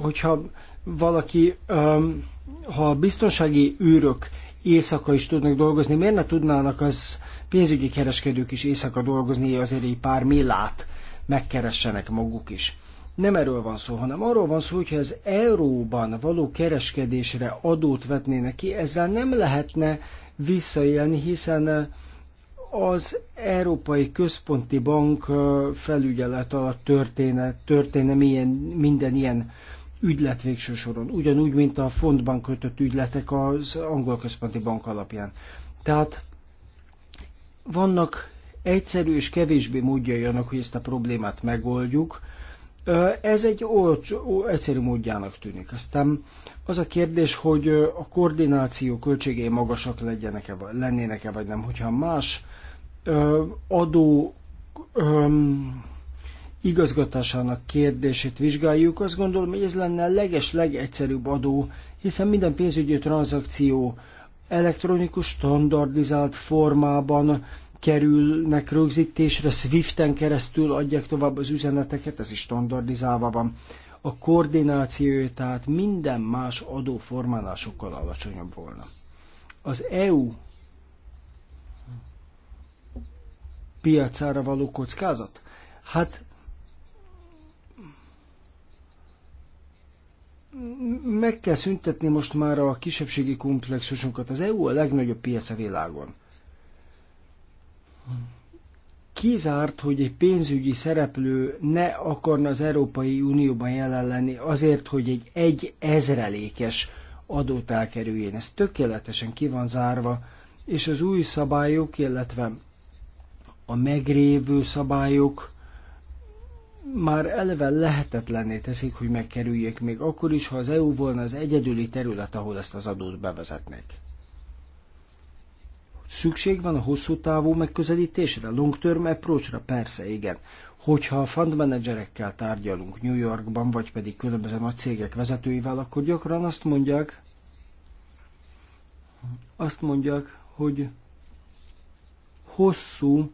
hogyha valaki, öm, ha a biztonsági űrök éjszaka is tudnak dolgozni, miért ne tudnának az pénzügyi kereskedők is éjszaka dolgozni, azért egy pár millát megkeressenek maguk is. Nem erről van szó, hanem arról van szó, hogyha az euróban való kereskedésre adót vetnének ki, ezzel nem lehetne visszaélni, hiszen eh, az Európai Központi Bank eh, felügyelet alatt történe, történe milyen, minden ilyen ügylet végső soron. Ugyanúgy, mint a fontban kötött ügyletek az Angol Központi Bank alapján. Tehát vannak egyszerű és kevésbé módjai annak, hogy ezt a problémát megoldjuk, ez egy olcsó, egyszerű módjának tűnik. Aztán az a kérdés, hogy a koordináció költségei magasak legyenek-e, lennének-e, vagy nem. Hogyha más adó um, igazgatásának kérdését vizsgáljuk, azt gondolom, hogy ez lenne a leges, legegyszerűbb adó, hiszen minden pénzügyi tranzakció elektronikus, standardizált formában kerülnek rögzítésre, Swiften keresztül adják tovább az üzeneteket, ez is standardizálva van. A koordinációja tehát minden más adóformánál sokkal alacsonyabb volna. Az EU piacára való kockázat? Hát meg kell szüntetni most már a kisebbségi komplexusunkat. Az EU a legnagyobb piac a világon kizárt, hogy egy pénzügyi szereplő ne akarna az Európai Unióban jelen lenni azért, hogy egy egy ezrelékes adót elkerüljén. Ez tökéletesen ki van zárva, és az új szabályok, illetve a megrévő szabályok már eleve lehetetlenné teszik, hogy megkerüljék, még akkor is, ha az EU volna az egyedüli terület, ahol ezt az adót bevezetnék. Szükség van a hosszú távú megközelítésre, long term approach-ra Persze, igen. Hogyha a fund managerekkel tárgyalunk New Yorkban, vagy pedig különböző nagy cégek vezetőivel, akkor gyakran azt mondják, azt mondják, hogy hosszú,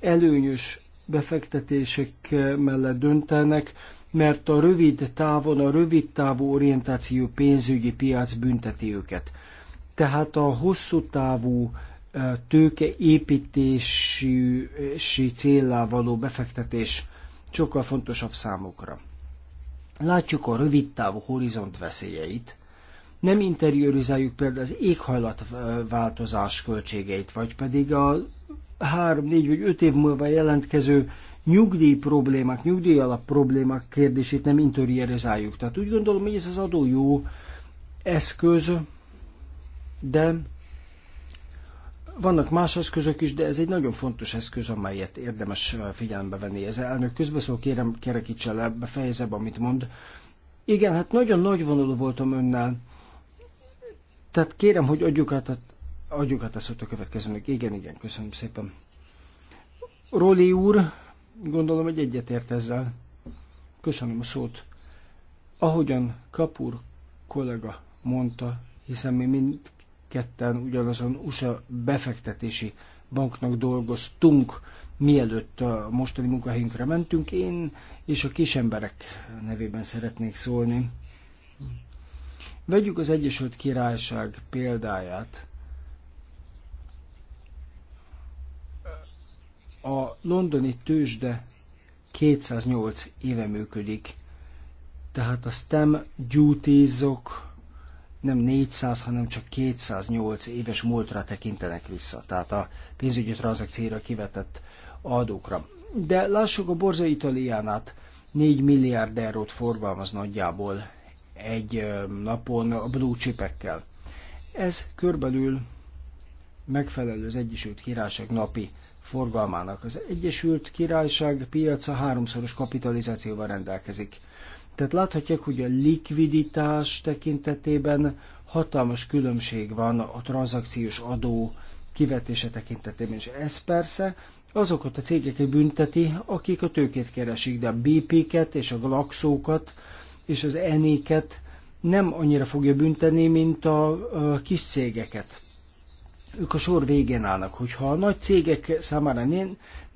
előnyös befektetések mellett döntenek, mert a rövid távon, a rövid távú orientáció pénzügyi piac bünteti őket tehát a hosszú távú tőkeépítési céllá való befektetés sokkal fontosabb számokra. Látjuk a rövidtávú horizont veszélyeit, nem interiorizáljuk például az éghajlatváltozás költségeit, vagy pedig a 3, 4 vagy 5 év múlva jelentkező nyugdíj problémák, nyugdíj alap problémák kérdését nem interiorizáljuk. Tehát úgy gondolom, hogy ez az adó jó eszköz, de vannak más eszközök is, de ez egy nagyon fontos eszköz, amelyet érdemes figyelembe venni. Ez elnök közbeszól, kérem, kerekítse le, befejezze, amit mond. Igen, hát nagyon nagy vonalú voltam önnel. Tehát kérem, hogy adjuk át a, adjuk át a szót a következőnek. Igen, igen, köszönöm szépen. Róli úr, gondolom, hogy egyetért ezzel. Köszönöm a szót. Ahogyan Kapur kollega mondta, hiszen mi mind ketten ugyanazon USA befektetési banknak dolgoztunk, mielőtt a mostani munkahelyünkre mentünk. Én és a kisemberek nevében szeretnék szólni. Vegyük az Egyesült Királyság példáját. A londoni tőzsde 208 éve működik, tehát a stem duties -ok, nem 400, hanem csak 208 éves múltra tekintenek vissza, tehát a pénzügyi tranzakcióra kivetett adókra. De lássuk a Borza Italiánát, 4 milliárd eurót forgalmaz nagyjából egy napon a blue chipekkel. Ez körbelül megfelelő az Egyesült Királyság napi forgalmának. Az Egyesült Királyság piaca háromszoros kapitalizációval rendelkezik. Tehát láthatják, hogy a likviditás tekintetében hatalmas különbség van a tranzakciós adó kivetése tekintetében, és ez persze azokat a cégeket bünteti, akik a tőkét keresik, de a BP-ket és a Glaxókat és az Enéket nem annyira fogja bünteni, mint a, a kis cégeket. Ők a sor végén állnak, hogyha a nagy cégek számára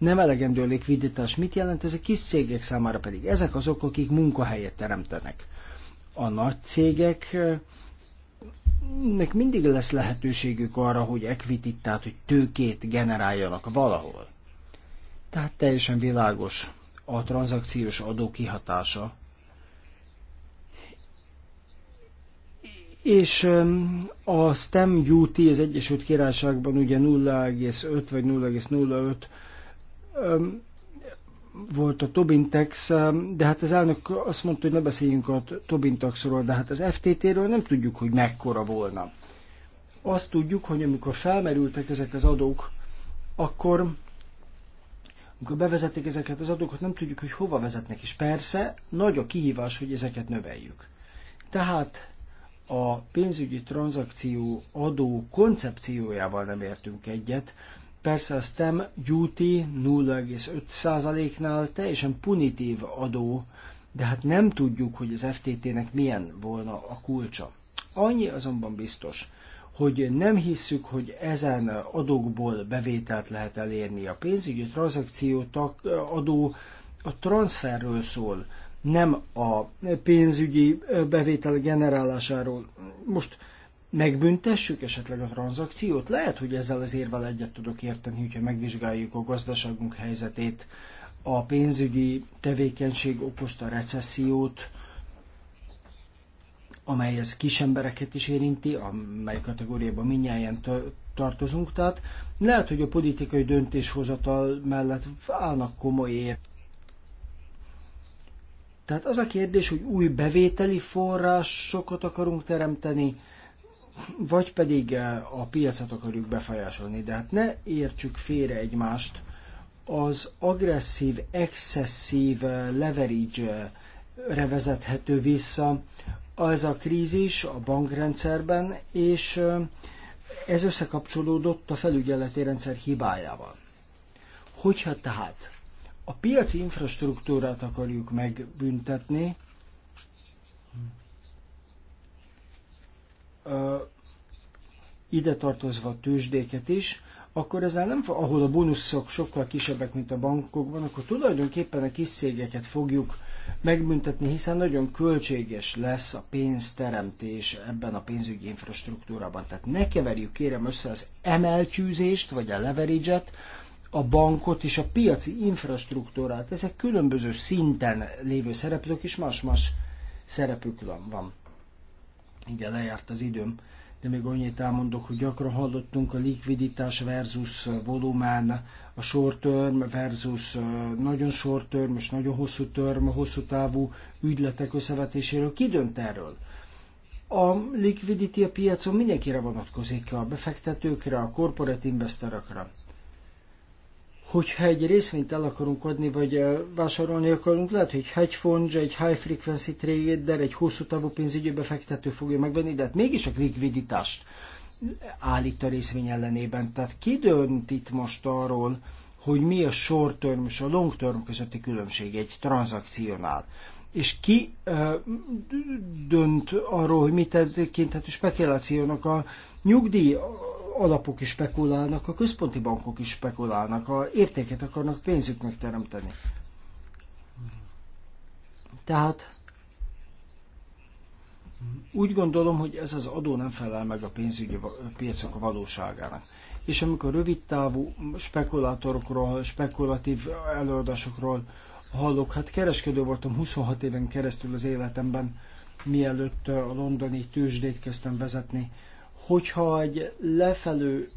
nem elegendő likviditás. Mit jelent ez a kis cégek számára pedig? Ezek azok, akik munkahelyet teremtenek. A nagy cégek nek mindig lesz lehetőségük arra, hogy equity, tehát hogy tőkét generáljanak valahol. Tehát teljesen világos a tranzakciós adó kihatása. És a STEM UT az Egyesült Királyságban ugye 0,5 vagy 0,05 volt a Tobintex, de hát az elnök azt mondta, hogy ne beszéljünk a taxról, de hát az FTT-ről nem tudjuk, hogy mekkora volna. Azt tudjuk, hogy amikor felmerültek ezek az adók, akkor amikor bevezették ezeket az adókat, nem tudjuk, hogy hova vezetnek, és persze nagy a kihívás, hogy ezeket növeljük. Tehát a pénzügyi tranzakció adó koncepciójával nem értünk egyet, Persze a stem duty 0,5%-nál teljesen punitív adó, de hát nem tudjuk, hogy az FTT-nek milyen volna a kulcsa. Annyi azonban biztos, hogy nem hisszük, hogy ezen adókból bevételt lehet elérni. A pénzügyi tranzakció eh, adó a transferről szól, nem a pénzügyi eh, bevétel generálásáról. Most megbüntessük esetleg a tranzakciót? Lehet, hogy ezzel az érvel egyet tudok érteni, hogyha megvizsgáljuk a gazdaságunk helyzetét, a pénzügyi tevékenység okozta recessziót, amely ez kis embereket is érinti, amely kategóriában minnyáján tartozunk. Tehát lehet, hogy a politikai döntéshozatal mellett állnak komoly ér. Tehát az a kérdés, hogy új bevételi forrásokat akarunk teremteni, vagy pedig eh, a piacot akarjuk befolyásolni. De hát ne értsük félre egymást, az agresszív, excesszív eh, leverage-re vezethető vissza az a krízis a bankrendszerben, és eh, ez összekapcsolódott a felügyeleti rendszer hibájával. Hogyha tehát a piaci infrastruktúrát akarjuk megbüntetni, ide tartozva a tőzsdéket is, akkor ezzel nem, ahol a bónuszok sokkal kisebbek, mint a bankokban, akkor tulajdonképpen a kis cégeket fogjuk megbüntetni, hiszen nagyon költséges lesz a pénzteremtés ebben a pénzügyi infrastruktúrában. Tehát ne keverjük, kérem össze az emeltyűzést, vagy a leverage a bankot és a piaci infrastruktúrát. Ezek különböző szinten lévő szereplők, is más-más szerepük van. Igen, lejárt az időm, de még annyit elmondok, hogy gyakran hallottunk a likviditás versus volumán, a short term versus nagyon short term és nagyon hosszú term, hosszú távú ügyletek összevetéséről. Ki dönt erről? A liquidity a piacon mindenkire vonatkozik, a befektetőkre, a corporate investorokra hogyha egy részvényt el akarunk adni, vagy vásárolni akarunk, lehet, hogy hedge fund, egy high frequency trader, egy hosszú távú pénzügyi befektető fogja megvenni, de hát mégis a likviditást állít a részvény ellenében. Tehát ki dönt itt most arról, hogy mi a short term és a long term közötti különbség egy tranzakcionál? És ki ö, dönt arról, hogy mit tekinthető spekulációnak a nyugdíj alapok is spekulálnak, a központi bankok is spekulálnak, a értéket akarnak pénzüknek teremteni. Tehát úgy gondolom, hogy ez az adó nem felel meg a pénzügyi piacok valóságának. És amikor rövidtávú spekulátorokról, spekulatív előadásokról hallok, hát kereskedő voltam 26 éven keresztül az életemben, mielőtt a londoni tőzsdét kezdtem vezetni, hogyha egy lefelő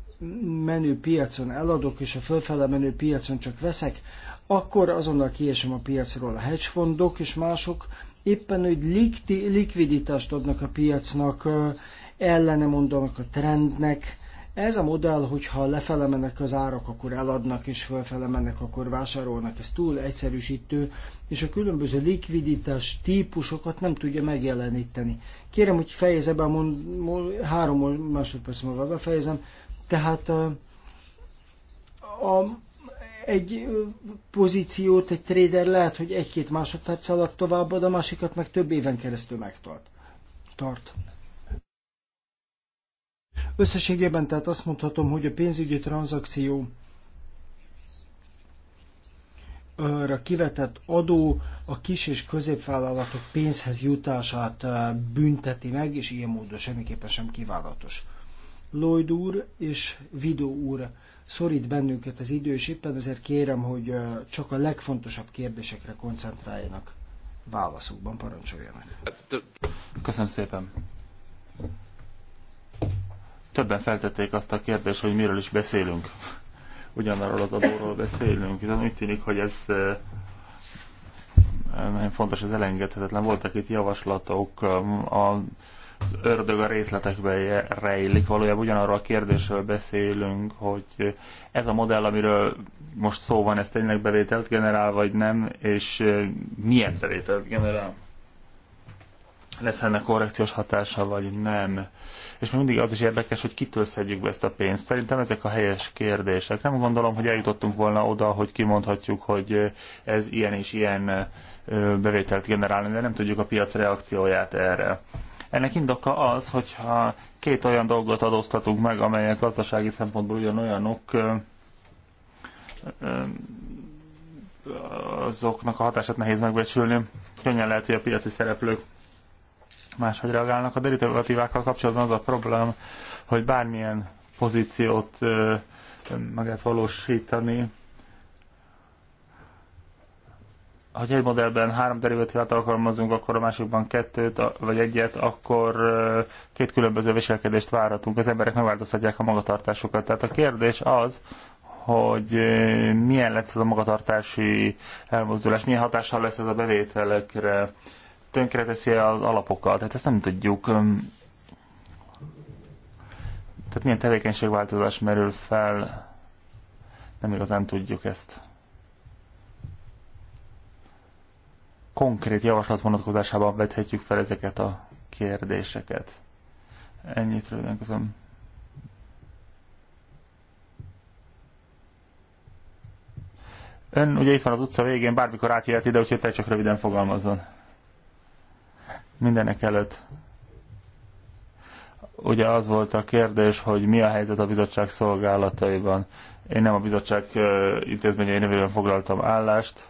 menő piacon eladok, és a fölfele menő piacon csak veszek, akkor azonnal kiesem a piacról a hedgefondok és mások, éppen hogy likviditást adnak a piacnak, ellene mondanak a trendnek, ez a modell, hogyha lefele mennek az árak, akkor eladnak, és fölfele mennek, akkor vásárolnak, ez túl egyszerűsítő, és a különböző likviditás típusokat nem tudja megjeleníteni. Kérem, hogy fejezze be, mond, mond, három másodperc múlva befejezem. Tehát a, a, egy pozíciót egy trader lehet, hogy egy-két másodperc alatt továbbad, a másikat meg több éven keresztül megtart. Tart. Összességében tehát azt mondhatom, hogy a pénzügyi tranzakció kivetett adó a kis és középvállalatok pénzhez jutását eh, bünteti meg, és ilyen módon semmiképpen sem kiválatos. Lloyd úr és Vidó úr szorít bennünket az idő, és éppen ezért kérem, hogy eh, csak a legfontosabb kérdésekre koncentráljanak válaszokban, parancsoljanak. Köszönöm szépen. Többen feltették azt a kérdést, hogy miről is beszélünk. Ugyanarról az adóról beszélünk, de úgy tűnik, hogy ez nagyon fontos, ez elengedhetetlen. Voltak itt javaslatok, az ördög a részletekbe rejlik. Valójában ugyanarról a kérdésről beszélünk, hogy ez a modell, amiről most szó van, ez tényleg bevételt generál, vagy nem, és milyen bevételt generál lesz ennek korrekciós hatása, vagy nem. És még mindig az is érdekes, hogy kitől szedjük be ezt a pénzt. Szerintem ezek a helyes kérdések. Nem gondolom, hogy eljutottunk volna oda, hogy kimondhatjuk, hogy ez ilyen és ilyen bevételt generálni, de nem tudjuk a piac reakcióját erre. Ennek indoka az, hogyha két olyan dolgot adóztatunk meg, amelyek gazdasági szempontból ugyanolyanok, azoknak a hatását nehéz megbecsülni. Könnyen lehet, hogy a piaci szereplők máshogy reagálnak. A derivatívákkal kapcsolatban az a problém, hogy bármilyen pozíciót meg lehet valósítani. Ha egy modellben három derivatívát alkalmazunk, akkor a másikban kettőt vagy egyet, akkor két különböző viselkedést várhatunk. Az emberek megváltoztatják a magatartásukat. Tehát a kérdés az, hogy milyen lesz ez a magatartási elmozdulás, milyen hatással lesz ez a bevételekre tönkreteszi az alapokat. Tehát ezt nem tudjuk. Tehát milyen tevékenységváltozás merül fel, nem igazán tudjuk ezt. Konkrét javaslat vonatkozásában vethetjük fel ezeket a kérdéseket. Ennyit röviden közöm. Ön ugye itt van az utca végén, bármikor átjöhet ide, úgyhogy te csak röviden fogalmazzon. Mindenek előtt ugye az volt a kérdés, hogy mi a helyzet a bizottság szolgálataiban. Én nem a bizottság intézményei nevében foglaltam állást.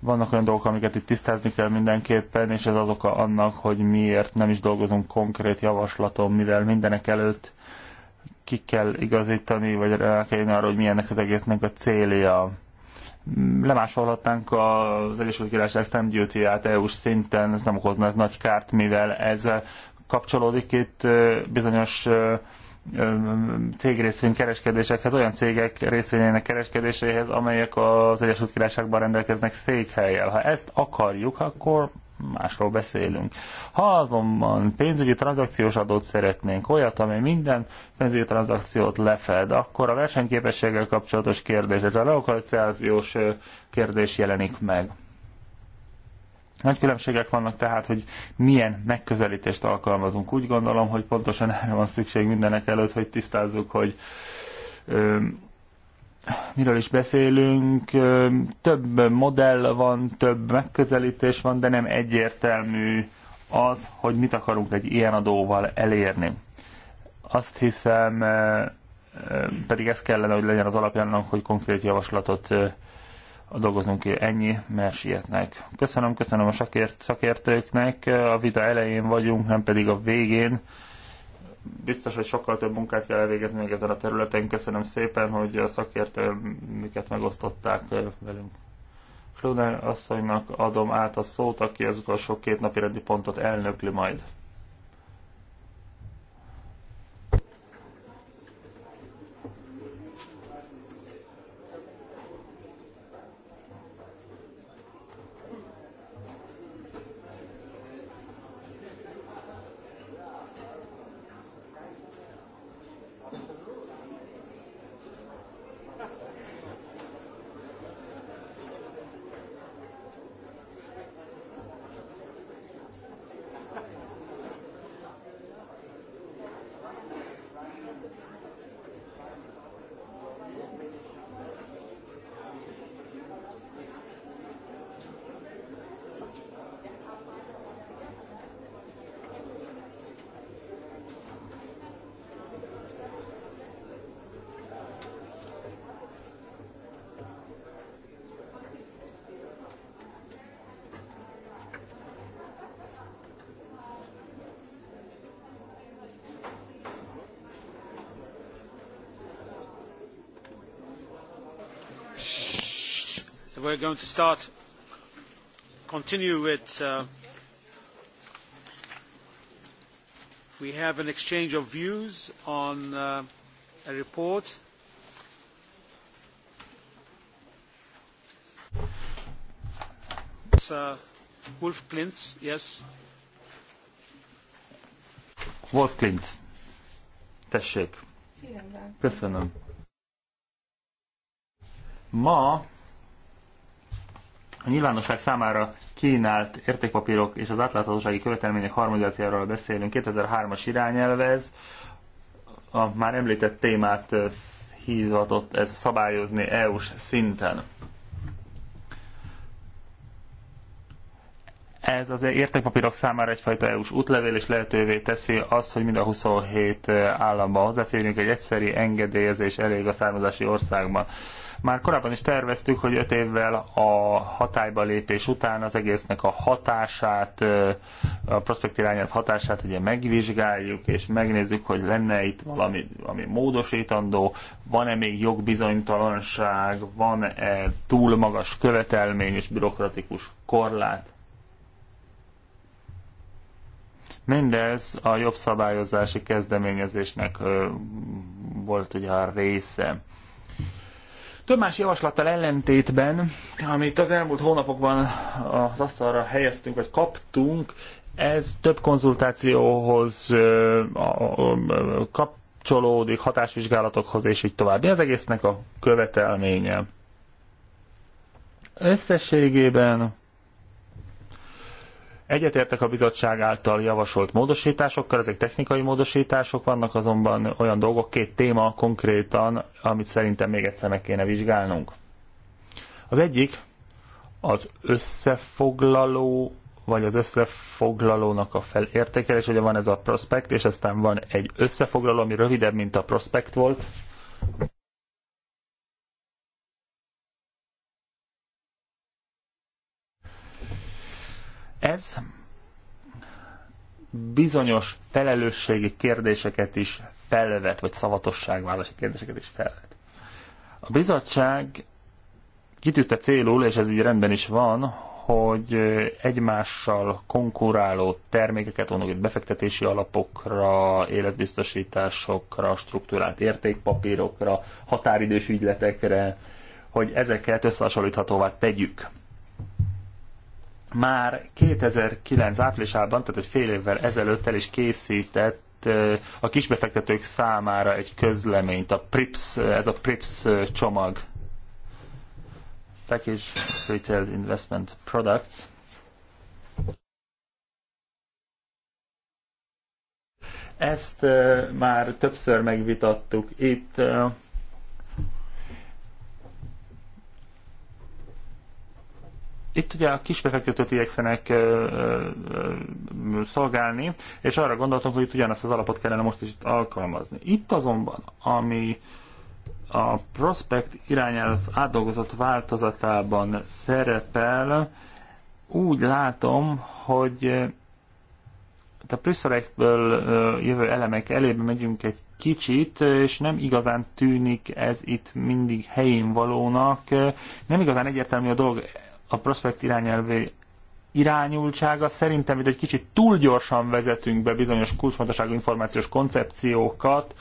Vannak olyan dolgok, amiket itt tisztázni kell mindenképpen, és ez az oka annak, hogy miért nem is dolgozunk konkrét javaslaton, mivel mindenek előtt ki kell igazítani, vagy rá kell jönni arra, hogy milyennek az egésznek a célja lemásolhatnánk az Egyesült Királyság ezt nem gyűjti át EU-s szinten, ez nem okozna ez nagy kárt, mivel ez kapcsolódik itt bizonyos cégrészvény kereskedésekhez, olyan cégek részvényeinek kereskedéséhez, amelyek az Egyesült Királyságban rendelkeznek székhelyel. Ha ezt akarjuk, akkor másról beszélünk. Ha azonban pénzügyi tranzakciós adót szeretnénk, olyat, ami minden pénzügyi tranzakciót lefed, akkor a versenyképességgel kapcsolatos kérdés, a lokalizációs kérdés jelenik meg. Nagy különbségek vannak tehát, hogy milyen megközelítést alkalmazunk. Úgy gondolom, hogy pontosan erre van szükség mindenek előtt, hogy tisztázzuk, hogy miről is beszélünk, több modell van, több megközelítés van, de nem egyértelmű az, hogy mit akarunk egy ilyen adóval elérni. Azt hiszem, pedig ez kellene, hogy legyen az alapjának, hogy konkrét javaslatot dolgozunk ki. Ennyi, mert sietnek. Köszönöm, köszönöm a szakért, szakértőknek, a vita elején vagyunk, nem pedig a végén biztos, hogy sokkal több munkát kell elvégezni még ezen a területen. Köszönöm szépen, hogy a szakértőmiket megosztották velünk. Klune asszonynak adom át a szót, aki utolsó két napi rendi pontot elnökli majd. We're going to start, continue with, uh, we have an exchange of views on uh, a report. It's, uh, Wolf Klintz, yes. Wolf Klintz, tessék. Köszönöm. Ma a nyilvánosság számára kínált értékpapírok és az átláthatósági követelmények harmonizációról beszélünk. 2003-as irányelvez a már említett témát hívhatott ez szabályozni EU-s szinten. Ez az értékpapírok számára egyfajta EU-s útlevél, és lehetővé teszi azt, hogy mind a 27 eh, államban hozzáférjünk egy egyszeri engedélyezés elég a származási országban. Már korábban is terveztük, hogy 5 évvel a hatályba lépés után az egésznek a hatását, eh, a prospekt hatását ugye megvizsgáljuk, és megnézzük, hogy lenne itt valami, ami módosítandó, van-e még jogbizonytalanság, van-e túl magas követelmény és bürokratikus korlát. Mindez a jobb szabályozási kezdeményezésnek volt ugye a része. Több más javaslattal ellentétben, amit az elmúlt hónapokban az asztalra helyeztünk, vagy kaptunk, ez több konzultációhoz kapcsolódik, hatásvizsgálatokhoz, és így tovább. Ez egésznek a követelménye. Összességében Egyetértek a bizottság által javasolt módosításokkal, ezek technikai módosítások, vannak azonban olyan dolgok, két téma konkrétan, amit szerintem még egyszer meg kéne vizsgálnunk. Az egyik az összefoglaló, vagy az összefoglalónak a felértékelés, ugye van ez a prospekt, és aztán van egy összefoglaló, ami rövidebb, mint a prospekt volt. Ez bizonyos felelősségi kérdéseket is felvet, vagy szavatosságvállalási kérdéseket is felvet. A bizottság kitűzte célul, és ez így rendben is van, hogy egymással konkuráló termékeket vonok itt befektetési alapokra, életbiztosításokra, struktúrált értékpapírokra, határidős ügyletekre, hogy ezeket összehasonlíthatóvá tegyük már 2009 áprilisában, tehát egy fél évvel ezelőtt el is készített a kisbefektetők számára egy közleményt, a PRIPS, ez a PRIPS csomag. Package Retail Investment Products. Ezt már többször megvitattuk itt. Itt ugye a kisbefektetőt igyekszenek szolgálni, és arra gondoltam, hogy itt ugyanazt az alapot kellene most is itt alkalmazni. Itt azonban, ami a prospekt irányelv átdolgozott változatában szerepel, úgy látom, hogy a priszferekből jövő elemek elébe megyünk egy kicsit, és nem igazán tűnik ez itt mindig helyén valónak. Nem igazán egyértelmű a dolog a prospekt irányelvé irányultsága szerintem itt egy kicsit túl gyorsan vezetünk be bizonyos kulcsfontosságú információs koncepciókat,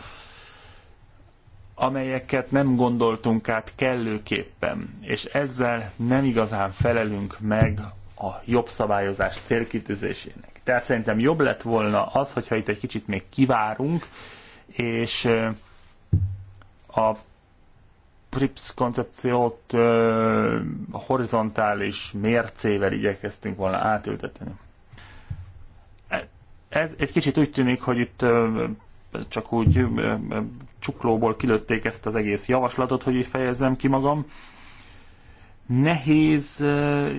amelyeket nem gondoltunk át kellőképpen, és ezzel nem igazán felelünk meg a jobb szabályozás célkitűzésének. Tehát szerintem jobb lett volna az, hogyha itt egy kicsit még kivárunk, és a PRIPS koncepciót ö, horizontális mércével igyekeztünk volna átültetni. E, ez egy kicsit úgy tűnik, hogy itt ö, csak úgy ö, csuklóból kilőtték ezt az egész javaslatot, hogy így fejezzem ki magam. Nehéz ö,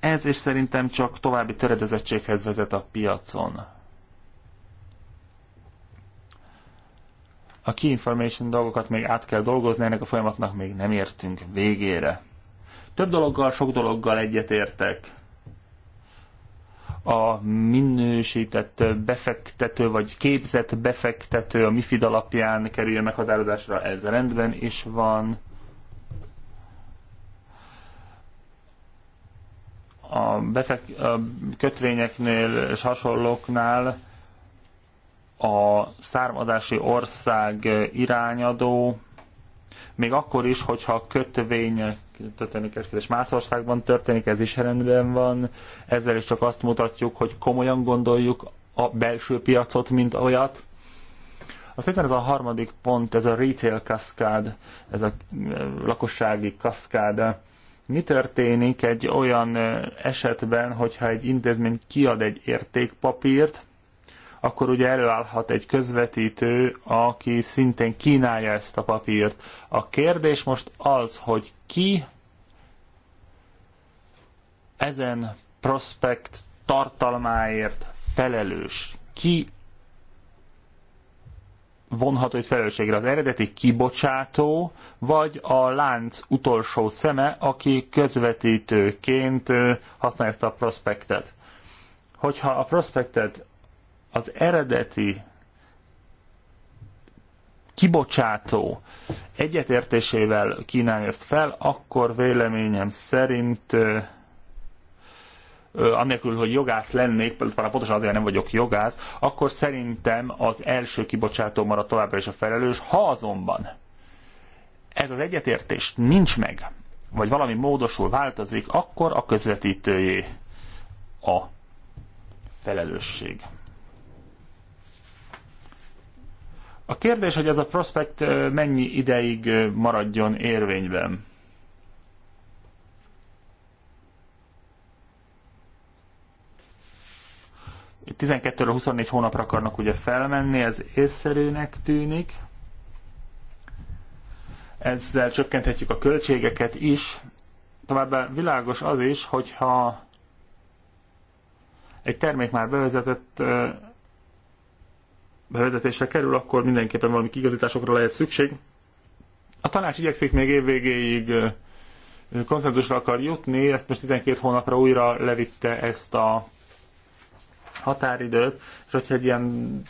ez, és szerintem csak további töredezettséghez vezet a piacon A key information dolgokat még át kell dolgozni, ennek a folyamatnak még nem értünk végére. Több dologgal, sok dologgal egyetértek. A minősített befektető, vagy képzett befektető a MIFID alapján kerüljön meghatározásra, ez rendben is van. a, befek, a kötvényeknél és hasonlóknál a származási ország irányadó, még akkor is, hogyha kötvény történik kereskedés más országban történik, ez is rendben van. Ezzel is csak azt mutatjuk, hogy komolyan gondoljuk a belső piacot, mint olyat. Aztán ez a harmadik pont, ez a retail kaszkád, ez a e, lakossági kaszkád. Mi történik egy olyan e, esetben, hogyha egy intézmény kiad egy értékpapírt, akkor ugye előállhat egy közvetítő, aki szintén kínálja ezt a papírt. A kérdés most az, hogy ki ezen prospekt tartalmáért felelős? Ki vonható egy felelősségre az eredeti kibocsátó, vagy a lánc utolsó szeme, aki közvetítőként használja ezt a prospektet. Hogyha a prospektet az eredeti kibocsátó egyetértésével kínálja ezt fel, akkor véleményem szerint anélkül, hogy jogász lennék, talán pontosan azért nem vagyok jogász, akkor szerintem az első kibocsátó marad továbbra is a felelős. Ha azonban ez az egyetértés nincs meg, vagy valami módosul változik, akkor a közvetítőjé a felelősség. A kérdés, hogy ez a prospekt mennyi ideig maradjon érvényben. Itt 12-ről 24 hónapra akarnak ugye felmenni, ez észszerűnek tűnik. Ezzel csökkenthetjük a költségeket is. Továbbá világos az is, hogyha egy termék már bevezetett bevezetésre kerül, akkor mindenképpen valami igazításokra lehet szükség. A tanács igyekszik még évvégéig konszenzusra akar jutni, ezt most 12 hónapra újra levitte ezt a határidőt, és hogyha egy ilyen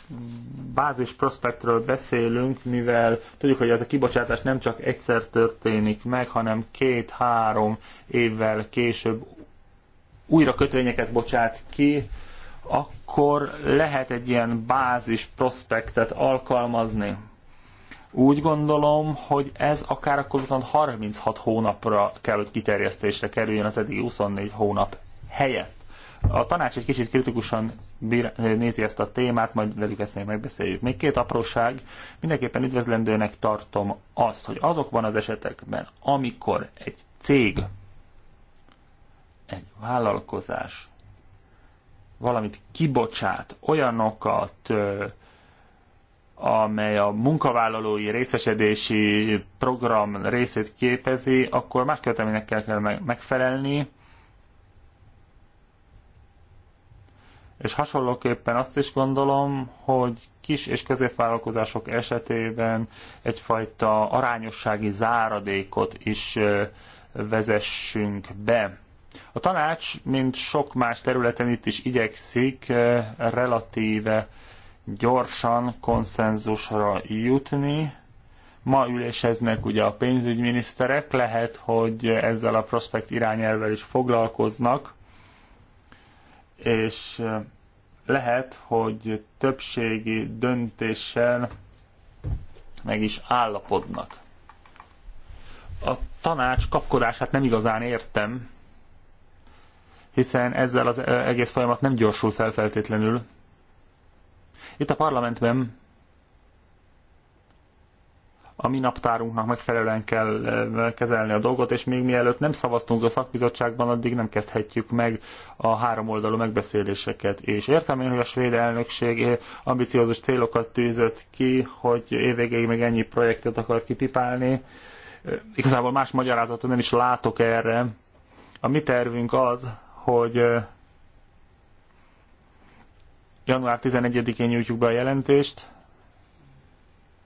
bázis prospektről beszélünk, mivel tudjuk, hogy ez a kibocsátás nem csak egyszer történik meg, hanem két-három évvel később újra kötvényeket bocsát ki, akkor lehet egy ilyen bázis prospektet alkalmazni. Úgy gondolom, hogy ez akár akkor viszont 36 hónapra kell, hogy kiterjesztésre kerüljön az eddig 24 hónap helyett. A tanács egy kicsit kritikusan nézi ezt a témát, majd velük ezt még megbeszéljük. Még két apróság. Mindenképpen üdvözlendőnek tartom azt, hogy azokban az esetekben, amikor egy cég, egy vállalkozás valamit kibocsát, olyanokat, amely a munkavállalói részesedési program részét képezi, akkor más követelménynek kell, kell megfelelni. És hasonlóképpen azt is gondolom, hogy kis és középvállalkozások esetében egyfajta arányossági záradékot is vezessünk be. A tanács, mint sok más területen itt is igyekszik eh, relatíve gyorsan konszenzusra jutni. Ma üléseznek ugye a pénzügyminiszterek, lehet, hogy ezzel a prospekt irányelvel is foglalkoznak, és eh, lehet, hogy többségi döntéssel meg is állapodnak. A tanács kapkodását nem igazán értem, hiszen ezzel az egész folyamat nem gyorsul fel feltétlenül. Itt a parlamentben a mi naptárunknak megfelelően kell kezelni a dolgot, és még mielőtt nem szavaztunk a szakbizottságban, addig nem kezdhetjük meg a három oldalú megbeszéléseket. És értem én, hogy a svéd elnökség ambiciózus célokat tűzött ki, hogy évvégéig még ennyi projektet akar kipipálni. Igazából más magyarázatot nem is látok erre. A mi tervünk az, hogy január 11-én nyújtjuk be a jelentést.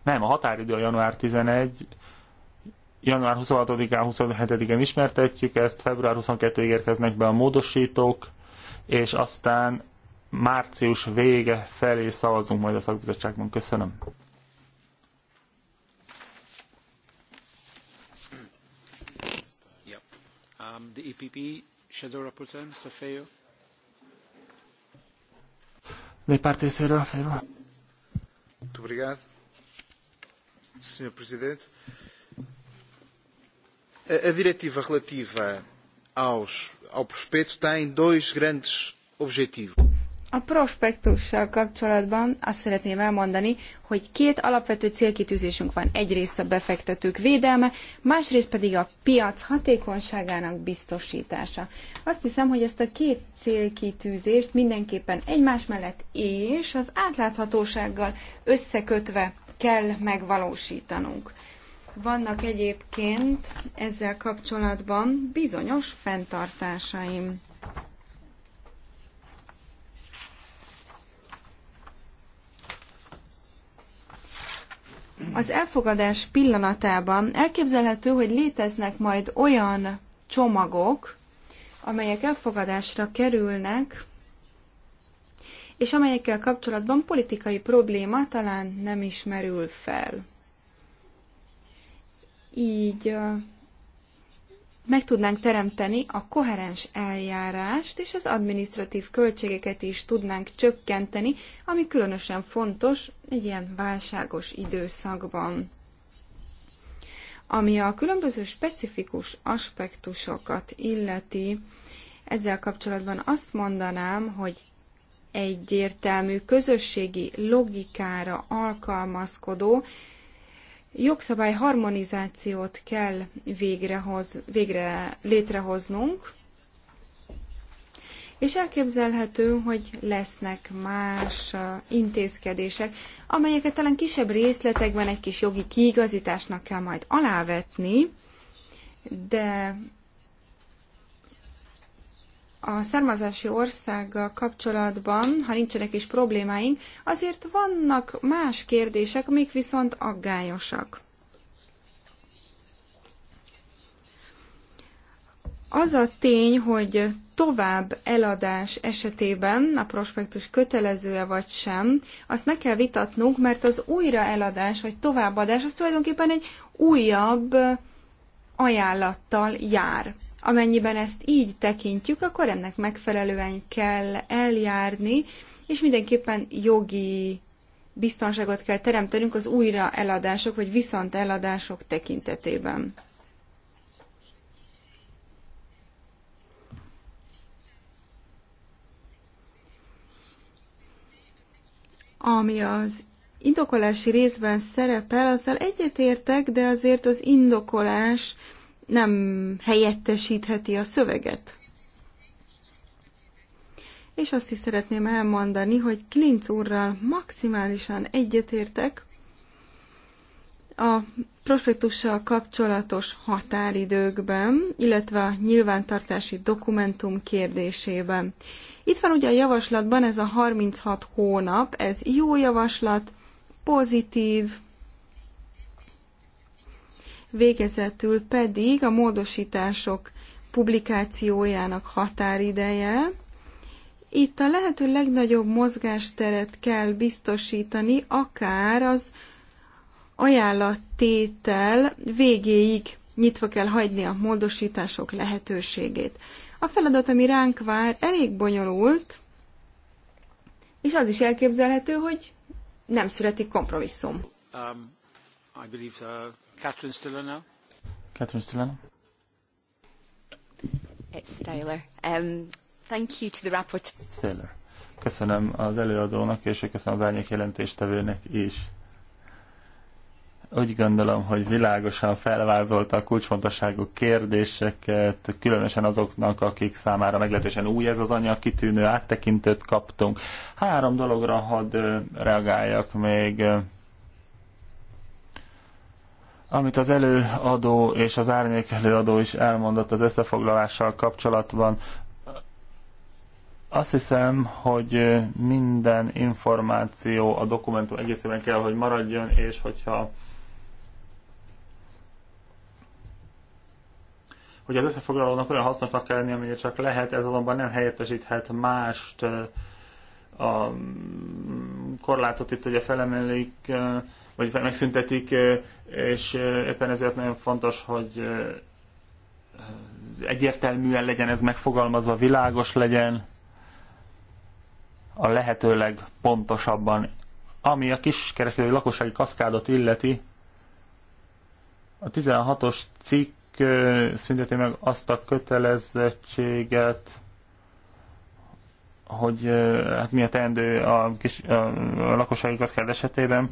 Nem, a határidő a január 11, január 26-án, 27-én ismertetjük ezt, február 22-ig érkeznek be a módosítók, és aztán március vége felé szavazunk majd a szakbizottságban. Köszönöm. Um, the EPP Shadow Rapporteur, Mr. Feio. De parte de Sr. Feio. Muito obrigado, Sr. Presidente. A, a diretiva relativa aos, ao prospecto tem dois grandes objetivos. A prospektussal kapcsolatban azt szeretném elmondani, hogy két alapvető célkitűzésünk van. Egyrészt a befektetők védelme, másrészt pedig a piac hatékonyságának biztosítása. Azt hiszem, hogy ezt a két célkitűzést mindenképpen egymás mellett és az átláthatósággal összekötve kell megvalósítanunk. Vannak egyébként ezzel kapcsolatban bizonyos fenntartásaim. Az elfogadás pillanatában elképzelhető, hogy léteznek majd olyan csomagok, amelyek elfogadásra kerülnek, és amelyekkel kapcsolatban politikai probléma talán nem ismerül fel. Így meg tudnánk teremteni a koherens eljárást, és az administratív költségeket is tudnánk csökkenteni, ami különösen fontos egy ilyen válságos időszakban. Ami a különböző specifikus aspektusokat illeti, ezzel kapcsolatban azt mondanám, hogy egyértelmű közösségi logikára alkalmazkodó jogszabály harmonizációt kell végrehoz, végre létrehoznunk, és elképzelhető, hogy lesznek más intézkedések, amelyeket talán kisebb részletekben egy kis jogi kiigazításnak kell majd alávetni, de a származási országgal kapcsolatban, ha nincsenek is problémáink, azért vannak más kérdések, amik viszont aggályosak. Az a tény, hogy tovább eladás esetében a prospektus kötelező-e vagy sem, azt meg kell vitatnunk, mert az újraeladás vagy továbbadás az tulajdonképpen egy újabb ajánlattal jár. Amennyiben ezt így tekintjük, akkor ennek megfelelően kell eljárni, és mindenképpen jogi biztonságot kell teremtenünk az újra eladások vagy viszont eladások tekintetében. Ami az indokolási részben szerepel, azzal egyetértek, de azért az indokolás nem helyettesítheti a szöveget. És azt is szeretném elmondani, hogy Klinc úrral maximálisan egyetértek a prospektussal kapcsolatos határidőkben, illetve a nyilvántartási dokumentum kérdésében. Itt van ugye a javaslatban ez a 36 hónap, ez jó javaslat, pozitív, végezetül pedig a módosítások publikációjának határideje. Itt a lehető legnagyobb mozgásteret kell biztosítani, akár az ajánlattétel végéig nyitva kell hagyni a módosítások lehetőségét. A feladat, ami ránk vár, elég bonyolult, és az is elképzelhető, hogy nem születik kompromisszum. Um. I believe uh, Catherine Stiller now. Catherine Stiller. It's Um, thank you to the rapporteur. Köszönöm az előadónak, és köszönöm az árnyék jelentéstevőnek is. Úgy gondolom, hogy világosan felvázolta a kulcsfontosságú kérdéseket, különösen azoknak, akik számára meglehetősen új ez az anyag, kitűnő áttekintőt kaptunk. Három dologra hadd reagáljak még amit az előadó és az árnyék előadó is elmondott az összefoglalással kapcsolatban, azt hiszem, hogy minden információ a dokumentum egészében kell, hogy maradjon, és hogyha hogy az összefoglalónak olyan hasznosnak kell lenni, amire csak lehet, ez azonban nem helyettesíthet mást. A mm, korlátot itt ugye felemelik, vagy megszüntetik és éppen ezért nagyon fontos, hogy egyértelműen legyen ez megfogalmazva, világos legyen, a lehetőleg pontosabban. Ami a kiskereskedői lakossági kaszkádot illeti, a 16-os cikk szünteti meg azt a kötelezettséget, hogy hát mi a teendő a, kis, a lakossági kaszkád esetében.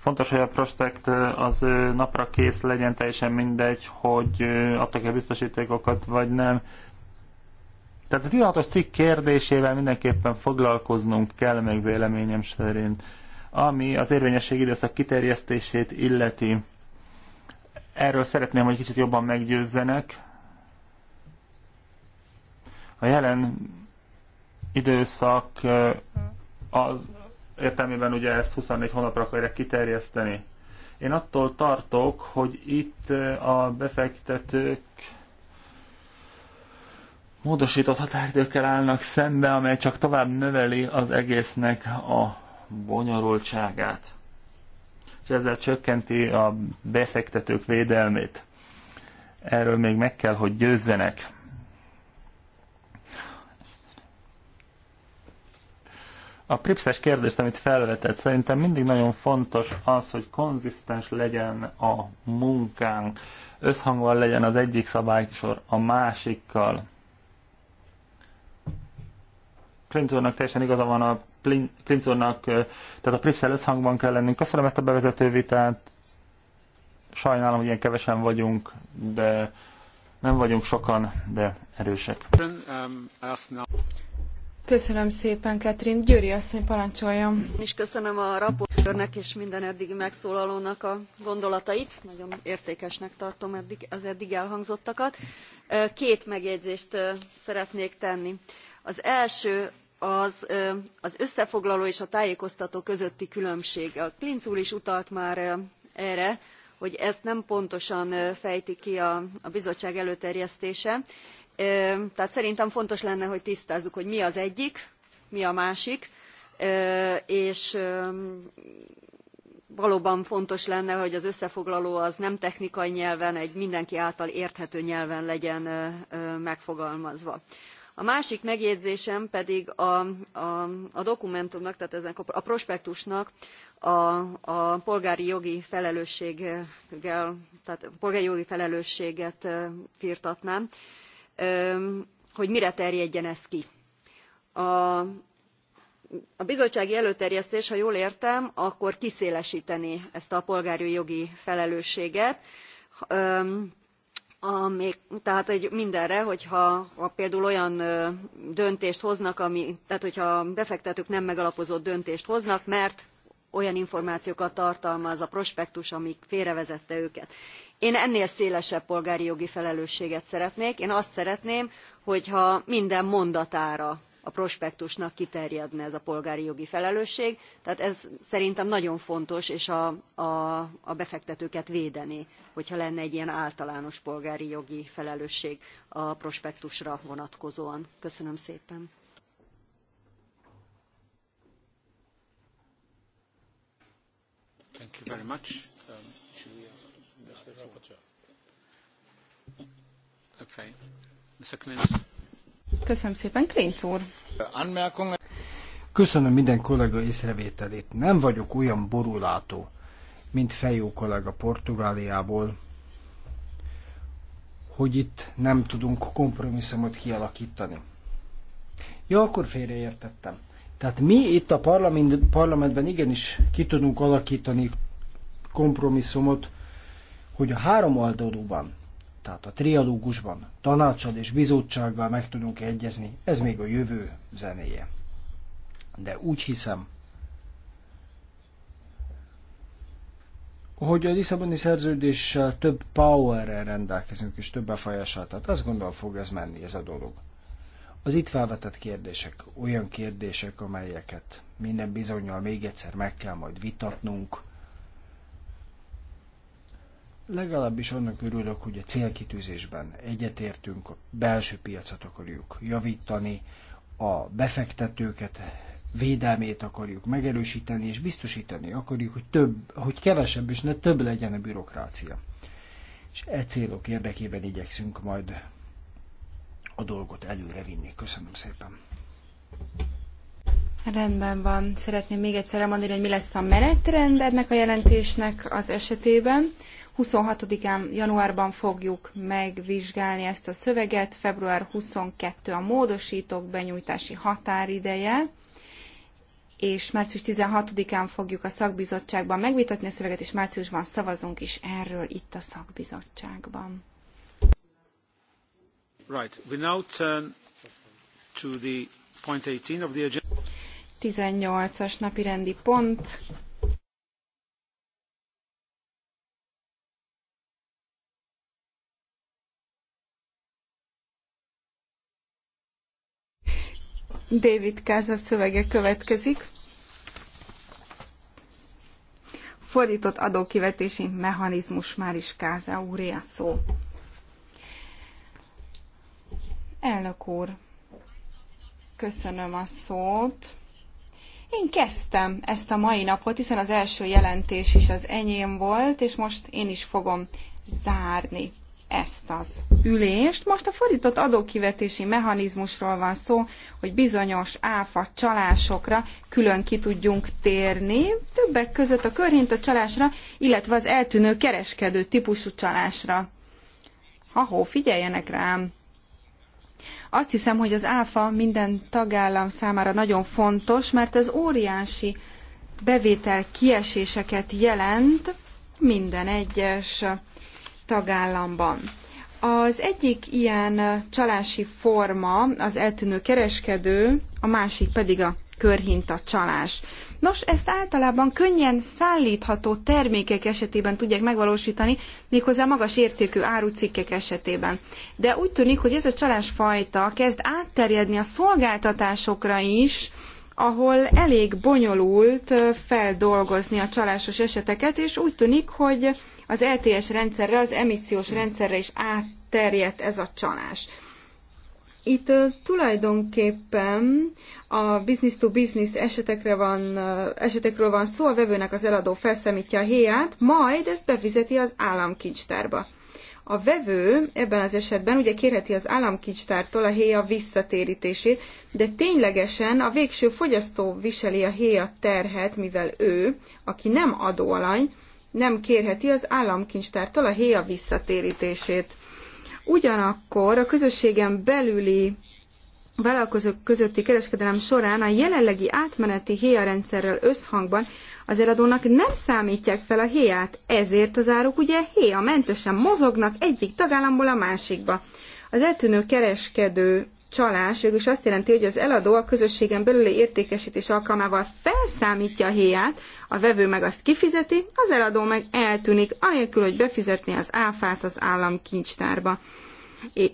Fontos, hogy a prospekt az napra kész legyen, teljesen mindegy, hogy adtak -e biztosítékokat, vagy nem. Tehát a 16 cikk kérdésével mindenképpen foglalkoznunk kell, meg véleményem szerint, ami az érvényesség időszak kiterjesztését illeti. Erről szeretném, hogy kicsit jobban meggyőzzenek. A jelen időszak az értelmében ugye ezt 24 hónapra akarják kiterjeszteni. Én attól tartok, hogy itt a befektetők módosított határidőkkel állnak szembe, amely csak tovább növeli az egésznek a bonyolultságát. És ezzel csökkenti a befektetők védelmét. Erről még meg kell, hogy győzzenek. A pripszes kérdést, amit felvetett, szerintem mindig nagyon fontos az, hogy konzisztens legyen a munkánk, összhangban legyen az egyik szabálysor a másikkal. Clint teljesen igaza van a Clint tehát a pripszel összhangban kell lennünk. Köszönöm ezt a bevezető vitát. Sajnálom, hogy ilyen kevesen vagyunk, de nem vagyunk sokan, de erősek. Um, Köszönöm szépen, Katrin. Győri asszony, parancsoljam. És köszönöm a raportőrnek és minden eddigi megszólalónak a gondolatait. Nagyon értékesnek tartom eddig, az eddig elhangzottakat. Két megjegyzést szeretnék tenni. Az első az, az összefoglaló és a tájékoztató közötti különbség. A Klinc úr is utalt már erre, hogy ezt nem pontosan fejti ki a, a bizottság előterjesztése tehát szerintem fontos lenne hogy tisztázzuk hogy mi az egyik mi a másik és valóban fontos lenne hogy az összefoglaló az nem technikai nyelven egy mindenki által érthető nyelven legyen megfogalmazva. a másik megjegyzésem pedig a, dokumentumnak tehát ennek a prospektusnak a, a polgári jogi felelősséggel tehát polgári jogi felelősséget firtatnám hogy mire terjedjen ez ki. A bizottsági előterjesztés ha jól értem akkor kiszélestené ezt a polgári jogi felelősséget amíg, tehát hogy mindenre hogyha ha például olyan döntést hoznak ami, tehát hogyha a befektetők nem megalapozott döntést hoznak mert olyan információkat tartalmaz a prospektus amik félrevezette őket én ennél szélesebb polgári jogi felelősséget szeretnék én azt szeretném hogyha minden mondatára a prospektusnak kiterjedne ez a polgári jogi felelősség tehát ez szerintem nagyon fontos és a, a, befektetőket védené hogyha lenne egy ilyen általános polgári jogi felelősség a prospektusra vonatkozóan. köszönöm szépen. Köszönöm szépen, Klinc úr. Köszönöm minden kollega észrevételét. Nem vagyok olyan borulátó, mint fejó kollega Portugáliából, hogy itt nem tudunk kompromisszumot kialakítani. Ja, akkor félreértettem. Tehát mi itt a parlament, parlamentben igenis ki tudunk alakítani kompromisszumot, hogy a három oldalúban, tehát a trialógusban, tanácsal és bizottsággal meg tudunk egyezni, ez még a jövő zenéje. De úgy hiszem, hogy a Lisszaboni szerződéssel több power rendelkezünk, és több befolyással, tehát azt gondolom fog ez menni, ez a dolog. Az itt felvetett kérdések olyan kérdések, amelyeket minden bizonyal még egyszer meg kell majd vitatnunk, Legalábbis annak örülök, hogy a célkitűzésben egyetértünk, a belső piacot akarjuk javítani, a befektetőket védelmét akarjuk megerősíteni, és biztosítani akarjuk, hogy, több, hogy kevesebb és ne több legyen a bürokrácia. És e célok érdekében igyekszünk majd a dolgot előre vinni. Köszönöm szépen. Rendben van. Szeretném még egyszer elmondani, hogy mi lesz a menetrend ennek a jelentésnek az esetében. 26-án januárban fogjuk megvizsgálni ezt a szöveget, február 22 a módosítók benyújtási határideje, és március 16-án fogjuk a szakbizottságban megvitatni a szöveget, és márciusban szavazunk is erről itt a szakbizottságban. Right. We now turn to the point 18 of the agenda. 18-as napi rendi pont David Káza szövege következik. Fordított adókivetési mechanizmus már is Káza úré a szó. Elnök úr, köszönöm a szót. Én kezdtem ezt a mai napot, hiszen az első jelentés is az enyém volt, és most én is fogom zárni ezt az ülést. Most a fordított adókivetési mechanizmusról van szó, hogy bizonyos áfa csalásokra külön ki tudjunk térni, többek között a körhintacsalásra, csalásra, illetve az eltűnő kereskedő típusú csalásra. Ahó, figyeljenek rám! Azt hiszem, hogy az áfa minden tagállam számára nagyon fontos, mert ez óriási bevétel kieséseket jelent minden egyes tagállamban. Az egyik ilyen csalási forma az eltűnő kereskedő, a másik pedig a körhinta csalás. Nos, ezt általában könnyen szállítható termékek esetében tudják megvalósítani, méghozzá magas értékű árucikkek esetében. De úgy tűnik, hogy ez a csalásfajta kezd átterjedni a szolgáltatásokra is, ahol elég bonyolult feldolgozni a csalásos eseteket, és úgy tűnik, hogy az LTS e rendszerre, az emissziós rendszerre is átterjedt ez a csalás. Itt tulajdonképpen a business to business esetekre van, esetekről van szó, a vevőnek az eladó felszemítja a héját, majd ezt befizeti az államkincstárba. A vevő ebben az esetben ugye kérheti az államkincstártól a héja visszatérítését, de ténylegesen a végső fogyasztó viseli a héja terhet, mivel ő, aki nem adóalany, nem kérheti az államkincstártól a héja visszatérítését. Ugyanakkor a közösségen belüli vállalkozók közötti kereskedelem során a jelenlegi átmeneti héja rendszerrel összhangban az eladónak nem számítják fel a héját, ezért az áruk ugye héja mentesen mozognak egyik tagállamból a másikba. Az eltűnő kereskedő csalás végülis azt jelenti, hogy az eladó a közösségen belüli értékesítés alkalmával felszámítja a héját, a vevő meg azt kifizeti, az eladó meg eltűnik, anélkül, hogy befizetné az áfát az állam kincstárba. É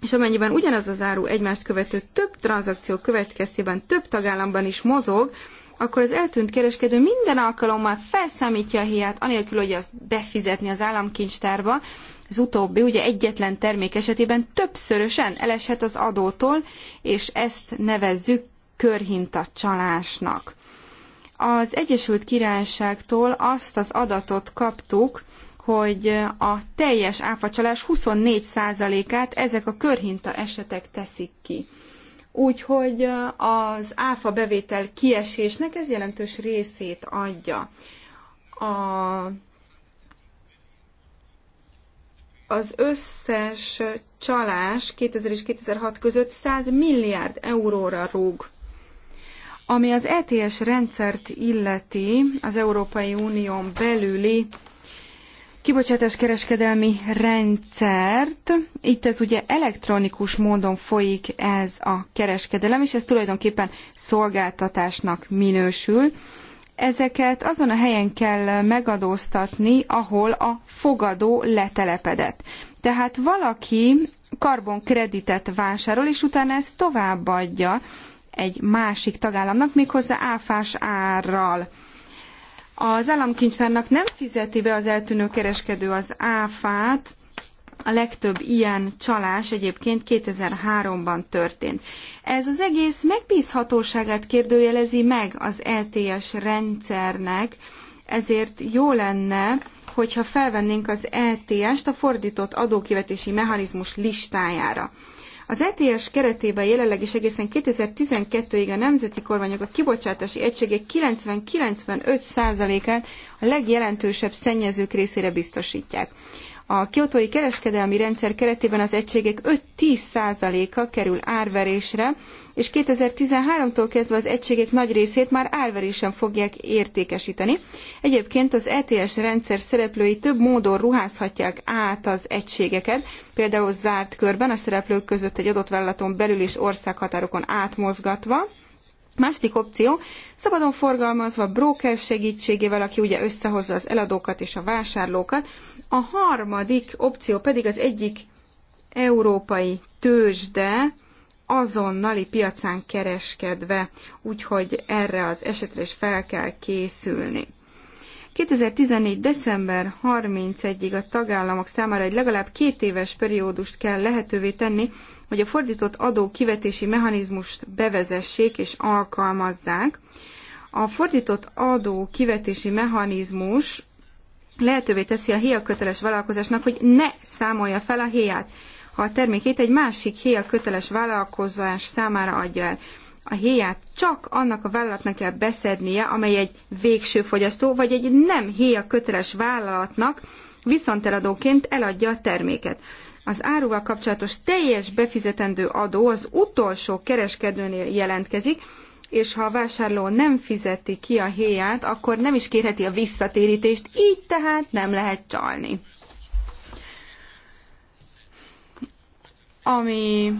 és amennyiben ugyanaz az áru egymást követő több tranzakció következtében több tagállamban is mozog, akkor az eltűnt kereskedő minden alkalommal felszámítja a hiát, anélkül, hogy azt befizetni az államkincstárba, az utóbbi ugye egyetlen termék esetében többszörösen eleshet az adótól, és ezt nevezzük körhinta csalásnak. Az Egyesült Királyságtól azt az adatot kaptuk, hogy a teljes áfacsalás 24%-át ezek a körhinta esetek teszik ki. Úgyhogy az áfa bevétel kiesésnek ez jelentős részét adja. A az összes csalás 2000 és 2006 között 100 milliárd euróra rúg. Ami az ETS rendszert illeti, az Európai Unión belüli kibocsátáskereskedelmi rendszert. Itt ez ugye elektronikus módon folyik ez a kereskedelem, és ez tulajdonképpen szolgáltatásnak minősül ezeket azon a helyen kell megadóztatni, ahol a fogadó letelepedett. Tehát valaki karbonkreditet vásárol, és utána ezt továbbadja egy másik tagállamnak, méghozzá áfás árral. Az államkincstárnak nem fizeti be az eltűnő kereskedő az áfát, a legtöbb ilyen csalás egyébként 2003-ban történt. Ez az egész megbízhatóságát kérdőjelezi meg az LTS rendszernek, ezért jó lenne, hogyha felvennénk az LTS-t a fordított adókivetési mechanizmus listájára. Az ETS keretében jelenleg is egészen 2012-ig a nemzeti kormányok a kibocsátási egységek 90-95%-át a legjelentősebb szennyezők részére biztosítják. A kiotói kereskedelmi rendszer keretében az egységek 5-10%-a kerül árverésre, és 2013-tól kezdve az egységek nagy részét már árverésen fogják értékesíteni. Egyébként az ETS rendszer szereplői több módon ruházhatják át az egységeket, például zárt körben a szereplők között egy adott vállalaton belül és országhatárokon átmozgatva, Második opció, szabadon forgalmazva broker segítségével, aki ugye összehozza az eladókat és a vásárlókat, a harmadik opció pedig az egyik európai tőzsde azonnali piacán kereskedve, úgyhogy erre az esetre is fel kell készülni. 2014. december 31-ig a tagállamok számára egy legalább két éves periódust kell lehetővé tenni, hogy a fordított adó kivetési mechanizmust bevezessék és alkalmazzák. A fordított adó kivetési mechanizmus lehetővé teszi a héjaköteles vállalkozásnak, hogy ne számolja fel a héját, ha a termékét egy másik héjaköteles vállalkozás számára adja el. A héját csak annak a vállalatnak kell beszednie, amely egy végső fogyasztó, vagy egy nem héjaköteles köteles vállalatnak viszonteladóként eladja a terméket. Az áruval kapcsolatos teljes befizetendő adó az utolsó kereskedőnél jelentkezik, és ha a vásárló nem fizeti ki a héját, akkor nem is kérheti a visszatérítést, így tehát nem lehet csalni. Ami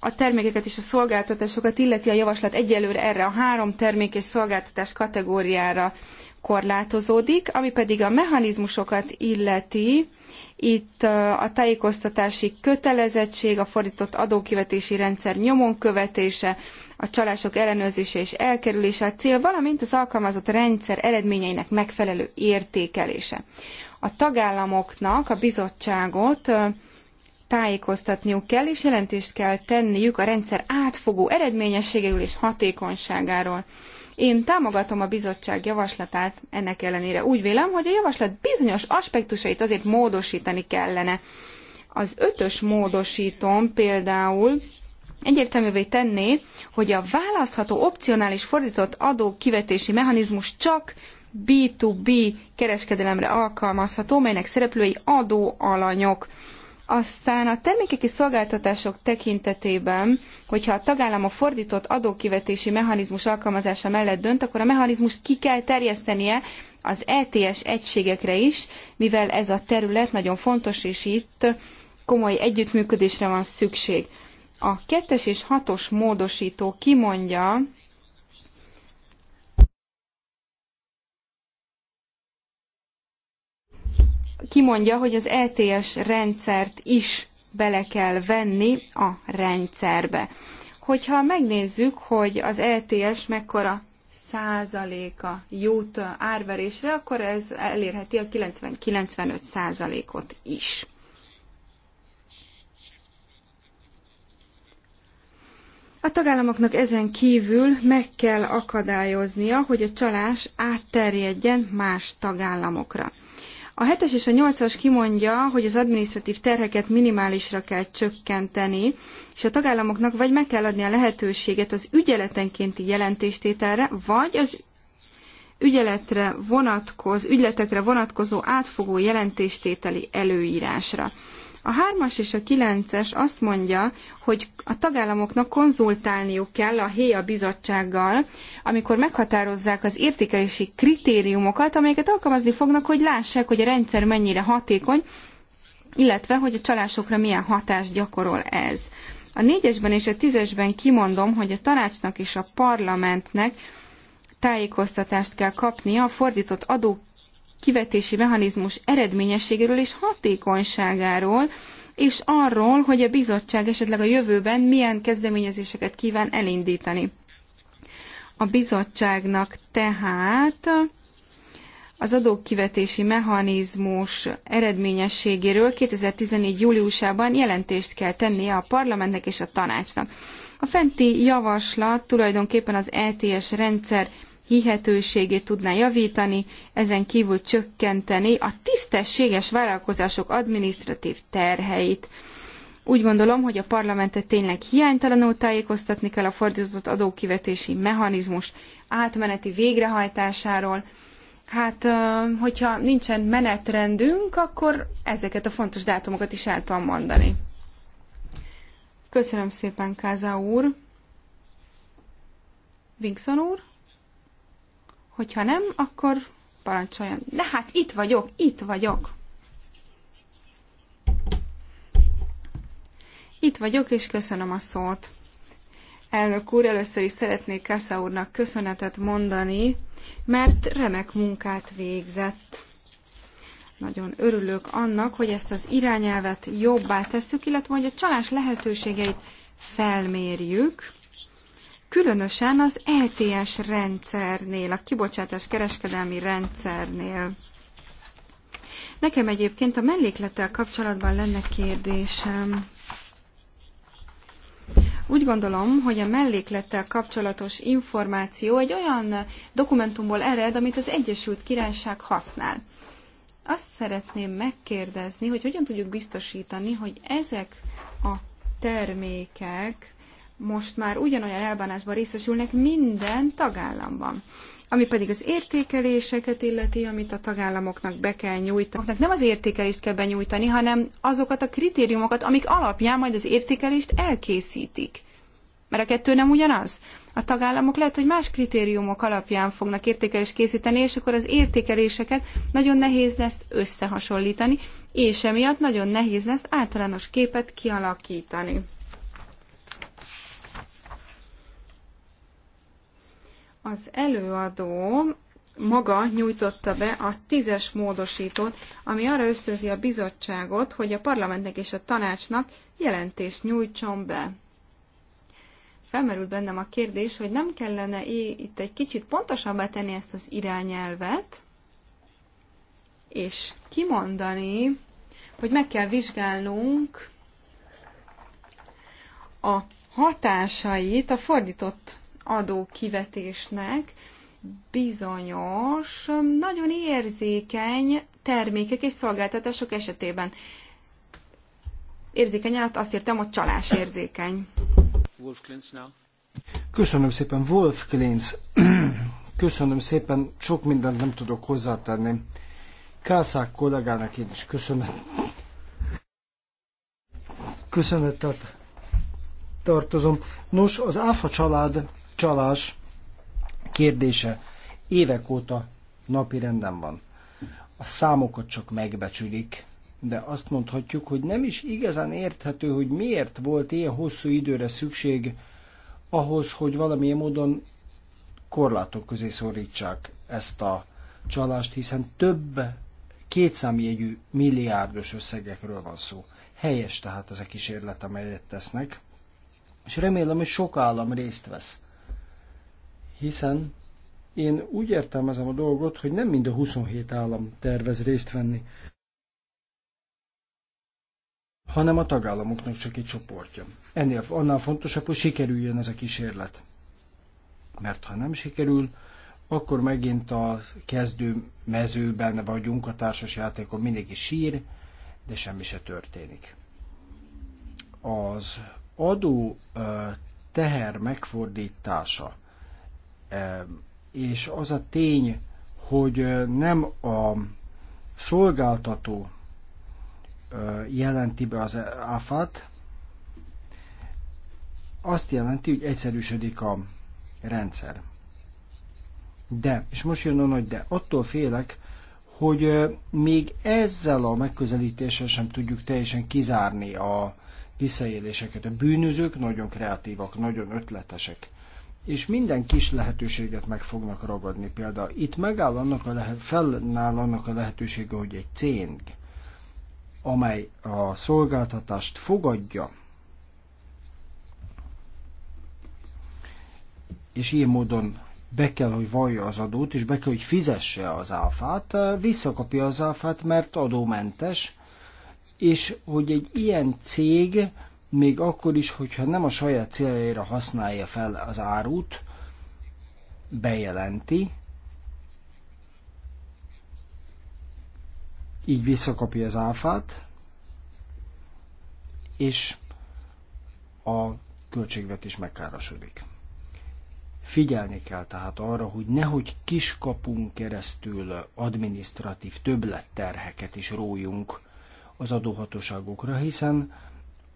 a termékeket és a szolgáltatásokat illeti a javaslat egyelőre erre a három termék és szolgáltatás kategóriára korlátozódik, ami pedig a mechanizmusokat illeti, itt a tájékoztatási kötelezettség, a fordított adókivetési rendszer nyomon követése, a csalások ellenőrzése és elkerülése a cél, valamint az alkalmazott rendszer eredményeinek megfelelő értékelése. A tagállamoknak a bizottságot tájékoztatniuk kell, és jelentést kell tenniük a rendszer átfogó eredményességéről és hatékonyságáról. Én támogatom a bizottság javaslatát, ennek ellenére úgy vélem, hogy a javaslat bizonyos aspektusait azért módosítani kellene. Az ötös módosítón például egyértelművé tenné, hogy a választható opcionális fordított adó kivetési mechanizmus csak B2B kereskedelemre alkalmazható, melynek szereplői adóalanyok. Aztán a termékeki szolgáltatások tekintetében, hogyha a tagállam a fordított adókivetési mechanizmus alkalmazása mellett dönt, akkor a mechanizmust ki kell terjesztenie az ETS egységekre is, mivel ez a terület nagyon fontos, és itt komoly együttműködésre van szükség. A kettes és hatos módosító kimondja, kimondja, hogy az ETS rendszert is bele kell venni a rendszerbe. Hogyha megnézzük, hogy az ETS mekkora százaléka jut árverésre, akkor ez elérheti a 90-95 százalékot is. A tagállamoknak ezen kívül meg kell akadályoznia, hogy a csalás átterjedjen más tagállamokra. A hetes és a nyolcas kimondja, hogy az administratív terheket minimálisra kell csökkenteni, és a tagállamoknak vagy meg kell adni a lehetőséget az ügyeletenkénti jelentéstételre, vagy az ügyeletre vonatkoz, ügyletekre vonatkozó átfogó jelentéstételi előírásra. A hármas és a kilences azt mondja, hogy a tagállamoknak konzultálniuk kell a HÉA bizottsággal, amikor meghatározzák az értékelési kritériumokat, amelyeket alkalmazni fognak, hogy lássák, hogy a rendszer mennyire hatékony, illetve hogy a csalásokra milyen hatást gyakorol ez. A négyesben és a tízesben kimondom, hogy a tanácsnak és a parlamentnek tájékoztatást kell kapnia a fordított adó kivetési mechanizmus eredményességéről és hatékonyságáról, és arról, hogy a bizottság esetleg a jövőben milyen kezdeményezéseket kíván elindítani. A bizottságnak tehát az adókivetési mechanizmus eredményességéről 2014. júliusában jelentést kell tennie a parlamentnek és a tanácsnak. A fenti javaslat tulajdonképpen az ETS rendszer hihetőségét tudná javítani, ezen kívül csökkenteni a tisztességes vállalkozások adminisztratív terheit. Úgy gondolom, hogy a parlamentet tényleg hiánytalanul tájékoztatni kell a fordított adókivetési mechanizmus átmeneti végrehajtásáról. Hát, hogyha nincsen menetrendünk, akkor ezeket a fontos dátumokat is el tudom mondani. Köszönöm szépen, Káza úr. Vinkson úr? Hogyha nem, akkor parancsoljon. De hát itt vagyok, itt vagyok. Itt vagyok, és köszönöm a szót. Elnök úr, először is szeretnék Kassa úrnak köszönetet mondani, mert remek munkát végzett. Nagyon örülök annak, hogy ezt az irányelvet jobbá tesszük, illetve hogy a csalás lehetőségeit felmérjük, különösen az ETS rendszernél, a kibocsátás kereskedelmi rendszernél. Nekem egyébként a melléklettel kapcsolatban lenne kérdésem. Úgy gondolom, hogy a melléklettel kapcsolatos információ egy olyan dokumentumból ered, amit az Egyesült Királyság használ. Azt szeretném megkérdezni, hogy hogyan tudjuk biztosítani, hogy ezek a termékek most már ugyanolyan elbánásban részesülnek minden tagállamban. Ami pedig az értékeléseket illeti, amit a tagállamoknak be kell nyújtani. Nem az értékelést kell benyújtani, hanem azokat a kritériumokat, amik alapján majd az értékelést elkészítik. Mert a kettő nem ugyanaz. A tagállamok lehet, hogy más kritériumok alapján fognak értékelést készíteni, és akkor az értékeléseket nagyon nehéz lesz összehasonlítani, és emiatt nagyon nehéz lesz általános képet kialakítani. Az előadó maga nyújtotta be a tízes módosítót, ami arra ösztönzi a bizottságot, hogy a parlamentnek és a tanácsnak jelentést nyújtson be. Felmerült bennem a kérdés, hogy nem kellene itt egy kicsit pontosan tenni ezt az irányelvet, és kimondani, hogy meg kell vizsgálnunk a hatásait a fordított adókivetésnek bizonyos, um, nagyon érzékeny termékek és szolgáltatások esetében. Érzékeny alatt azt értem, hogy csalás érzékeny. Wolf Klintz now. Köszönöm szépen, Wolf Klintz. (clears throat) Köszönöm szépen, sok mindent nem tudok hozzátenni. Kászák kollégának én is köszönet. Köszönetet tartozom. Nos, az ÁFA család csalás kérdése évek óta napi renden van. A számokat csak megbecsülik, de azt mondhatjuk, hogy nem is igazán érthető, hogy miért volt ilyen hosszú időre szükség ahhoz, hogy valamilyen módon korlátok közé szorítsák ezt a csalást, hiszen több kétszámjegyű milliárdos összegekről van szó. Helyes tehát ez a kísérlet, amelyet tesznek, és remélem, hogy sok állam részt vesz hiszen én úgy értelmezem a dolgot, hogy nem mind a 27 állam tervez részt venni, hanem a tagállamoknak csak egy csoportja. Ennél annál fontosabb, hogy sikerüljön ez a kísérlet. Mert ha nem sikerül, akkor megint a kezdő mezőben vagyunk, a társas játékon mindenki sír, de semmi se történik. Az adó teher megfordítása és az a tény, hogy nem a szolgáltató jelenti be az áfát, azt jelenti, hogy egyszerűsödik a rendszer. De, és most jön a nagy de, attól félek, hogy még ezzel a megközelítéssel sem tudjuk teljesen kizárni a visszaéléseket. A bűnözők nagyon kreatívak, nagyon ötletesek és minden kis lehetőséget meg fognak ragadni. Például itt megáll annak a lehet, fennáll annak a lehetősége, hogy egy cég, amely a szolgáltatást fogadja, és ilyen módon be kell, hogy vallja az adót, és be kell, hogy fizesse az áfát, visszakapja az áfát, mert adómentes, és hogy egy ilyen cég még akkor is, hogyha nem a saját céljaira használja fel az árut, bejelenti, így visszakapja az áfát, és a költségvetés megkárosodik. Figyelni kell tehát arra, hogy nehogy kiskapunk keresztül adminisztratív többletterheket is rójunk az adóhatóságokra, hiszen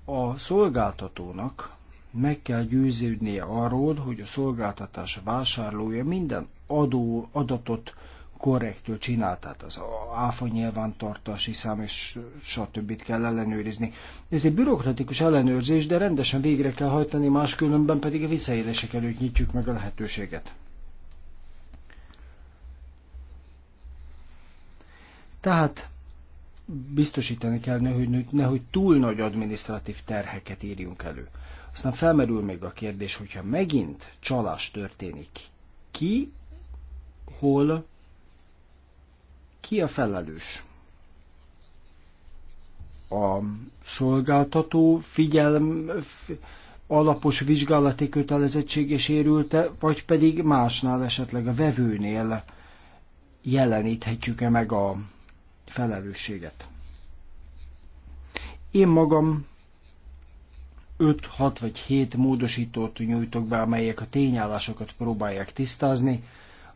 a szolgáltatónak meg kell győződnie arról, hogy a szolgáltatás vásárlója minden adó adatot korrektül csinál, tehát az áfa nyilvántartási szám és stb. kell ellenőrizni. Ez egy bürokratikus ellenőrzés, de rendesen végre kell hajtani, máskülönben pedig a visszaélések előtt nyitjuk meg a lehetőséget. Tehát biztosítani kell, nehogy, nehogy túl nagy adminisztratív terheket írjunk elő. Aztán felmerül még a kérdés, hogyha megint csalás történik, ki, hol, ki a felelős? A szolgáltató figyelm, alapos vizsgálati kötelezettség és érülte, vagy pedig másnál esetleg a vevőnél jeleníthetjük-e meg a felelősséget. Én magam 5-6 vagy 7 módosítót nyújtok be, amelyek a tényállásokat próbálják tisztázni.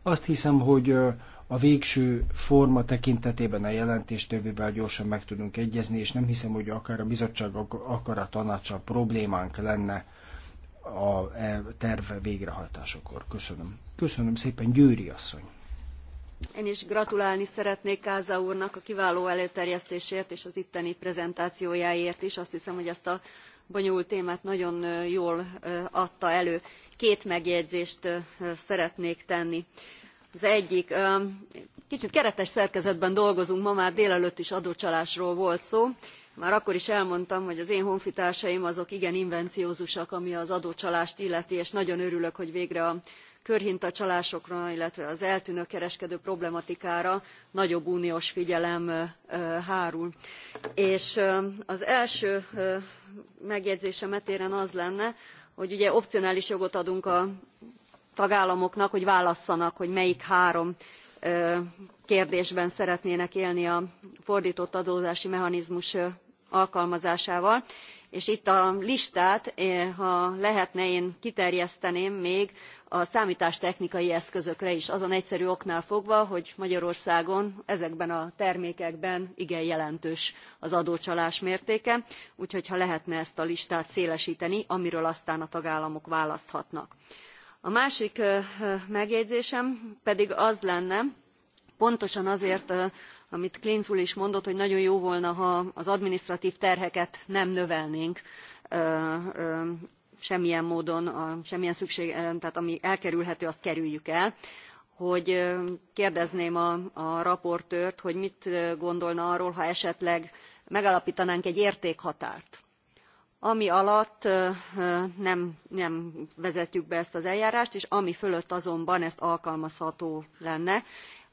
Azt hiszem, hogy a végső forma tekintetében a jelentéstevővel gyorsan meg tudunk egyezni, és nem hiszem, hogy akár a bizottság, akár a tanácsa problémánk lenne a e terve végrehajtásakor. Köszönöm. Köszönöm szépen, Győri asszony. Én is gratulálni szeretnék casa úrnak a kiváló előterjesztésért és az itteni prezentációjáért is. Azt hiszem, hogy ezt a bonyolult témát nagyon jól adta elő. Két megjegyzést szeretnék tenni. Az egyik, kicsit keretes szerkezetben dolgozunk, ma már délelőtt is adócsalásról volt szó. Már akkor is elmondtam, hogy az én honfitársaim azok igen invenciózusak, ami az adócsalást illeti, és nagyon örülök, hogy végre a körhintacsalásokra illetve az eltűnő kereskedő problematikára nagyobb uniós figyelem hárul. és az első megjegyzésem e téren az lenne hogy ugye opcionális jogot adunk a tagállamoknak hogy válasszanak hogy melyik három kérdésben szeretnének élni a fordtott adózási mechanizmus alkalmazásával és itt a listát eh, ha lehetne én kiterjeszteném még a számtástechnikai eszközökre is azon egyszerű oknál fogva hogy magyarországon ezekben a termékekben igen jelentős az adócsalás mértéke úgyhogy ha lehetne ezt a listát szélesteni amiről aztán a tagállamok választhatnak. a másik eh, eh, megjegyzésem pedig az lenne pontosan azért amit klinz úr is mondott hogy nagyon jó volna ha az adminisztratv terheket nem növelnénk semmilyen módon semmilyen szükség tehát ami elkerülhető azt kerüljük el hogy kérdezném a, a raportőrt hogy mit gondolna arról ha esetleg megállaptanánk egy értékhatárt ami alatt nem, nem vezetjük be ezt az eljárást és ami fölött azonban ez alkalmazható lenne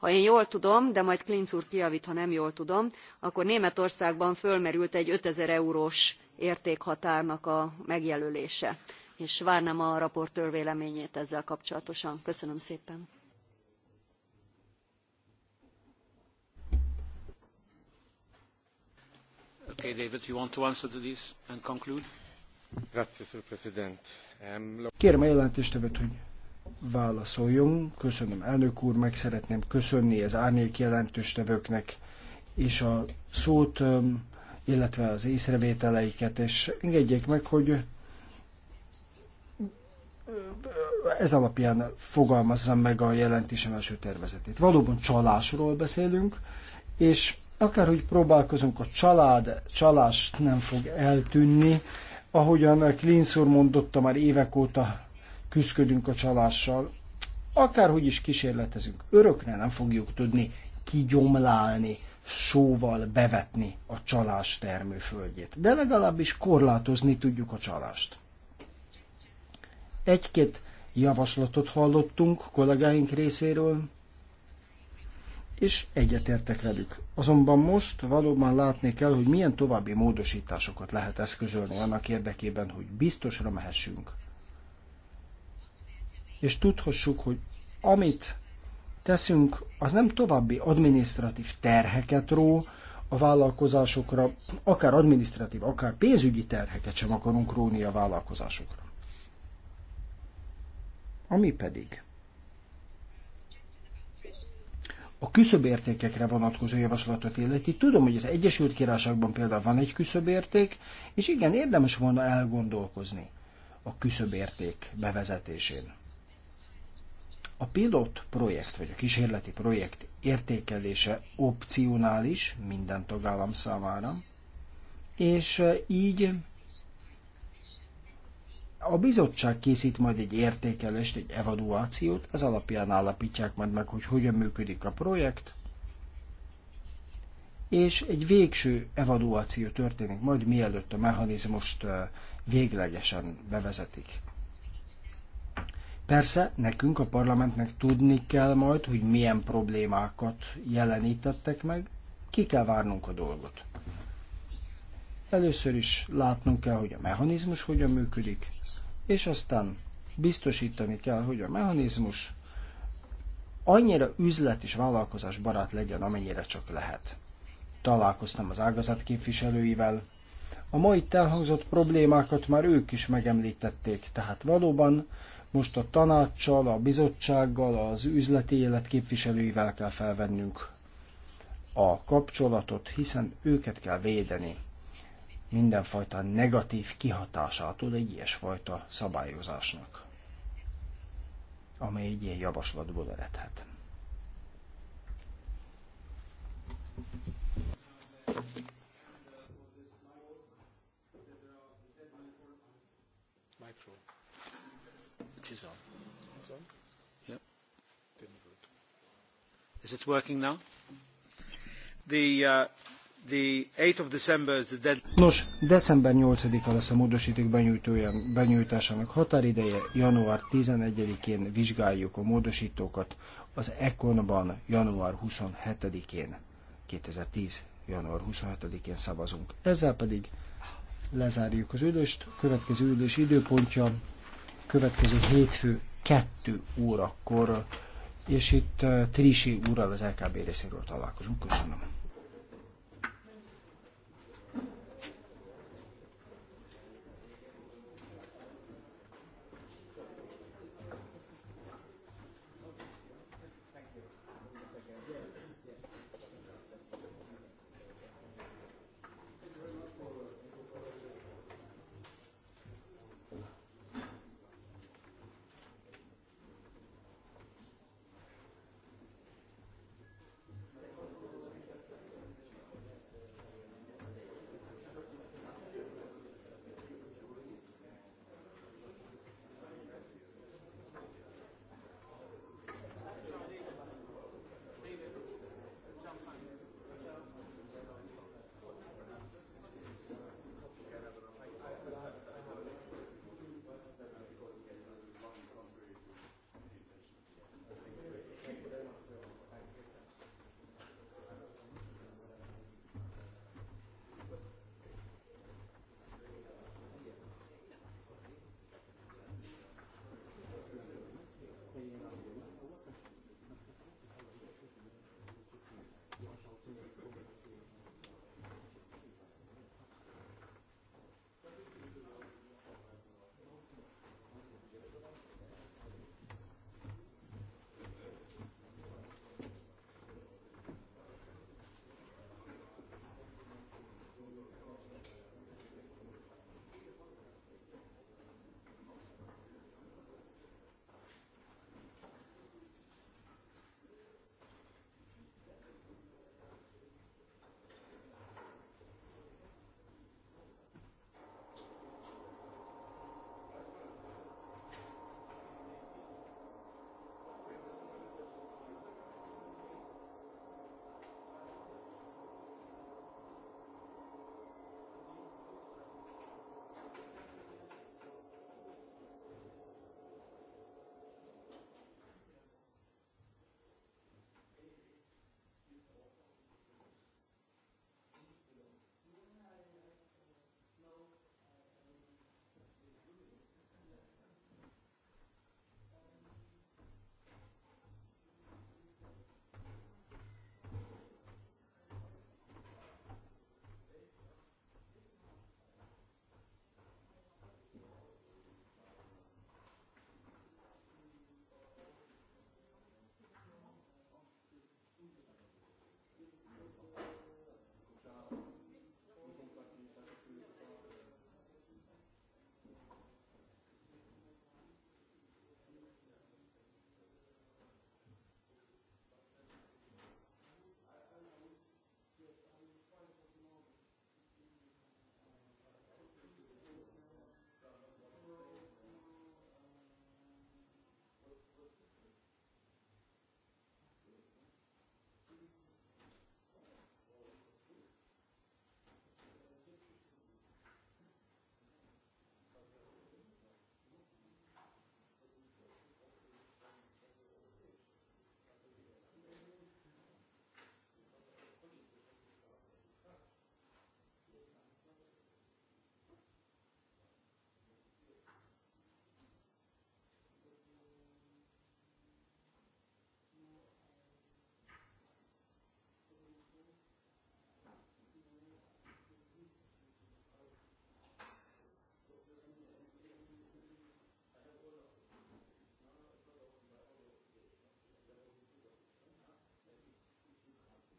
ha én jól tudom de majd klinz úr kijavt ha nem jól tudom akkor németországban fölmerült egy five thousand eurós értékhatárnak a megjelölése és várnám a raportőr véleményét ezzel kapcsolatosan. köszönöm szépen. Kérem a jelentéstevőt, hogy válaszoljon. Köszönöm, elnök úr, meg szeretném köszönni az árnyék jelentős tevőknek és a szót, illetve az észrevételeiket, és engedjék meg, hogy ez alapján fogalmazzam meg a jelentésem első tervezetét. Valóban csalásról beszélünk, és akárhogy próbálkozunk, a család, csalást nem fog eltűnni. Ahogyan Klinszor mondotta már évek óta, küzdködünk a csalással, akárhogy is kísérletezünk, örökre nem fogjuk tudni kigyomlálni, sóval bevetni a csalás termőföldjét. De legalábbis korlátozni tudjuk a csalást. Egy-két javaslatot hallottunk kollégáink részéről, és egyetértek velük. Azonban most valóban látni kell, hogy milyen további módosításokat lehet eszközölni annak érdekében, hogy biztosra mehessünk, és tudhassuk, hogy amit teszünk, az nem további adminisztratív terheket ró a vállalkozásokra, akár adminisztratív, akár pénzügyi terheket sem akarunk róni a vállalkozásokra. Ami pedig a küszöbértékekre vonatkozó javaslatot illeti. Tudom, hogy az Egyesült Királyságban például van egy küszöbérték, és igen, érdemes volna elgondolkozni a küszöbérték bevezetésén. A pilot projekt, vagy a kísérleti projekt értékelése opcionális minden tagállam számára, és e, így a bizottság készít majd egy értékelést, egy evaluációt, ez alapján állapítják majd meg, hogy hogyan működik a projekt, és egy végső evaluáció történik majd, mielőtt a mechanizmust e, véglegesen bevezetik. Persze nekünk, a parlamentnek tudni kell majd, hogy milyen problémákat jelenítettek meg, ki kell várnunk a dolgot. Először is látnunk kell, hogy a mechanizmus hogyan működik, és aztán biztosítani kell, hogy a mechanizmus annyira üzlet és vállalkozás barát legyen, amennyire csak lehet. Találkoztam az ágazat képviselőivel, a mai itt elhangzott problémákat már ők is megemlítették, tehát valóban most a tanácssal, a bizottsággal, az üzleti élet képviselőivel kell felvennünk a kapcsolatot, hiszen őket kell védeni mindenfajta negatív kihatásától egy ilyesfajta szabályozásnak, amely egy ilyen javaslatból eredhet. Is it working now? The, uh, the 8 of December is the dead... Nos, december 8-a lesz a módosítók benyújtásának határideje, január 11-én vizsgáljuk a módosítókat az Ekonban január 27-én, 2010. január 27-én szavazunk. Ezzel pedig lezárjuk az ülést, következő ülés időpontja következő hétfő 2 órakor és itt eh, Trisi úrral az LKB részéről találkozunk. Köszönöm.